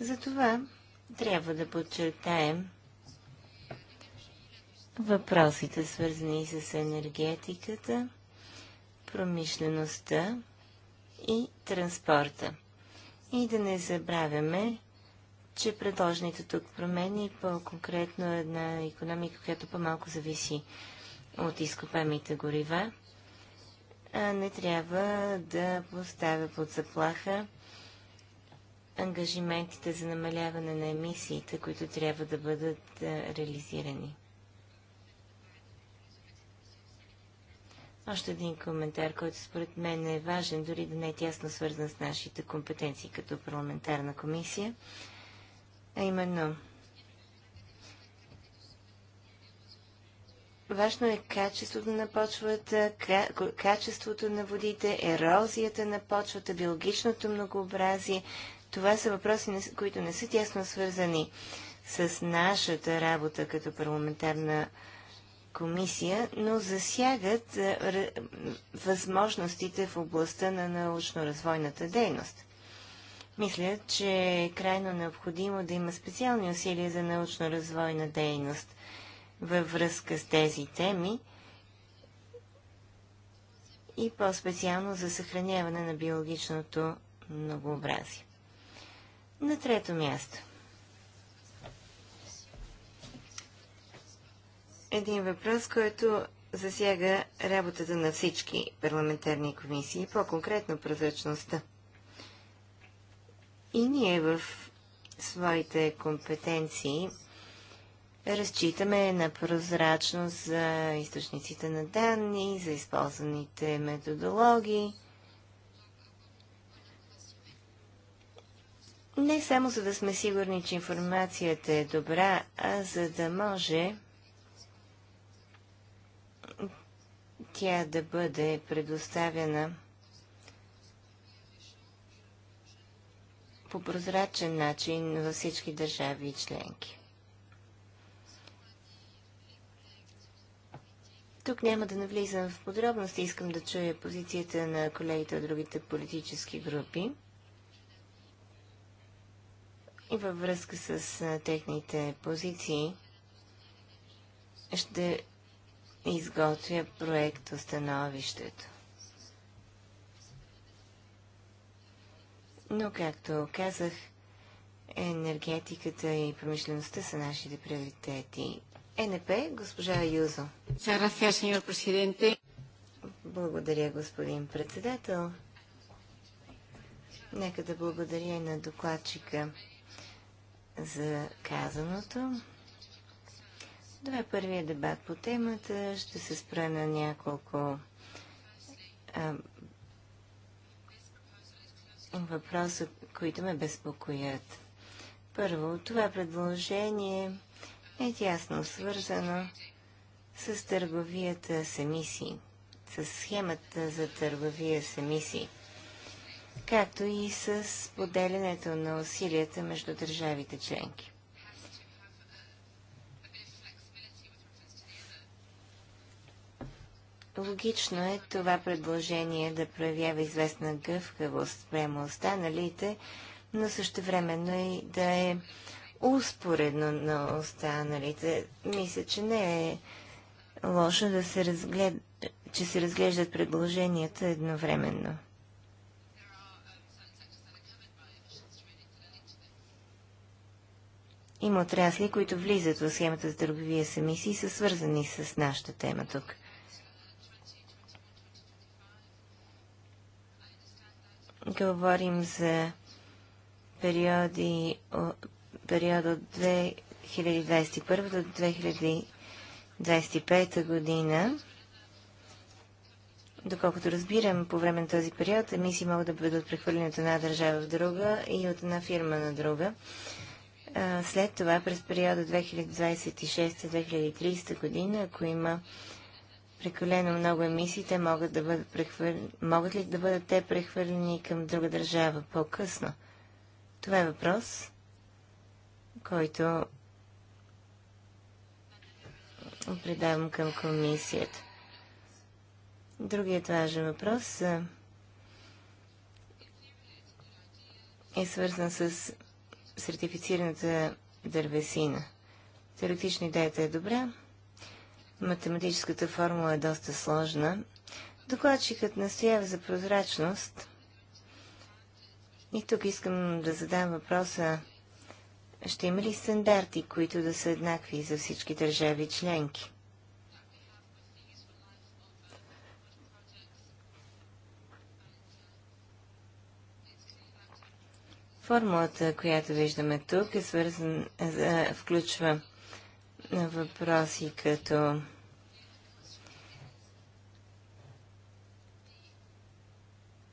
A: Затова трябва да подчертаем въпросите, свързани с енергетиката, промишлеността и транспорта. И да не забравяме, че предложените тук промени по-конкретно е една економика, която по-малко зависи от изкопемите горива, не трябва да поставя под заплаха ангажиментите за намаляване на емисиите, които трябва да бъдат реализирани. Още един коментар, който според мен е важен, дори да не е тясно свързан с нашите компетенции като парламентарна комисия – а именно, важно е качеството на почвата, качеството на водите, ерозията на почвата, биологичното многообразие. Това са въпроси, които не са тясно свързани с нашата работа като парламентарна комисия, но засягат възможностите в областта на научно-развойната дейност. Мисля, че е крайно необходимо да има специални усилия за научно-развойна дейност във връзка с тези теми и по-специално за съхраняване на биологичното многообразие. На трето място. Един въпрос, който засяга работата на всички парламентарни комисии, по-конкретно прозрачността. И ние в своите компетенции разчитаме на прозрачност за източниците на данни, за използваните методологии. Не само за да сме сигурни, че информацията е добра, а за да може тя да бъде предоставена по прозрачен начин във всички държави и членки. Тук няма да навлизам в подробности, искам да чуя позицията на колегите от другите политически групи и във връзка с техните позиции ще изготвя проект становището. Но, както казах, енергетиката и промишлеността са нашите приоритети. ЕНП, госпожа Юзо. Благодаря, господин председател. Нека да благодаря и на докладчика за казаното. Това е първият дебат по темата. Ще се спра на няколко а, въпроса, които ме безпокоят. Първо, това предложение е тясно свързано с търговията с емисии, с схемата за търговия с емисии, както и с поделянето на усилията между държавите членки. Логично е това предложение да проявява известна гъвкавост спрямо останалите, но същевременно и да е успоредно на останалите. Мисля, че не е лошо да се разглед... че се разглеждат предложенията едновременно. Има отрасли, които влизат в схемата за търговия с емисии и са свързани с нашата тема тук. Говорим за периоди, период от 2021 до 2025 година. Доколкото разбирам, по време на този период емисии могат да бъдат прехвърлени от една държава в друга и от една фирма на друга. След това, през периода 2026-2030 година, ако има прекалено много емисии, те могат, да бъдат прехвър... могат ли да бъдат те прехвърлени към друга държава по-късно? Това е въпрос, който предавам към комисията. Другият важен въпрос е свързан с сертифицираната дървесина. Теоретично идеята е добра, Математическата формула е доста сложна. Докладчикът настоява за прозрачност. И тук искам да задам въпроса. Ще има ли стандарти, които да са еднакви за всички държави членки? Формулата, която виждаме тук, е свързан, е, включва въпроси като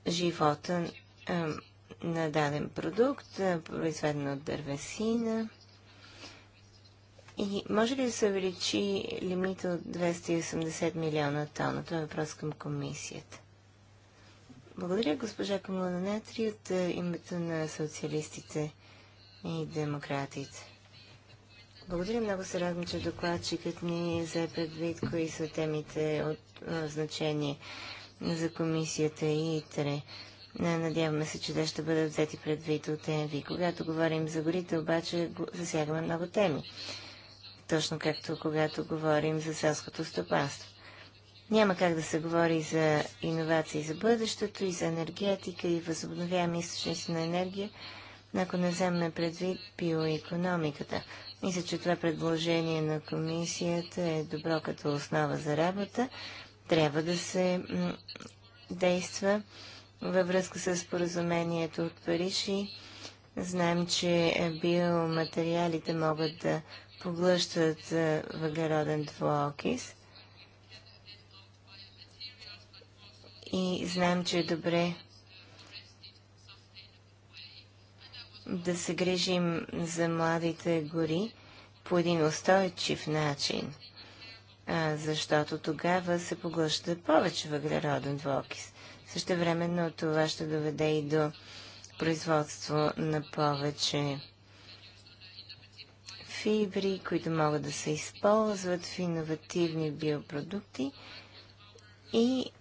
A: живота на даден продукт, произведен от дървесина. И може ли да се увеличи лимита от 280 милиона тона? Това е въпрос към комисията. Благодаря, госпожа Камлана Натри от името на социалистите и демократите. Благодаря, много се радвам, че докладчикът ни за предвид кои са темите от значение за комисията и ИТРЕ. Надяваме се, че те ще бъдат взети предвид от ЕНВИ. Когато говорим за горите, обаче засягаме много теми. Точно както когато говорим за селското стопанство. Няма как да се говори за иновации за бъдещето и за енергетика и възобновяеми източници на енергия, ако не вземем предвид биоекономиката. Мисля, че това предложение на комисията е добро като основа за работа трябва да се действа във връзка с споразумението от Париж и знаем, че е, биоматериалите могат да поглъщат е, въглероден двуокис. И знаем, че е добре да се грижим за младите гори по един устойчив начин а, защото тогава се поглъща повече въглероден двуокис. Същевременно това ще доведе и до производство на повече фибри, които могат да се използват в иновативни биопродукти и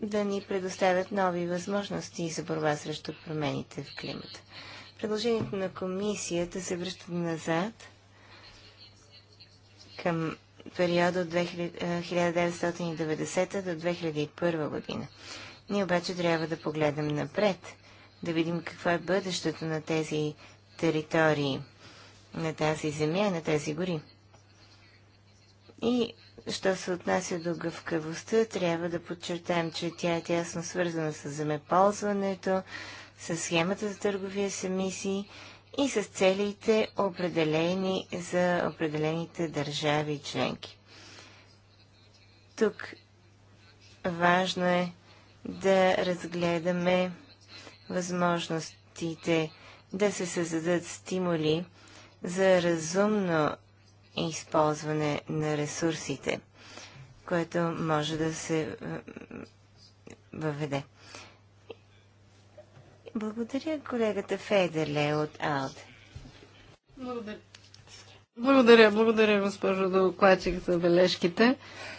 A: да ни предоставят нови възможности за борба срещу промените в климата. Предложението на комисията се връща назад – към периода от 1990 е, до 2001 година. Ние обаче трябва да погледнем напред, да видим какво е бъдещето на тези територии, на тази земя, на тези гори. И, що се отнася до гъвкавостта, трябва да подчертаем, че тя е тясно свързана с земеползването, с схемата за търговия с емисии, и с целите определени за определените държави и членки. Тук важно е да разгледаме възможностите да се създадат стимули за разумно използване на ресурсите, което може да се въведе.
B: Благодаря колегата Федерле от АЛД. Благодаря. Благодаря, благодаря, госпожо докладчик, за бележките.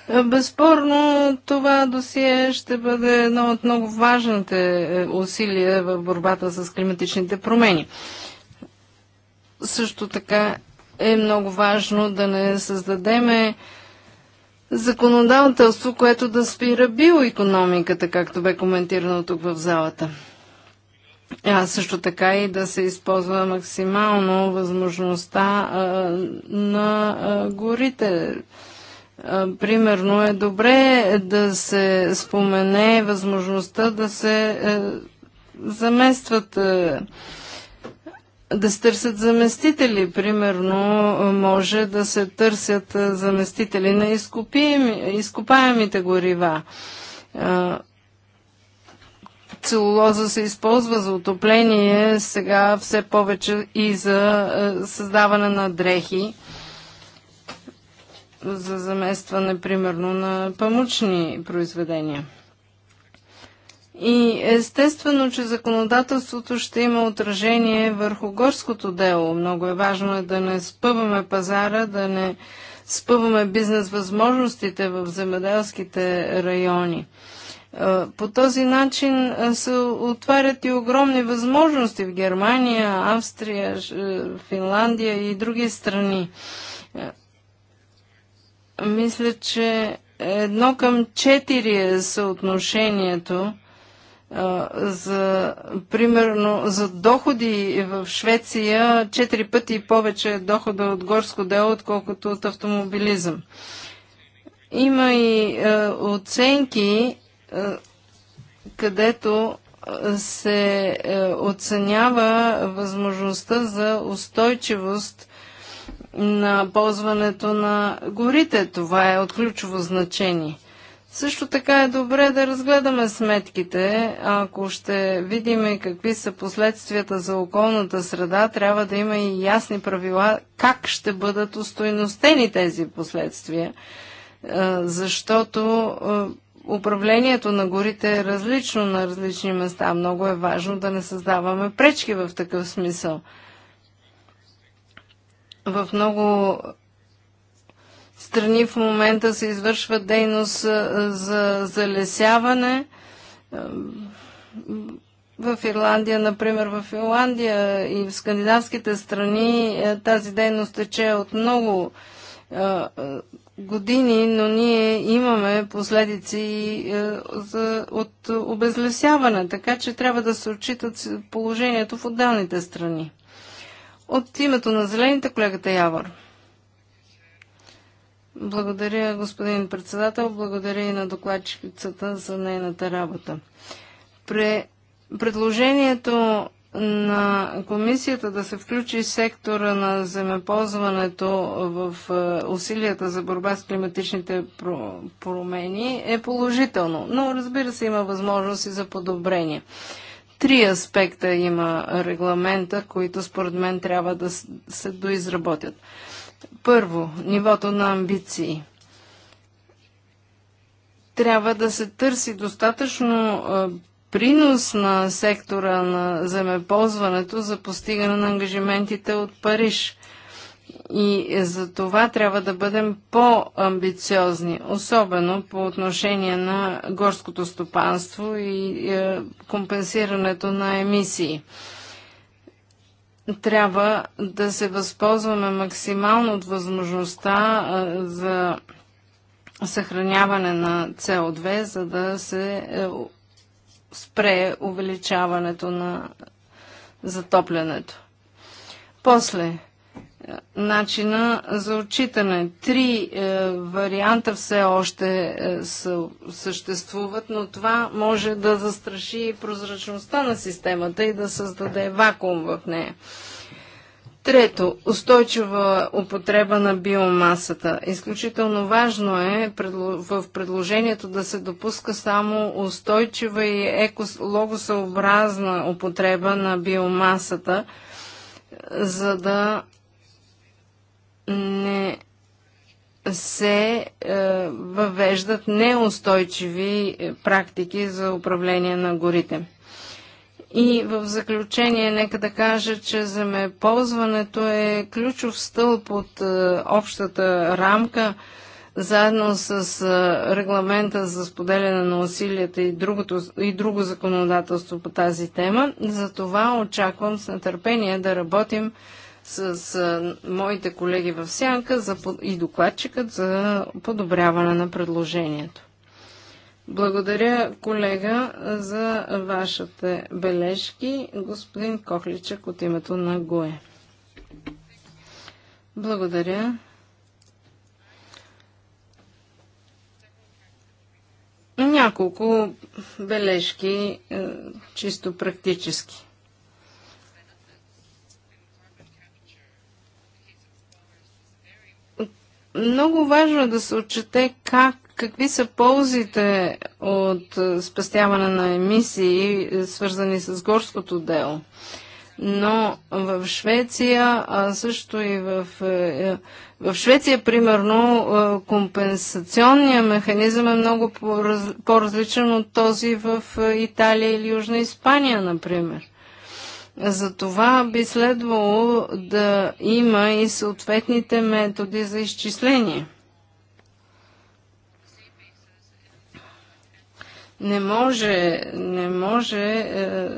B: Е, безспорно, това досие ще бъде едно от много важните е, усилия в борбата с климатичните промени. Също така е много важно да не създадеме законодателство, което да спира биоекономиката, както бе коментирано тук в залата а също така и да се използва максимално възможността а, на а, горите. А, примерно е добре да се спомене възможността да се а, е, заместват. А, е, да се търсят заместители. Примерно е, може да се търсят заместители на изкопаемите горива целулоза се използва за отопление, сега все повече и за е, създаване на дрехи, за заместване, примерно, на памучни произведения. И естествено, че законодателството ще има отражение върху горското дело. Много е важно е да не спъваме пазара, да не спъваме бизнес възможностите в земеделските райони. По този начин се отварят и огромни възможности в Германия, Австрия, е, Финландия и други страни. Мисля, че едно към четири е съотношението за, примерно, за доходи в Швеция четири пъти повече дохода от горско дело, отколкото от автомобилизъм. Има и е, оценки е, където е, се е, оценява възможността за устойчивост на ползването на горите. Това е от ключово значение. Също така е добре да разгледаме сметките. Ако ще видим какви са последствията за околната среда, трябва да има и ясни правила как ще бъдат устойностени тези последствия. Защото управлението на горите е различно на различни места. Много е важно да не създаваме пречки в такъв смисъл. В много страни в момента се извършва дейност за залесяване. В Ирландия, например, в Ирландия и в скандинавските страни тази дейност тече от много години, но ние имаме последици е, от обезлесяване, така че трябва да се отчитат положението в отделните страни. От името на зелените колегата Явор. Благодаря, господин председател. Благодаря и на докладчицата за нейната работа. Предложението на комисията да се включи сектора на земеползването в е, усилията за борба с климатичните промени е положително, но разбира се има възможности за подобрение. Три аспекта има регламента, които според мен трябва да се доизработят. Първо, нивото на амбиции трябва да се търси достатъчно е, принос на сектора на земеползването за постигане на ангажиментите от Париж. И за това трябва да бъдем по-амбициозни, особено по отношение на горското стопанство и е, компенсирането на емисии трябва да се възползваме максимално от възможността е, за съхраняване на CO2, за да се е, спре увеличаването на затоплянето. После, е, начина за отчитане. Три е, варианта все още е, са, съществуват, но това може да застраши прозрачността на системата и да създаде вакуум в нея. Трето, устойчива употреба на биомасата. Изключително важно е в предложението да се допуска само устойчива и екологосъобразна употреба на биомасата, за да не се е, въвеждат неустойчиви е, практики за управление на горите. И в заключение, нека да кажа, че земеползването е ключов стълб от е, общата рамка, заедно с е, регламента за споделяне на усилията и, другото, и друго законодателство по тази тема. Затова очаквам с нетърпение да работим с, с е, моите колеги в Сянка за, и докладчикът за подобряване на предложението. Благодаря, колега, за вашите бележки. Господин Кохличък от името на ГОЕ. Благодаря. Няколко бележки, е, чисто практически. много важно е да се отчете как Какви са ползите от е, спестяване на емисии, е, свързани с горското дело? но в Швеция, а също и в, е, в Швеция, примерно, компенсационният механизъм е много по-различен от този в Италия или Южна Испания, например. Затова би следвало да има и съответните методи за изчисление – Не може, не може е,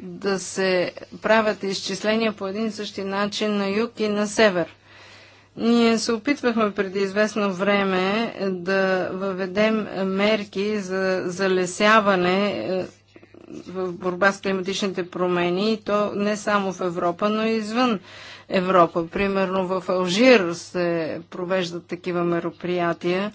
B: да се правят изчисления по един същи начин на юг и на север. Ние се опитвахме преди известно време е, да въведем мерки за залесяване е, в борба с климатичните промени, и то не само в Европа, но и извън Европа. Примерно в Алжир се провеждат такива мероприятия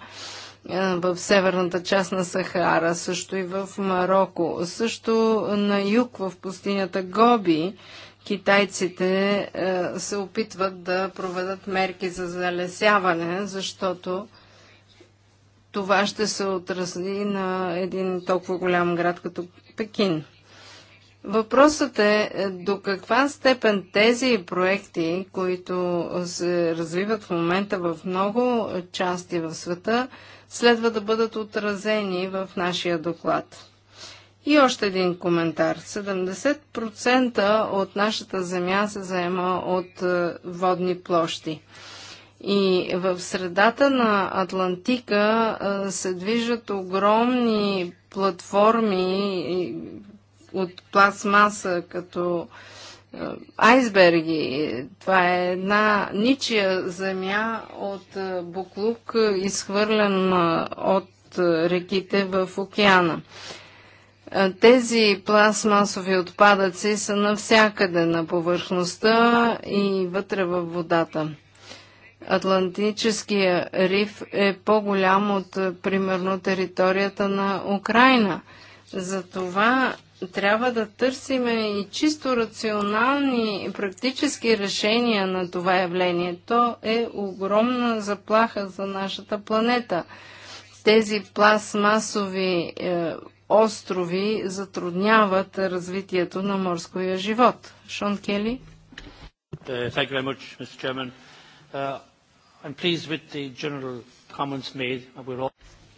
B: в северната част на Сахара, също и в Марокко, също на юг в пустинята Гоби, китайците се опитват да проведат мерки за залесяване, защото това ще се отрази на един толкова голям град като Пекин. Въпросът е до каква степен тези проекти, които се развиват в момента в много части в света, следва да бъдат отразени в нашия доклад. И още един коментар. 70% от нашата земя се заема от е, водни площи. И в средата на Атлантика е, се движат огромни платформи от пластмаса, като е, айсберги. Това е една ничия земя от е, буклук, е, изхвърлен от реките в океана. Тези пластмасови отпадъци са навсякъде на повърхността и вътре във водата. Атлантическия риф е по-голям от, примерно, територията на Украина. Затова трябва да търсиме и чисто рационални и практически решения на това явление. То е огромна заплаха за нашата планета. Тези пластмасови е, острови затрудняват развитието на морския живот. Шон Кели?
C: Uh, uh,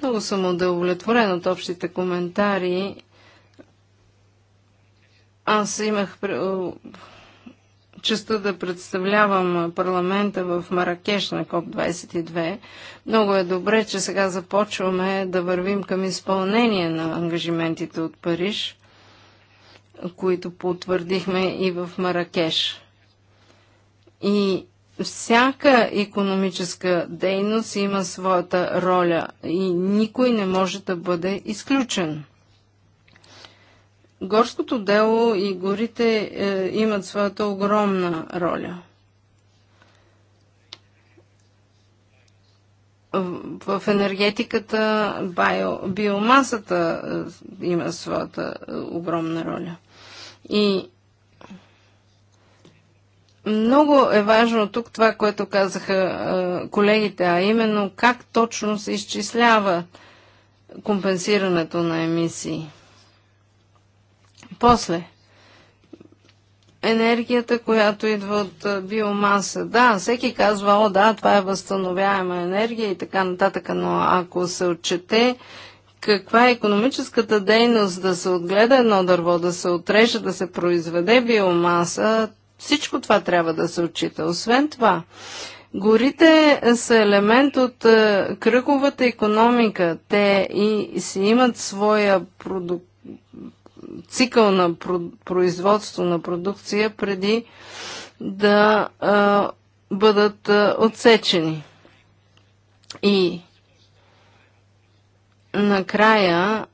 B: Много съм удовлетворен от общите коментари аз имах честа да представлявам парламента в Маракеш на КОП-22. Много е добре, че сега започваме да вървим към изпълнение на ангажиментите от Париж, които потвърдихме и в Маракеш. И всяка економическа дейност има своята роля и никой не може да бъде изключен. Горското дело и горите е, имат своята огромна роля. В енергетиката био, биомасата е, има своята е, огромна роля. И много е важно тук това, което казаха е, колегите, а именно как точно се изчислява компенсирането на емисии. После, енергията, която идва от биомаса. Да, всеки казва, о да, това е възстановяема енергия и така нататък, но ако се отчете каква е економическата дейност да се отгледа едно дърво, да се отреже, да се произведе биомаса, всичко това трябва да се отчита. Освен това, горите са елемент от кръговата економика. Те и си имат своя продукт цикъл на производство на продукция преди да а, бъдат а, отсечени. И накрая,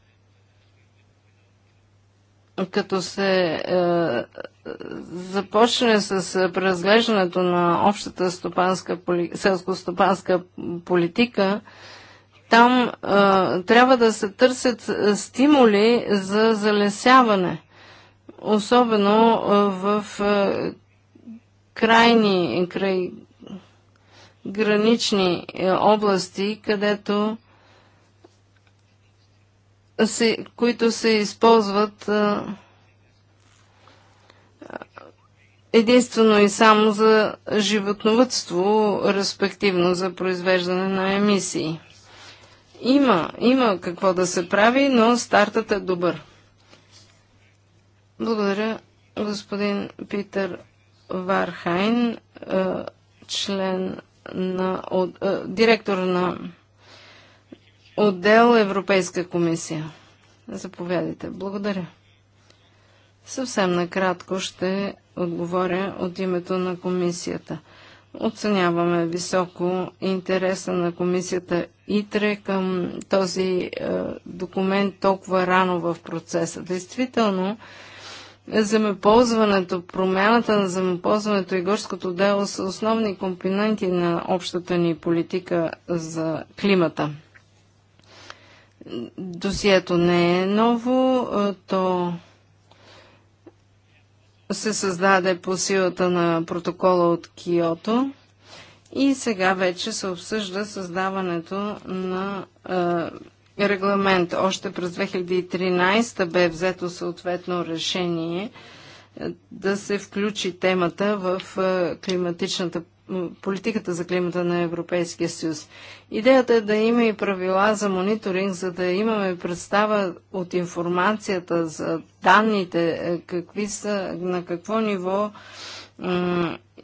B: като се започне с преразглеждането на общата селско-стопанска политика, там а, трябва да се търсят стимули за залесяване, особено а, в а, крайни, край, гранични е, области, където се, които се използват а, единствено и само за животновътство, респективно за произвеждане на емисии. Има, има какво да се прави, но стартът е добър. Благодаря, господин Питър Вархайн, член на, от, директор на отдел Европейска комисия. Заповядайте. Благодаря. Съвсем накратко ще отговоря от името на комисията. Оценяваме високо интереса на комисията ИТРЕ към този е, документ толкова рано в процеса. Действително, земеползването, промяната на земеползването и горското дело са основни компоненти на общата ни политика за климата. Досието не е ново, е, то се създаде по силата на протокола от Киото и сега вече се обсъжда създаването на е, регламент. Още през 2013 бе взето съответно решение е, да се включи темата в е, климатичната политиката за климата на Европейския съюз. Идеята е да има и правила за мониторинг, за да имаме представа от информацията за данните, е, какви са, на какво ниво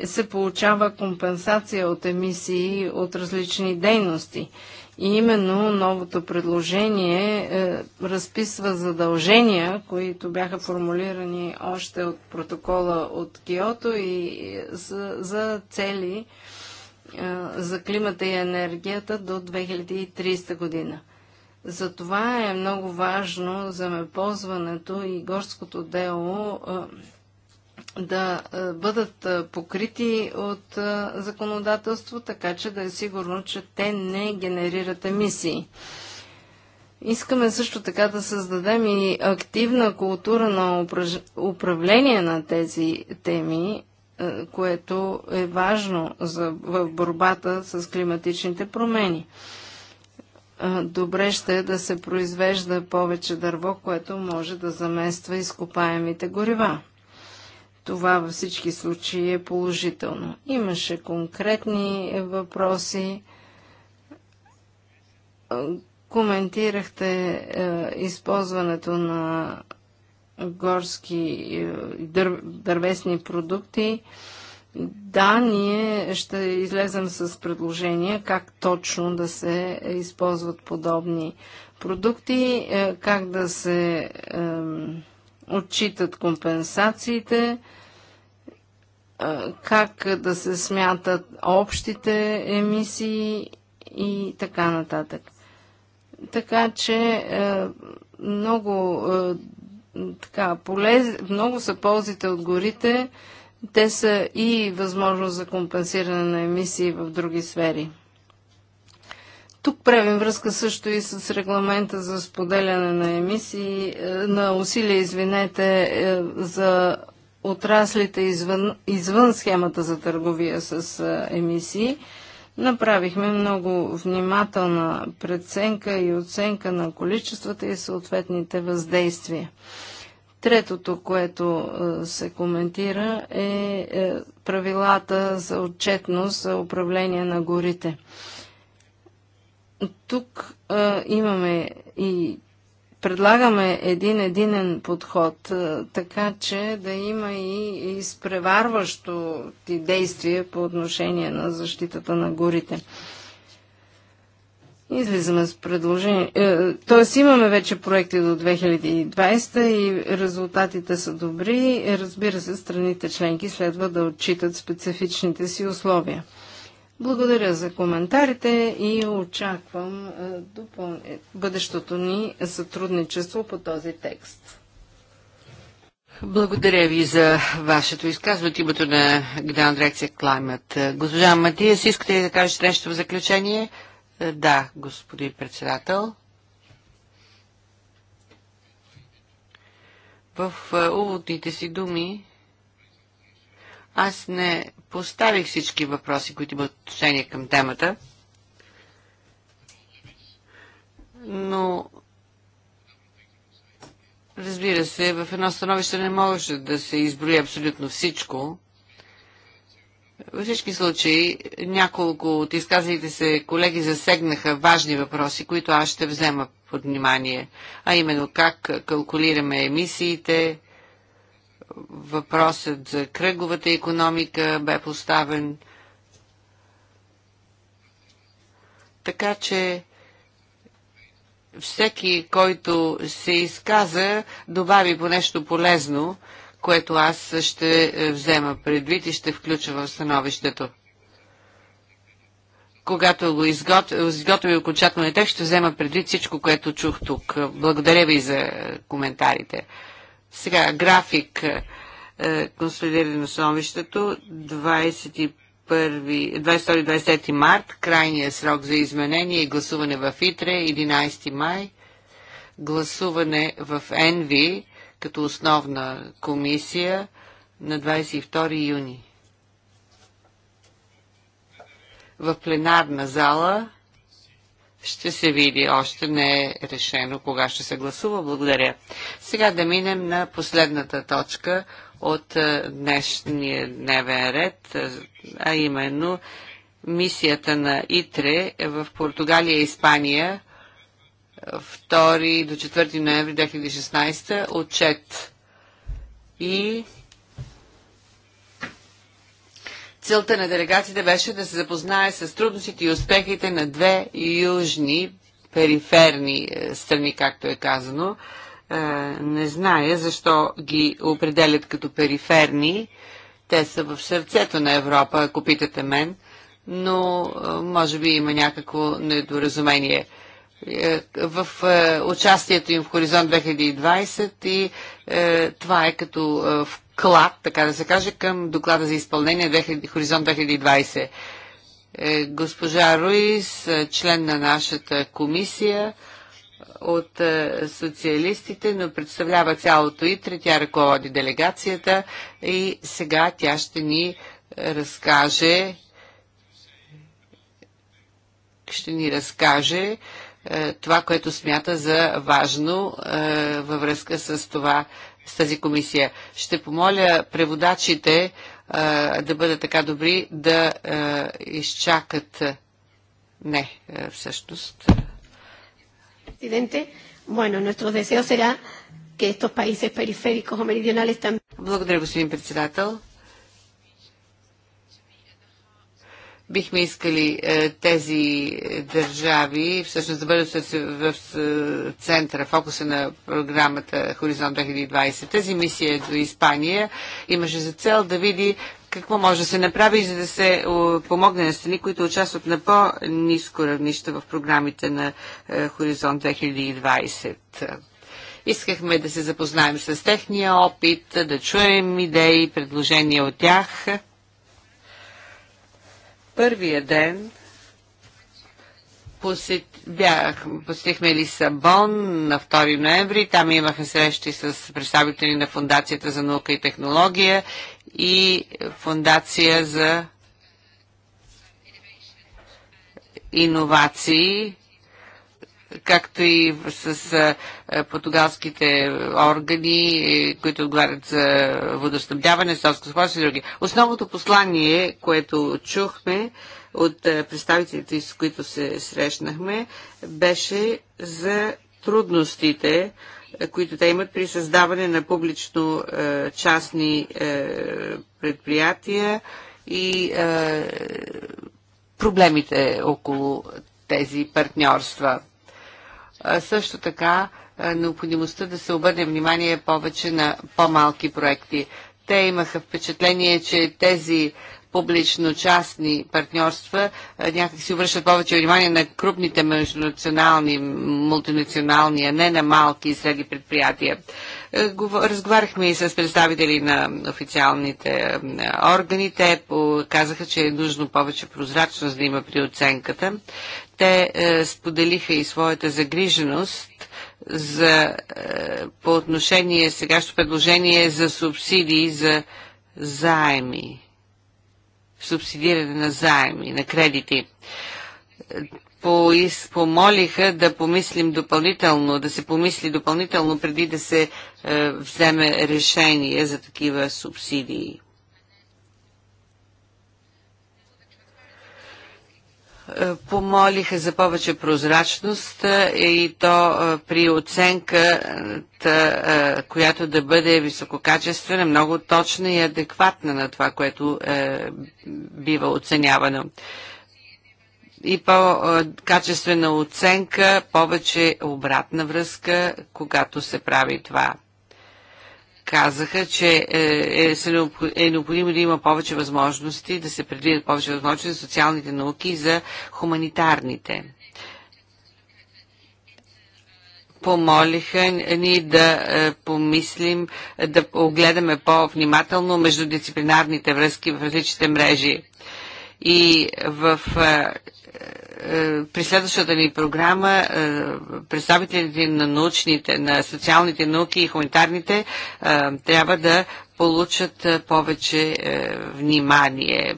B: се получава компенсация от емисии от различни дейности. И именно новото предложение е, разписва задължения, които бяха формулирани още от протокола от Киото и за, за цели е, за климата и енергията до 2030 година. Затова е много важно ползването и горското дело е, да е, бъдат е, покрити от е, законодателство, така че да е сигурно, че те не генерират емисии. Искаме също така да създадем и активна култура на управление на тези теми, което е важно за, в борбата с климатичните промени. Добре ще е да се произвежда повече дърво, което може да замества изкопаемите горива. Това във всички случаи е положително. Имаше конкретни въпроси. Коментирахте е, използването на горски е, дър, дървесни продукти. Да, ние ще излезем с предложения как точно да се използват подобни продукти, е, как да се. Е, отчитат компенсациите, как да се смятат общите емисии и така нататък. Така че е, много, е, така, полез, много са ползите от горите. Те са и възможност за компенсиране на емисии в други сфери. Тук правим връзка също и с регламента за споделяне на емисии, е, на усилия, извинете, е, за отраслите извън, извън схемата за търговия с е, емисии. Направихме много внимателна преценка и оценка на количествата и съответните въздействия. Третото, което се коментира е правилата за отчетност за управление на горите. Тук а, имаме и предлагаме един единен подход, а, така че да има и изпреварващо ти действие по отношение на защитата на горите. Излизаме с предложение. Е, тоест имаме вече проекти до 2020 и резултатите са добри. Разбира се, страните членки следва да отчитат специфичните си условия. Благодаря за коментарите и очаквам е, допъл... Е, бъдещото ни сътрудничество по този текст.
C: Благодаря ви за вашето изказване от името на Гдална дирекция Клаймат. Е, госпожа си искате ли да кажете нещо в заключение? Да, господин председател. В уводните си думи аз не Поставих всички въпроси, които имат отношение към темата, но разбира се, в едно становище не може да се изброи абсолютно всичко. Във всички случаи, няколко от изказаните се колеги засегнаха важни въпроси, които аз ще взема под внимание, а именно как калкулираме емисиите, въпросът за кръговата економика бе поставен. Така че всеки, който се изказа, добави по нещо полезно, което аз ще взема предвид и ще включа в становището. Когато го изготвя, изготвя окончателно текст, ще взема предвид всичко, което чух тук. Благодаря ви за коментарите. Сега график е, е, консолидирано становището 22-20 март, крайния срок за изменение и гласуване в ИТРЕ 11 май, гласуване в ЕНВИ като основна комисия на 22 юни. В пленарна зала ще се види. Още не е решено кога ще се гласува. Благодаря. Сега да минем на последната точка от е, днешния дневен ред, а именно мисията на ИТРЕ в Португалия и Испания 2 до 4 ноември 2016 отчет и Целта на делегацията беше да се запознае с трудностите и успехите на две южни периферни е, страни, както е казано. Е, не зная защо ги определят като периферни. Те са в сърцето на Европа, ако питате мен, но е, може би има някакво недоразумение в участието им в Хоризонт 2020 и това е като в клад, така да се каже, към доклада за изпълнение 2000, Хоризонт 2020. Е, госпожа Руис, е, член на нашата комисия е, от социалистите, но представлява цялото ИТРЕ, тя ръководи делегацията и сега тя ще ни разкаже ще ни разкаже това, което смята за важно във връзка с това с тази комисия. Ще помоля преводачите а, да бъдат така добри да а, изчакат. Не, а, всъщност.
A: Bueno, nuestro deseo será que estos países periféricos o meridionales también.
C: Благодаря, господин председател. Бихме искали е, тези държави всъщност да бъдат в е, центъра, фокуса на програмата Хоризонт 2020. Тази мисия е до Испания имаше за цел да види какво може да се направи, за да се помогне на страни, които участват на по-низко равнище в програмите на Хоризонт 2020. Искахме да се запознаем с техния опит, да чуем идеи, предложения от тях. Първия ден посет... бях, посетихме Лисабон на 2 ноември. Там имахме срещи с представители на Фундацията за наука и технология и Фундация за иновации както и с португалските органи, е, които отговарят за водоснабдяване, селско стопанство и други. Основното послание, което чухме от представителите, с които се срещнахме, беше за трудностите, които те имат при създаване на публично-частни предприятия и проблемите около тези партньорства. Също така необходимостта да се обърне внимание повече на по-малки проекти. Те имаха впечатление, че тези публично-частни партньорства някак си обръщат повече внимание на крупните междунационални, мултинационални, а не на малки и среди предприятия. Е, разговаряхме и с представители на официалните е, органи. Те казаха, че е нужно повече прозрачност да има при оценката. Те е, споделиха и своята загриженост за, по отношение сегащо предложение за субсидии за заеми, субсидиране на заеми, на кредити поис, помолиха да помислим допълнително, да се помисли допълнително преди да се е, вземе решение за такива субсидии. Е, помолиха за повече прозрачност е, и то е, при оценка, която да бъде висококачествена, много точна и адекватна на това, което бива оценявано и по-качествена оценка, повече обратна връзка, когато се прави това. Казаха, че е, е, е необходимо да има повече възможности, да се предвидят повече възможности за социалните науки и за хуманитарните. Помолиха ни да е, помислим, да огледаме по-внимателно междудисциплинарните връзки в различните мрежи и в е, е, при следващата ни програма е, представителите на научните, на социалните науки и хуманитарните е, трябва да получат повече внимание,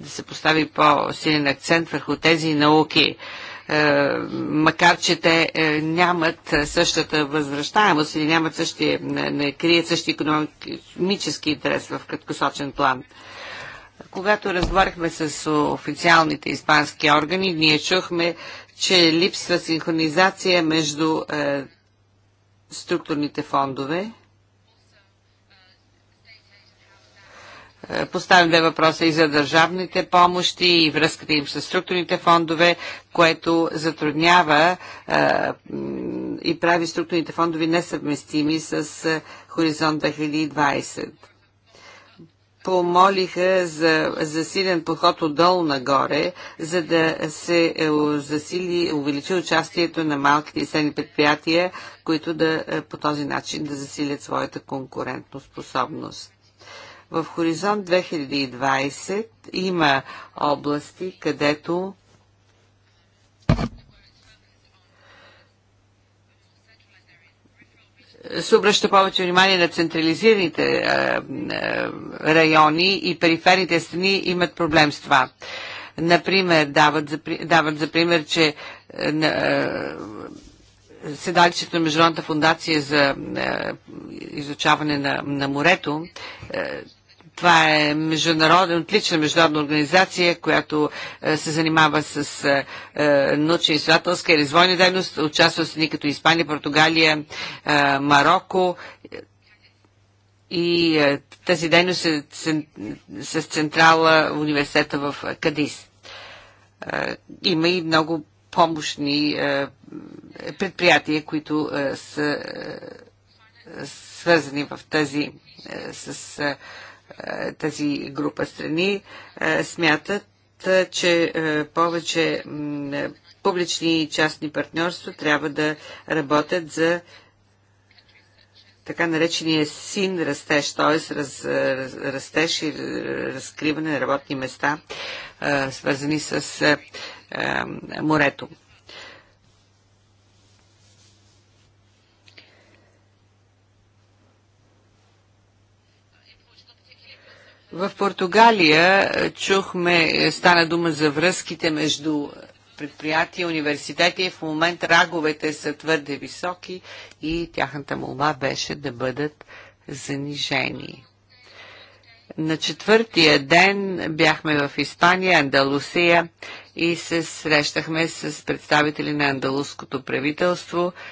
C: да се постави по-силен акцент върху тези науки макар че те нямат същата възвръщаемост или нямат същия, не крият същия економически интерес в краткосочен план. Когато разговаряхме с официалните испански органи, ние чухме, че липсва синхронизация между е, структурните фондове. Е, Поставим две въпроса и за държавните помощи и връзката им с структурните фондове, което затруднява е, и прави структурните фондове несъвместими с е, Хоризонт 2020 помолиха за засилен подход отдолу нагоре, за да се е, засили, увеличи участието на малките и средни предприятия, които да е, по този начин да засилят своята конкурентно способност. В Хоризонт 2020 има области, където се обръща повече внимание на централизираните е, е, райони и периферните страни имат проблем с това. Например, дават за, дават за пример, че е, седалището на Международната фундация за изучаване на, на морето това е международна, отлична международна организация, която е, се занимава с е, е, научно-изследователска и развойна дейност. се ни като Испания, Португалия, Марокко и тази дейност е с централа университета в Кадис. Има и много помощни предприятия, които са свързани в тази с е, тази група страни е, смятат, е, че повече публични и частни партньорства трябва да работят за така наречения син растеж, т.е. Раз, растеж и разкриване на работни места, свързани с морето. В Португалия е, чухме, е, стана дума за връзките между предприятия, университети. В момент раговете са твърде високи и тяхната молба беше да бъдат занижени. На четвъртия ден бяхме в Испания, Андалусия и се срещахме с представители на андалуското правителство –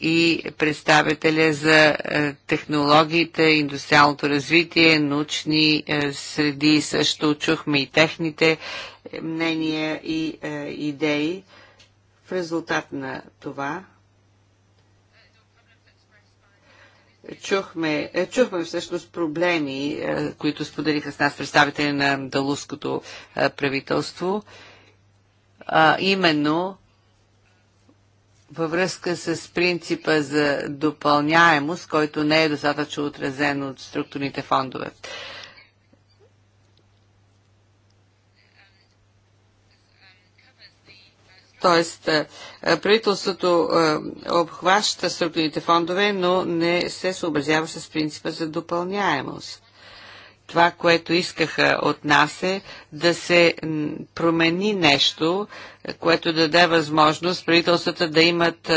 C: и представителя за е, технологиите, индустриалното развитие, научни е, среди. Също чухме и техните е, мнения и идеи. В резултат на това чухме, чухме всъщност проблеми, които споделиха с нас представители на Далуското правителство. именно във връзка с принципа за допълняемост, който не е достатъчно отразен от структурните фондове. Тоест, правителството обхваща структурните фондове, но не се съобразява с принципа за допълняемост. Това, което искаха от нас е да се промени нещо, което да даде възможност правителствата да имат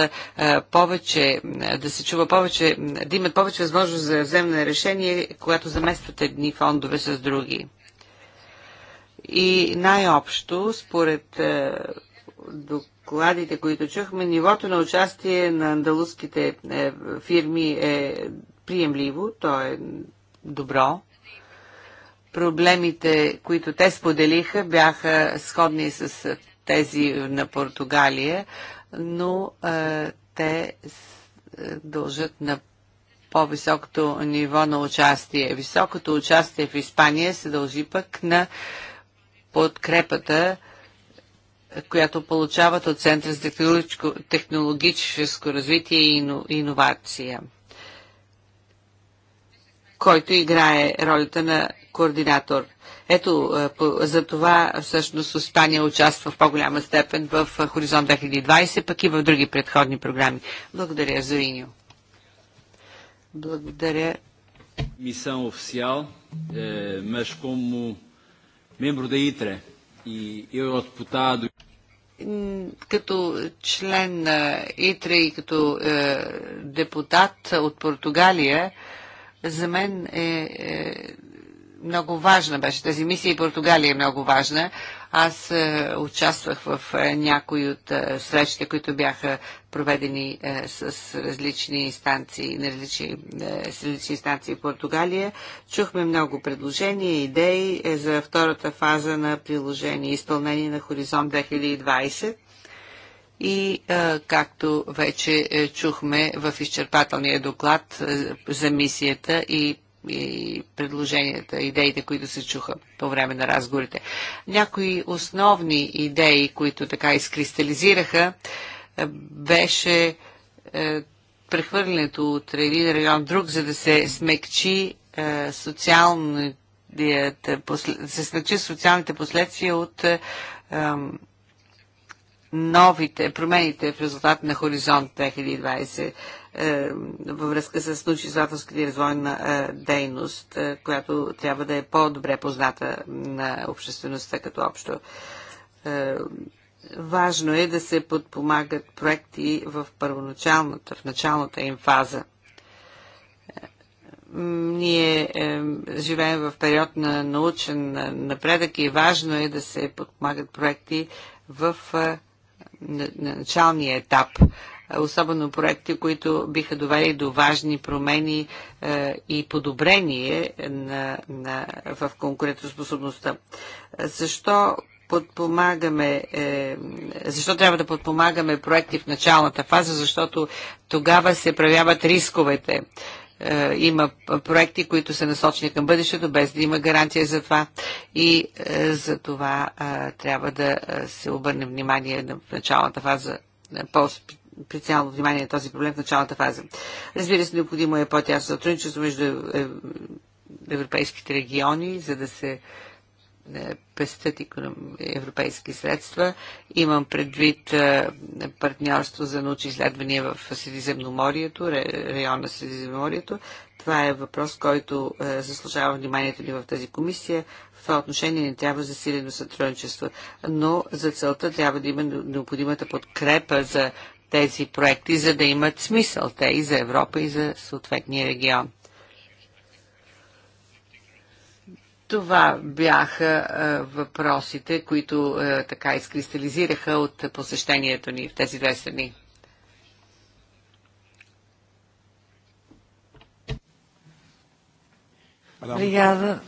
C: повече, да се чува повече, да имат повече възможност за вземане решение, когато заместват едни фондове с други. И най-общо, според докладите, които чухме, нивото на участие на андалузските е, фирми е приемливо, то е добро. Проблемите, които те споделиха, бяха сходни с тези на Португалия, но е, те дължат на по-високото ниво на участие. Високото участие в Испания се дължи пък на подкрепата, която получават от Центъра за технологическо развитие и иновация, който играе ролята на координатор. Ето, е, за това всъщност Испания участва в по-голяма степен в е, Хоризонт 2020, пък и в други предходни програми. Благодаря, Зоиньо.
B: Благодаря. Мисън официал, е, мешкому мембро да ИТРЕ и eu до
C: като член на ИТРА и като е, депутат от Португалия, за мен е много важна беше. Тази мисия и Португалия е много важна. Аз е, участвах в е, някои от е, срещите, които бяха проведени е, с различни инстанции, на различни, е, с различни инстанции в Португалия. Чухме много предложения, идеи е, за втората фаза на приложение и изпълнение на Хоризонт 2020 и е, както вече е, чухме в изчерпателния доклад е, за мисията и и предложенията, идеите, които се чуха по време на разговорите. Някои основни идеи, които така изкристализираха, е, беше е, прехвърлянето от един район друг, за да се смекчи е, социалните се смекчи социалните последствия от новите промените в резултат на Хоризонт 2020. Е, във връзка с научно-изследователската и развойна е, дейност, е, която трябва да е по-добре позната на обществеността като общо. Важно е да се подпомагат проекти в първоначалната, в началната им фаза ние е, живеем в период на научен напредък и важно е да се подпомагат проекти в е, на, началния етап, особено проекти, които биха довели до важни промени е, и подобрение на, на, в конкурентоспособността. Защо подпомагаме, е, защо трябва да подпомагаме проекти в началната фаза, защото тогава се проявяват рисковете. Е, има проекти, които са насочени към бъдещето, без да има гаранция за това. И за това трябва да се обърне внимание в началната фаза по специално внимание на този проблем в началната фаза. Разбира се, необходимо е по-тясно сътрудничество между е, европейските региони, за да се е, пестят европейски средства. Имам предвид е, партньорство за научни изследвания в Средиземноморието, района Средиземноморието. Това е въпрос, който заслужава вниманието ни в тази комисия. В това отношение не трябва засилено сътрудничество, но за целта трябва да има необходимата подкрепа за тези проекти, за да имат смисъл те и за Европа, и за съответния регион. Това бяха е, въпросите, които е, така изкристализираха от посещението ни в тези две страни. Благодаря,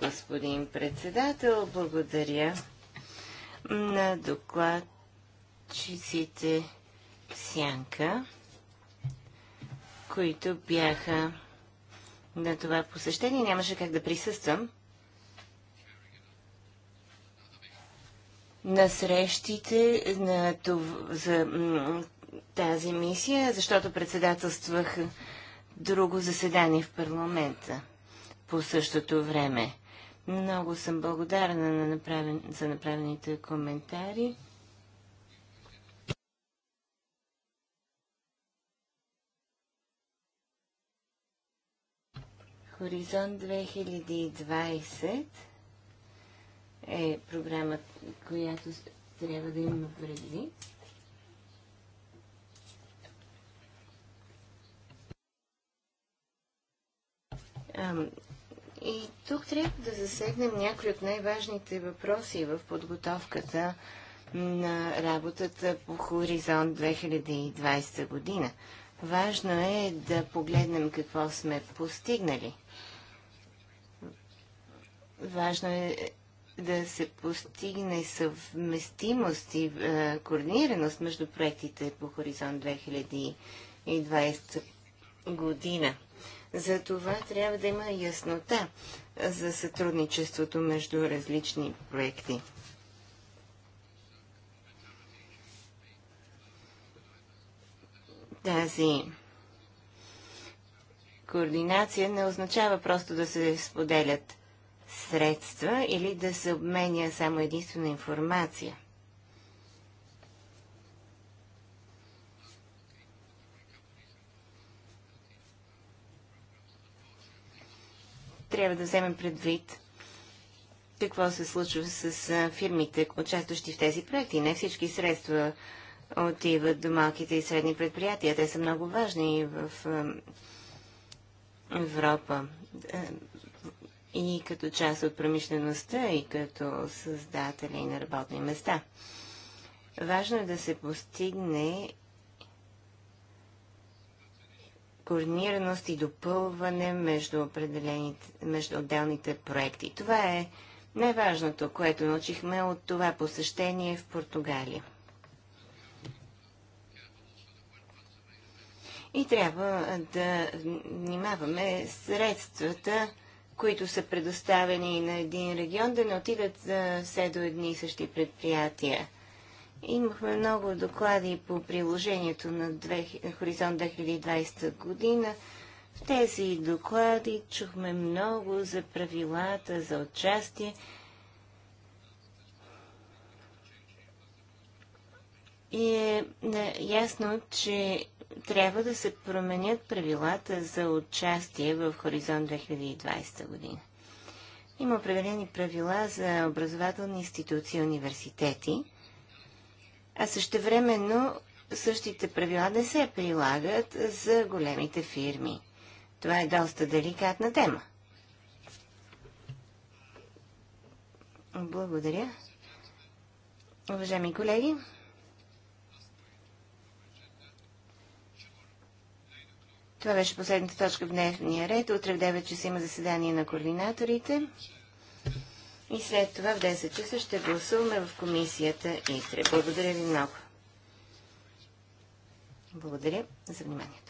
A: господин председател. Благодаря на докладчиците Сянка, които бяха на това посещение. Нямаше как да присъствам. на срещите на това, за тази мисия, защото председателствах друго заседание в парламента по същото време. Много съм благодарна на направен, за направените коментари. Хоризонт 2020 е програма, която трябва да преди. предвид. И тук трябва да засегнем някои от най-важните въпроси в подготовката на работата по Хоризонт 2020 година. Важно е да погледнем какво сме постигнали. Важно е да се постигне съвместимост и е, координираност между проектите по Хоризонт 2020 година. За това трябва да има яснота за сътрудничеството между различни проекти. Тази координация не означава просто да се споделят средства или да се обменя само единствена информация – трябва да вземем предвид какво се случва с фирмите, участващи в тези проекти. Не всички средства отиват до малките и средни предприятия. Те са много важни в Европа и като част от промишлеността, и като създатели на работни места. Важно е да се постигне координираност и допълване между, между отделните проекти. Това е най-важното, което научихме от това посещение в Португалия. И трябва да внимаваме средствата, които са предоставени на един регион, да не отидат все до едни и същи предприятия. Имахме много доклади по приложението на Хоризонт 2020 година. В тези доклади чухме много за правилата за участие. И е, е ясно, че трябва да се променят правилата за участие в Хоризонт 2020 година. Има определени правила за образователни институции и университети а същевременно същите правила не се прилагат за големите фирми. Това е доста деликатна тема. Благодаря. Уважаеми колеги, това беше последната точка в дневния ред. Утре в 9 часа има заседание на координаторите. И след това в 10 часа ще гласуваме в комисията ИТРЕ. Благодаря ви много. Благодаря за вниманието.